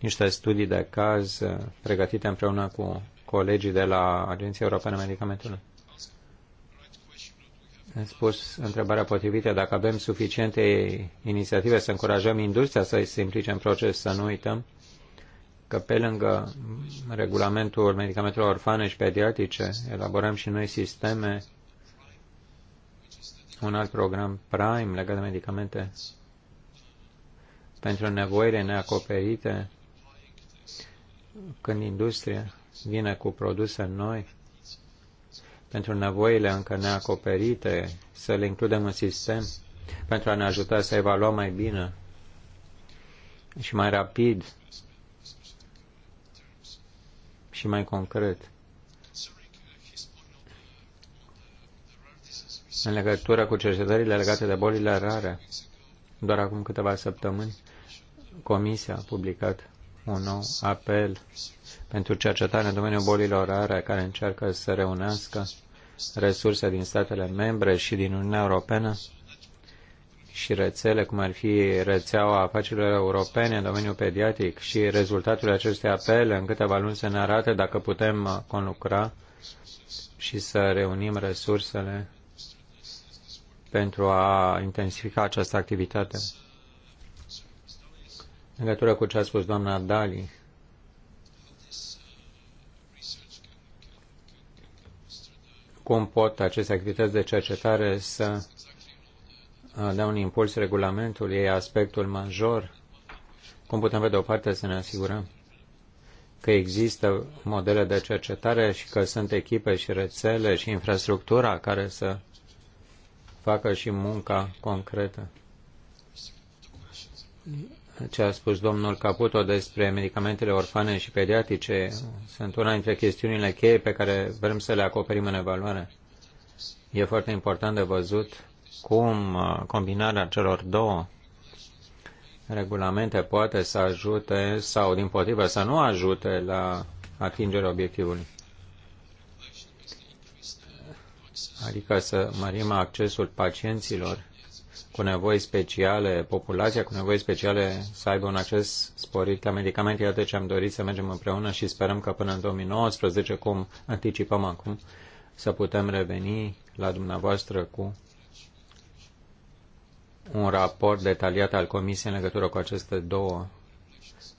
D: niște studii de caz pregătite împreună cu colegii de la Agenția Europeană a Medicamentelor. Ați spus întrebarea potrivită, dacă avem suficiente inițiative să încurajăm industria să se implice în proces, să nu uităm că pe lângă regulamentul medicamentelor orfane și pediatrice, elaborăm și noi sisteme, un alt program Prime legat de medicamente pentru nevoile neacoperite când industria vine cu produse noi pentru nevoile încă neacoperite, să le includem în sistem pentru a ne ajuta să evaluăm mai bine și mai rapid și mai concret. În legătură cu cercetările legate de bolile rare, doar acum câteva săptămâni, Comisia a publicat un nou apel pentru cercetare în domeniul bolilor rare care încearcă să reunească resurse din statele membre și din Uniunea Europeană și rețele, cum ar fi rețeaua afacerilor europene în domeniul pediatric și rezultatul acestui apel în câteva luni să ne arate dacă putem uh, conlucra și să reunim resursele pentru a intensifica această activitate. În legătură cu ce a spus doamna Dali, cum pot aceste activități de cercetare să uh, dea un impuls regulamentului, e aspectul major, cum putem pe de o parte să ne asigurăm că există modele de cercetare și că sunt echipe și rețele și infrastructura care să facă și munca concretă ce a spus domnul Caputo despre medicamentele orfane și pediatrice. Sunt una dintre chestiunile cheie pe care vrem să le acoperim în evaluare. E foarte important de văzut cum uh, combinarea celor două regulamente poate să ajute sau, din potrivă, să nu ajute la atingerea obiectivului. Adică să mărim accesul pacienților cu nevoi speciale, populația cu nevoi speciale să aibă un acces sporit la medicamente. Iată ce am dorit să mergem împreună și sperăm că până în 2019, cum anticipăm acum, să putem reveni la dumneavoastră cu un raport detaliat al Comisiei în legătură cu aceste două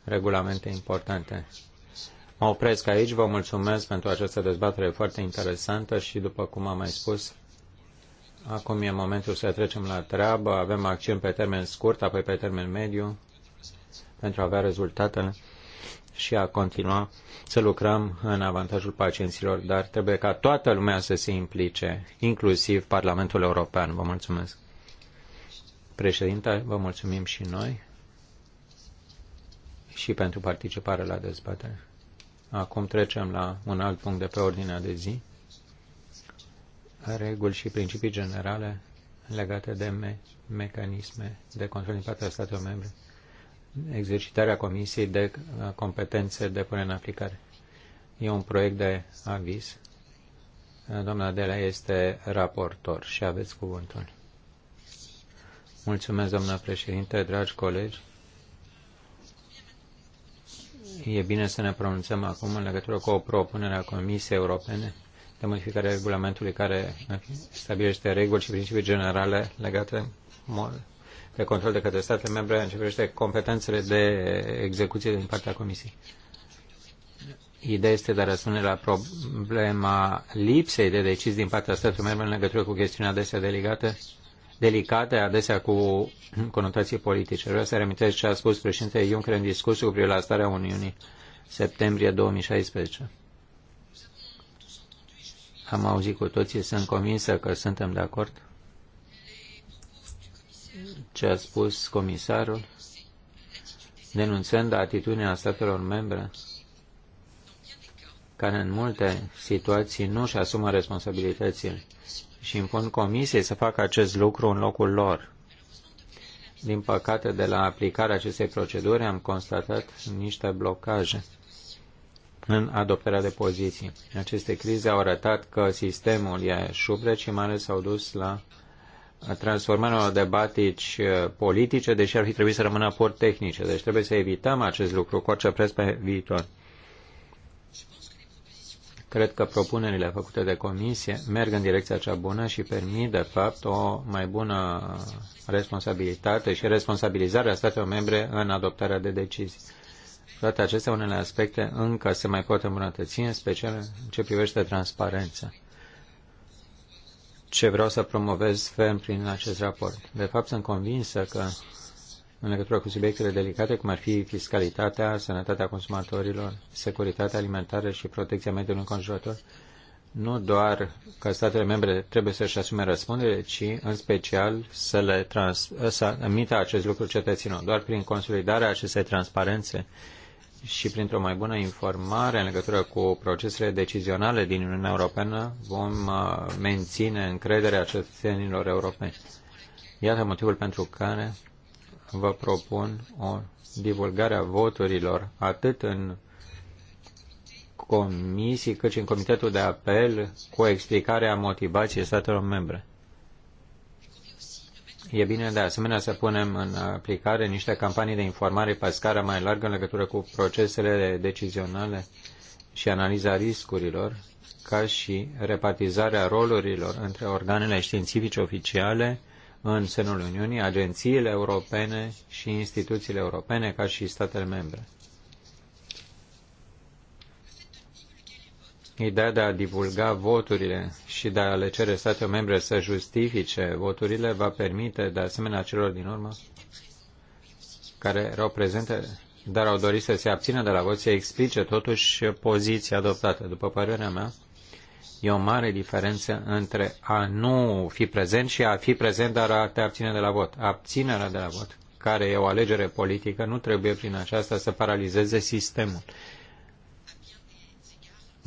D: regulamente importante. Mă opresc aici, vă mulțumesc pentru această dezbatere foarte interesantă și, după cum am mai spus, Acum e momentul să trecem la treabă. Avem accent pe termen scurt, apoi pe termen mediu, pentru a avea rezultatele și a continua să lucrăm în avantajul pacienților, dar trebuie ca toată lumea să se implice, inclusiv Parlamentul European. Vă mulțumesc. Președinte, vă mulțumim și noi și pentru participare la dezbatere. Acum trecem la un alt punct de pe ordinea de zi reguli și principii generale legate de me- mecanisme de control din partea statelor membre, exercitarea Comisiei de uh, competențe de pune în aplicare. E un proiect de avis. Uh, doamna Adela este raportor și aveți cuvântul. Mulțumesc, doamna președinte, dragi colegi. E bine să ne pronunțăm acum în legătură cu o propunere a Comisiei Europene de modificare a regulamentului care stabilește reguli și principii generale legate de control de către statele membre în ce privește competențele de execuție din partea Comisiei. Ideea este de a răspunde la problema lipsei de decizii din partea statelor membre în legătură cu chestiunea adesea delicate, delicate, adesea cu conotații politice. Vreau să reamintesc ce a spus președintele Juncker în discursul cu privire la starea Uniunii septembrie 2016 am auzit cu toții, sunt convinsă că suntem de acord ce a spus comisarul, denunțând atitudinea statelor membre care în multe situații nu își asumă responsabilitățile și impun comisiei să facă acest lucru în locul lor. Din păcate, de la aplicarea acestei proceduri am constatat niște blocaje în adoptarea de poziții. Aceste crize au arătat că sistemul e șubred și mai ales au dus la transformarea unor debatici uh, politice, deși ar fi trebuit să rămână pur tehnice. Deci trebuie să evităm acest lucru cu orice preț pe viitor. Cred că propunerile făcute de comisie merg în direcția cea bună și permit, de fapt, o mai bună responsabilitate și responsabilizarea statelor membre în adoptarea de decizii. Toate acestea, unele aspecte încă se mai pot îmbunătăți, în special în ce privește transparența. Ce vreau să promovez ferm prin acest raport? De fapt, sunt convinsă că în legătură cu subiectele delicate, cum ar fi fiscalitatea, sănătatea consumatorilor, securitatea alimentară și protecția mediului înconjurător, nu doar că statele membre trebuie să-și asume răspundere, ci în special să le trans- să acest lucru cetățenilor. Doar prin consolidarea acestei transparențe și printr-o mai bună informare în legătură cu procesele decizionale din Uniunea Europeană vom uh, menține încrederea cetățenilor europeni. Iată motivul pentru care vă propun o divulgare a voturilor atât în comisii cât și în comitetul de apel cu explicarea motivației statelor membre. E bine de asemenea să punem în aplicare niște campanii de informare pe scară mai largă în legătură cu procesele decizionale și analiza riscurilor, ca și repartizarea rolurilor între organele științifice oficiale în senul Uniunii, agențiile europene și instituțiile europene, ca și statele membre. ideea de a divulga voturile și de a le cere statele membre să justifice voturile va permite, de asemenea, celor din urmă care erau prezente, dar au dorit să se abțină de la vot, să explice totuși poziția adoptată. După părerea mea, e o mare diferență între a nu fi prezent și a fi prezent, dar a te abține de la vot. Abținerea de la vot, care e o alegere politică, nu trebuie prin aceasta să paralizeze sistemul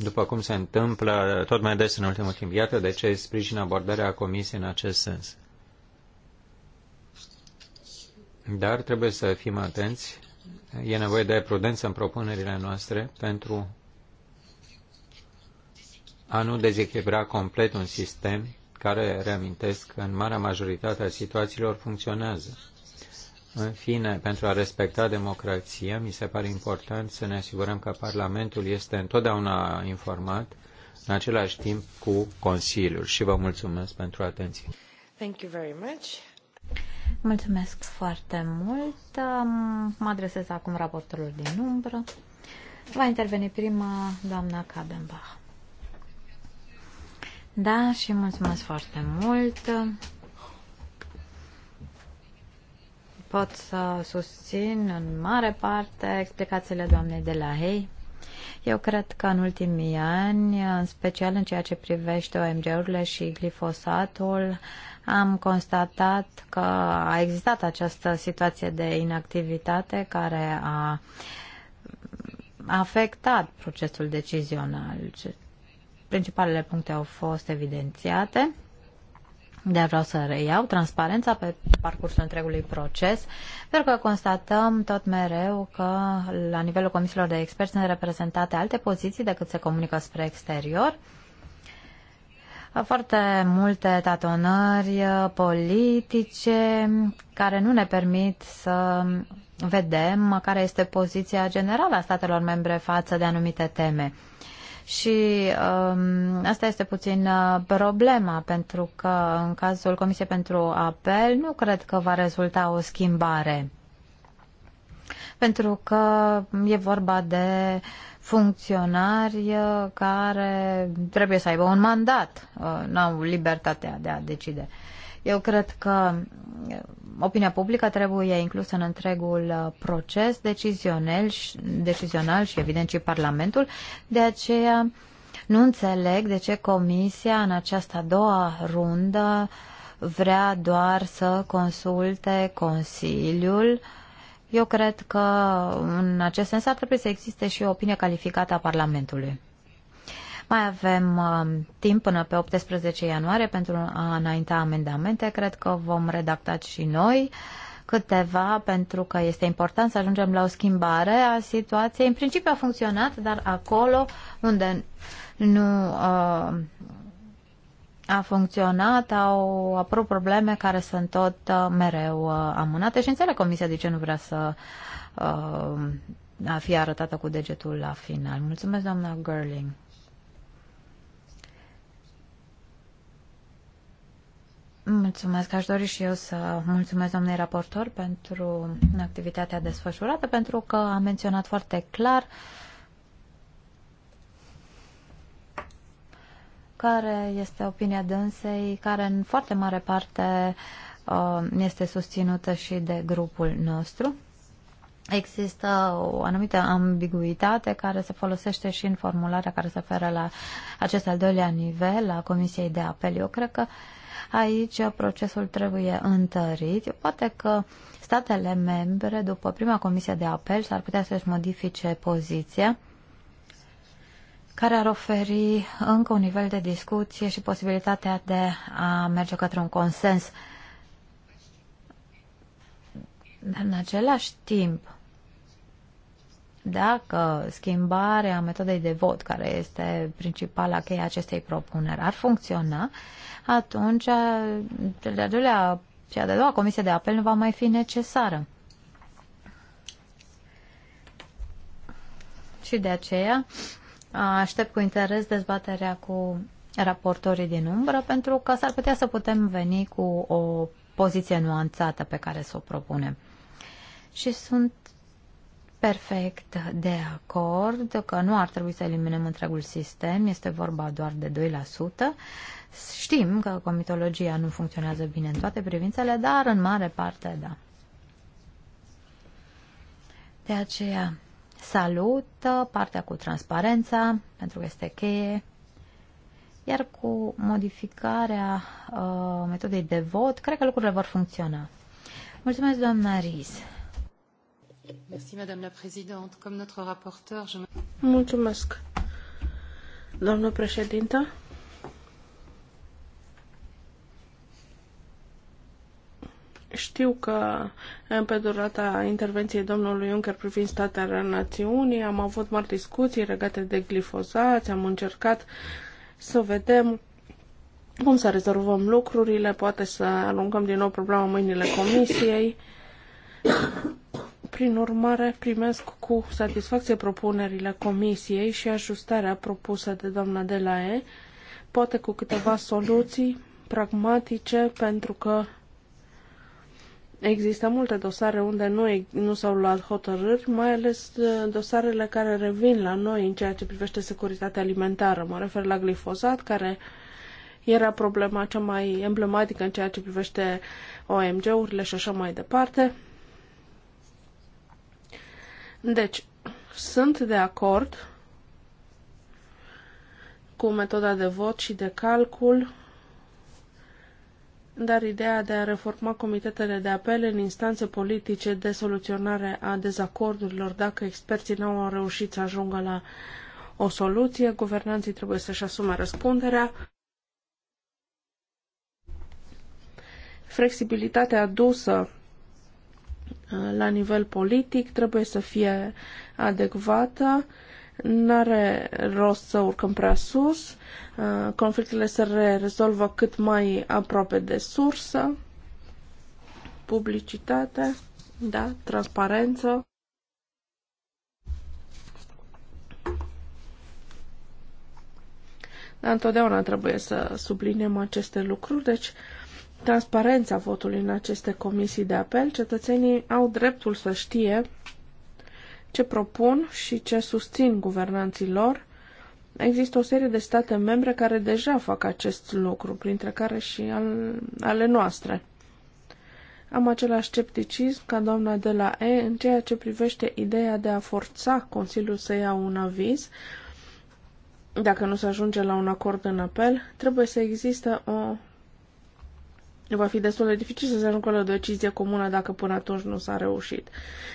D: după cum se întâmplă tot mai des în ultimul timp. Iată de ce sprijin abordarea Comisiei în acest sens. Dar trebuie să fim atenți. E nevoie de prudență în propunerile noastre pentru a nu dezechilibra complet un sistem care, reamintesc, în marea majoritate a situațiilor funcționează. În fine, pentru a respecta democrația, mi se pare important să ne asigurăm că Parlamentul este întotdeauna informat în același timp cu Consiliul. Și vă mulțumesc pentru atenție.
B: Thank you very much. Mulțumesc foarte mult. Mă adresez acum raportorul din umbră. Va interveni prima doamna Kadenbach. Da, și mulțumesc foarte mult. Pot să susțin în mare parte explicațiile doamnei de la Hei. Eu cred că în ultimii ani, în special în ceea ce privește OMG-urile și glifosatul, am constatat că a existat această situație de inactivitate care a afectat procesul decizional. Principalele puncte au fost evidențiate de vreau să reiau transparența pe parcursul întregului proces, pentru că constatăm tot mereu că la nivelul comisiilor de experți sunt reprezentate alte poziții decât se comunică spre exterior. Foarte multe tatonări politice care nu ne permit să vedem care este poziția generală a statelor membre față de anumite teme. Și um, asta este puțin uh, problema, pentru că în cazul Comisiei pentru Apel nu cred că va rezulta o schimbare. Pentru că e vorba de funcționari uh, care trebuie să aibă un mandat, uh, n-au libertatea de a decide. Uh, eu cred că mm, opinia publică trebuie inclusă în întregul uh, proces decizional și, decizional și evident și Parlamentul. De aceea nu înțeleg de ce Comisia în această a doua rundă vrea doar să consulte Consiliul. Eu cred că în acest sens ar trebui să existe și o opinie calificată a Parlamentului. Mai avem uh, timp până pe 18 ianuarie pentru a înainta amendamente. Cred că vom redacta și noi câteva pentru că este important să ajungem la o schimbare a situației. În principiu a funcționat, dar acolo unde nu uh, a funcționat, au apărut probleme care sunt tot uh, mereu uh, amânate și înțeleg Comisia de ce nu vrea să uh, a fi arătată cu degetul la final. Mulțumesc, doamna Gerling. Mulțumesc. Aș dori și eu să mulțumesc domnului raportor pentru activitatea desfășurată, pentru că a menționat foarte clar care este opinia dânsei, care în foarte mare parte uh, este susținută și de grupul nostru. Există o anumită ambiguitate care se folosește și în formularea care se referă la acest al doilea nivel, la Comisiei de Apel. Eu cred că uh, Aici procesul trebuie întărit. Poate că statele membre, după prima comisie de apel, s-ar putea să-și modifice poziția care ar oferi încă un nivel de discuție și posibilitatea de a merge către un consens. Dar în același timp, dacă schimbarea metodei de vot, care este principala cheie acestei propuneri, ar funcționa, atunci de-al doilea, cea de-a doua comisie de apel nu va mai fi necesară. Și de aceea aștept cu interes dezbaterea cu raportorii din umbră, pentru că s-ar putea să putem veni cu o poziție nuanțată pe care să o propunem. Și sunt perfect de acord că nu ar trebui să eliminăm întregul sistem, este vorba doar de 2%. Știm că comitologia nu funcționează bine în toate privințele, dar în mare parte da. De aceea salut partea cu transparența, pentru că este cheie, iar cu modificarea uh, metodei de vot, cred că lucrurile vor funcționa. Mulțumesc, doamna Riz. Mulțumesc,
A: doamnă președintă. Știu că pe durata intervenției domnului Juncker privind statele națiunii am avut mari discuții legate de glifozat, am încercat să vedem cum să rezolvăm lucrurile, poate să aruncăm din nou problema mâinile comisiei. Prin urmare, primesc cu satisfacție propunerile comisiei și ajustarea propusă de doamna Delae, poate cu câteva soluții pragmatice, pentru că există multe dosare unde nu, nu s-au luat hotărâri, mai ales uh, dosarele care revin la noi în ceea ce privește securitatea alimentară. Mă refer la glifosat, care era problema cea mai emblematică în ceea ce privește OMG-urile și așa mai departe. Deci, sunt de acord cu metoda de vot și de calcul, dar ideea de a reforma comitetele de apel în instanțe politice de soluționare a dezacordurilor, dacă experții nu au reușit să ajungă la o soluție, guvernanții trebuie să-și asume răspunderea. Flexibilitatea adusă la nivel politic trebuie să fie adecvată. nu are rost să urcăm prea sus. Uh, conflictele se rezolvă cât mai aproape de sursă. Publicitate, da, transparență. Dar întotdeauna trebuie să subliniem aceste lucruri, deci uh, transparența votului în aceste comisii de apel, cetățenii au dreptul să știe ce propun și ce susțin guvernanții lor. Există o serie de state membre care deja fac acest lucru, printre care și al, ale noastre. Am același scepticism ca doamna de la E în ceea ce privește ideea de a forța Consiliul să ia un aviz. Dacă nu se ajunge la un acord în apel, trebuie să există o va fi destul de dificil să se ajungă la o decizie comună dacă până atunci nu s-a reușit.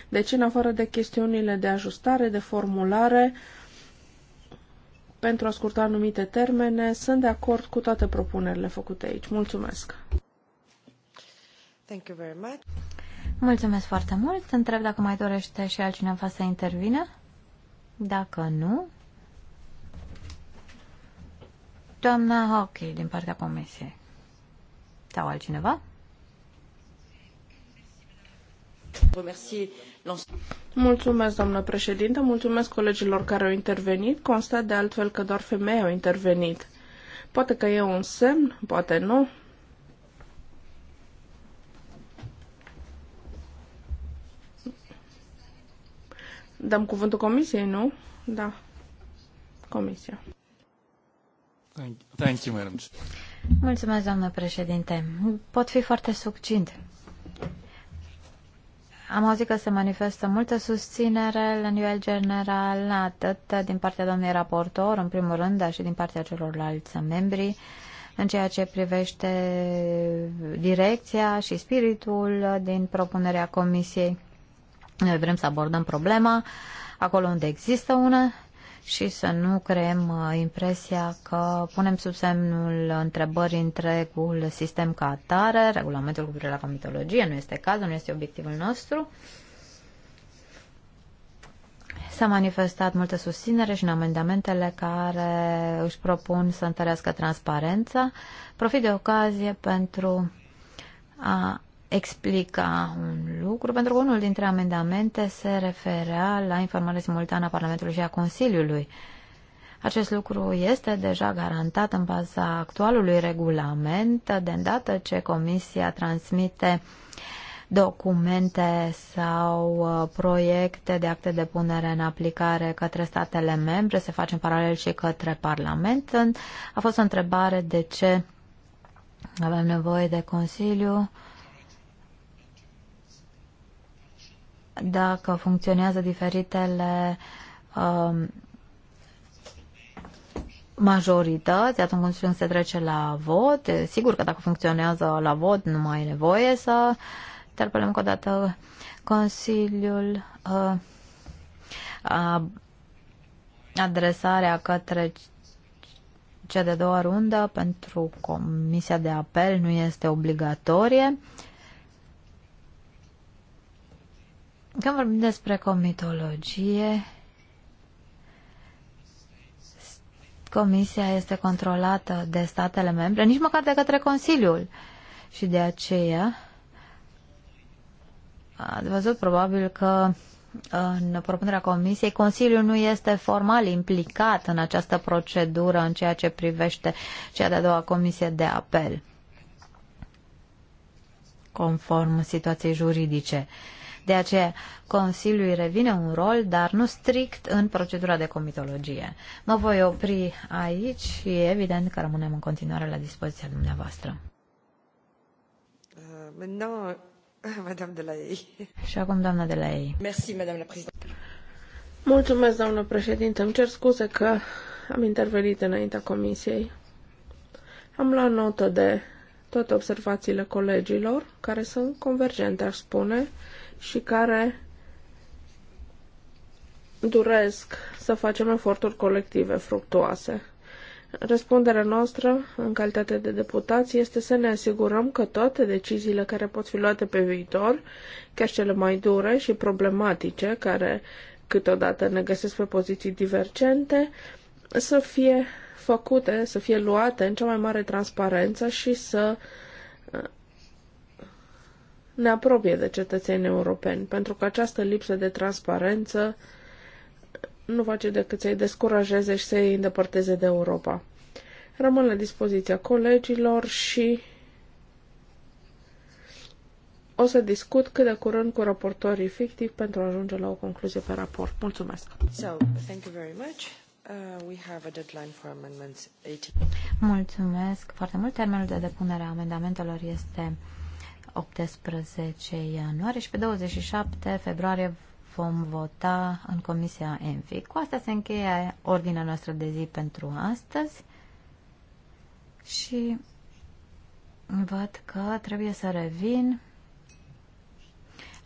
A: Deci, în afară de chestiunile de ajustare, de formulare, pentru a scurta anumite termene, sunt de acord cu toate propunerile făcute aici. Mulțumesc! Thank you very much.
B: Mulțumesc foarte mult. Te întreb dacă mai dorește și altcineva să intervine. Dacă nu, doamna Hockey din partea comisiei. Sau altcineva?
A: Mulțumesc, doamnă președintă, mulțumesc colegilor care au intervenit. Constat de altfel că doar femei au intervenit. Poate că e un semn, poate nu. Dăm cuvântul comisiei, nu? Da.
B: Comisia. Thank you, madam. Mulțumesc, doamnă președinte. Pot fi foarte succint. Am auzit că se manifestă multă susținere la nivel general, atât din partea doamnei raportor, în primul rând, dar și din partea celorlalți membri, în ceea ce privește direcția și spiritul din propunerea Comisiei. Noi vrem să abordăm problema acolo unde există una și să nu creăm uh, impresia că punem sub semnul întrebării întregul sistem ca atare, regulamentul cu privire la comitologie, nu este cazul, nu este obiectivul nostru. S-a manifestat multă susținere și în amendamentele care își propun să întărească transparența. Profit de ocazie pentru a explica un lucru, pentru că unul dintre amendamente se referea la informare simultană a Parlamentului și a Consiliului. Acest lucru este deja garantat în baza actualului regulament, de îndată ce Comisia transmite documente sau uh, proiecte de acte de punere în aplicare către statele membre, se face în paralel și către Parlament. A fost o întrebare de ce avem nevoie de Consiliu dacă funcționează diferitele um, majorități, atunci când se trece la vot, sigur că dacă funcționează la vot nu mai e nevoie să interpelăm încă o dată Consiliul uh, a, adresarea către cea de doua rundă pentru Comisia de Apel nu este obligatorie. Uh, Când vorbim despre comitologie, Comisia este controlată de statele membre, nici măcar de către Consiliul. Și de aceea ați văzut probabil că în propunerea Comisiei, Consiliul nu este formal implicat în această procedură în ceea ce privește cea de-a doua Comisie de apel, conform situației juridice. Uh, de aceea, Consiliului revine un rol, dar nu strict în procedura de comitologie. Mă voi opri aici și evident că rămânem în continuare la dispoziția dumneavoastră.
A: Euh, nu, Madame de la ei.
B: Și acum, doamna de la
A: ei. Merci, Madame la Mulțumesc, doamnă președinte. Îmi cer scuze că am intervenit înaintea comisiei. Am luat notă de toate observațiile colegilor, care sunt convergente, aș spune, și care doresc să facem eforturi colective fructuoase. Răspunderea noastră, în calitate de deputați, este să ne asigurăm că toate deciziile care pot fi luate pe viitor, chiar cele mai dure și problematice, care câteodată ne găsesc pe poziții divergente, să fie făcute, să fie luate în cea mai mare transparență și să uh, ne apropie de cetățenii europeni, pentru că această lipsă de transparență nu face decât să-i descurajeze și să-i îndepărteze de Europa. Rămân la dispoziția colegilor și o să discut cât de curând cu raportorii fictivi
B: pentru a ajunge la o concluzie pe raport. Mulțumesc!
A: So, thank you very much. Uh, we have a deadline for amendments 18.
B: Mulțumesc foarte mult. Termenul de depunere a amendamentelor este 18 ianuarie și pe 27 februarie vom vota în Comisia ENVI. Cu asta se încheie ordinea noastră de zi pentru astăzi și văd că trebuie să revin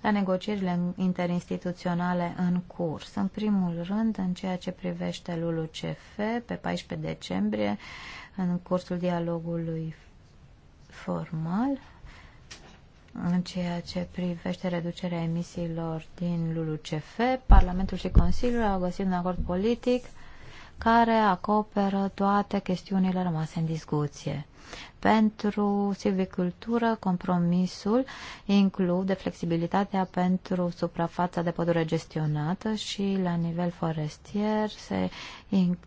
B: la negocierile interinstituționale în curs. În primul rând, în ceea ce privește LULUCF, pe 14 decembrie, în cursul dialogului formal, în ceea ce privește reducerea emisiilor din LULUCF, Parlamentul și Consiliul au găsit un acord politic care acoperă toate chestiunile rămase în discuție. Pentru silvicultură, compromisul include flexibilitatea pentru suprafața de pădure gestionată și la nivel forestier se include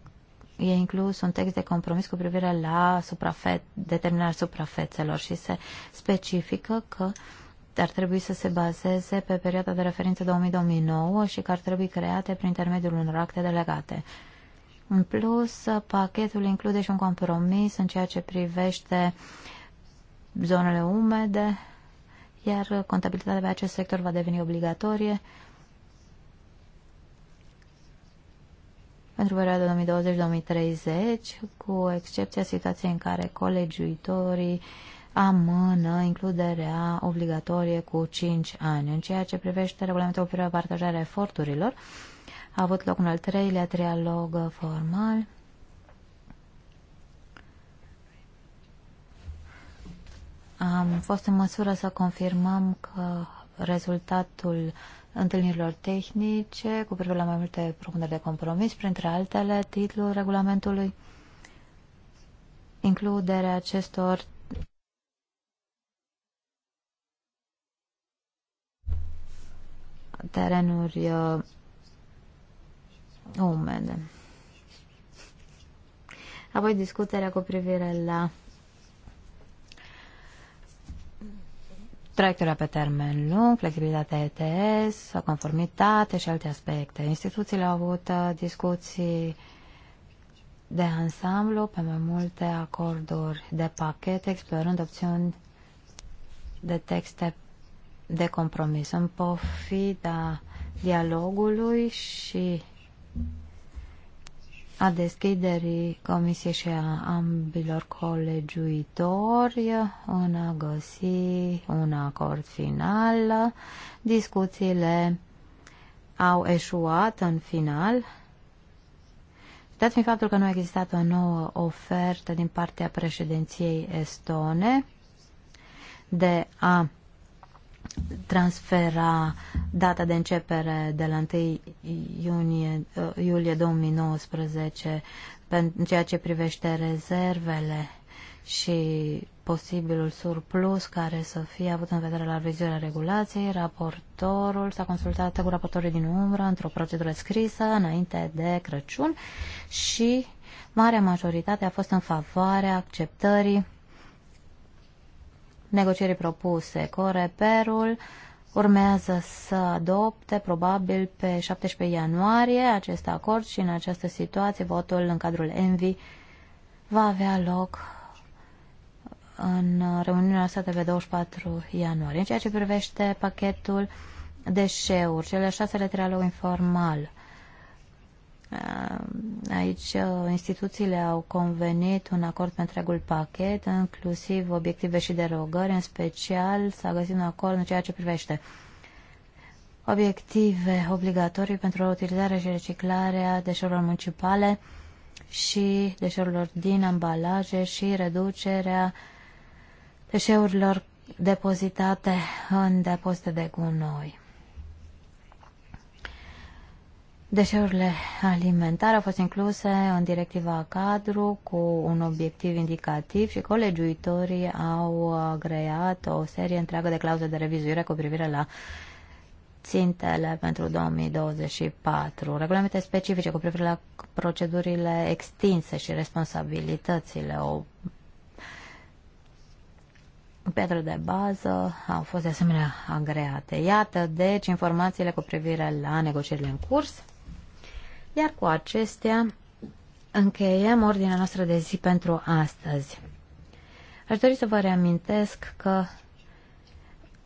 B: e inclus un text de compromis cu privire la suprafet, determinarea suprafețelor și se specifică că ar trebui să se bazeze pe perioada de referință 2000-2009 și că ar trebui create prin intermediul unor acte delegate. În plus, pachetul include și un compromis în ceea ce privește zonele umede, iar contabilitatea pe acest sector va deveni obligatorie pentru perioada 2020-2030, cu excepția situației în care colegiuitorii amână includerea obligatorie cu 5 ani. În ceea ce privește regulamentul privind partajarea eforturilor, a avut loc un al treilea trialog formal. Am fost în măsură să confirmăm că rezultatul întâlnirilor tehnice cu privire la mai multe propuneri de compromis, printre altele titlul regulamentului, includerea acestor terenuri uh, umede. Apoi discuterea cu privire la traiectoria pe termen lung, flexibilitatea ETS, conformitate și alte aspecte. Instituțiile au avut uh, discuții de ansamblu pe mai multe acorduri de pachet, explorând opțiuni de texte de compromis. În pofida dialogului și a deschiderii comisiei și a ambilor colegiuitori în a găsi un acord final. Discuțiile au eșuat în final. Dat fiind faptul că nu a existat o nouă ofertă din partea președinției estone de a transfera data de începere de la 1 iunie, uh, iulie 2019 pentru ceea ce privește rezervele și posibilul surplus care să fie avut în vedere la revizuirea regulației, raportorul s-a consultat cu raportorii din umbră într-o procedură scrisă înainte de Crăciun și marea majoritate a fost în favoarea acceptării negocierii propuse. Coreperul urmează să adopte probabil pe 17 ianuarie acest acord și în această situație votul în cadrul ENVI va avea loc în reuniunea asta de pe 24 ianuarie. În ceea ce privește pachetul deșeuri, cele șasele trialog informal, Ehm, aici uh, instituțiile au convenit un acord pe întregul pachet, inclusiv obiective și derogări, în special s-a găsit un acord în ceea ce privește obiective obligatorii pentru utilizarea și reciclarea deșeurilor municipale și deșeurilor din ambalaje și reducerea deșeurilor depozitate în depozite de gunoi. Deșeurile alimentare au fost incluse în directiva cadru cu un obiectiv indicativ și colegiuitorii au creat o serie întreagă de clauze de revizuire cu privire la țintele pentru 2024, regulamente specifice cu privire la procedurile extinse și responsabilitățile, o pietră de bază au fost de asemenea agreate. Iată, deci, informațiile cu privire la negocierile în curs. Iar cu acestea încheiem ordinea noastră de zi pentru astăzi. Aș dori să vă reamintesc că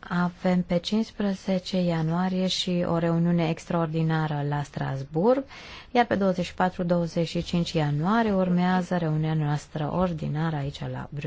B: avem pe 15 ianuarie și o reuniune extraordinară la Strasburg, iar pe 24-25 ianuarie urmează reuniunea noastră ordinară aici la Bruxelles.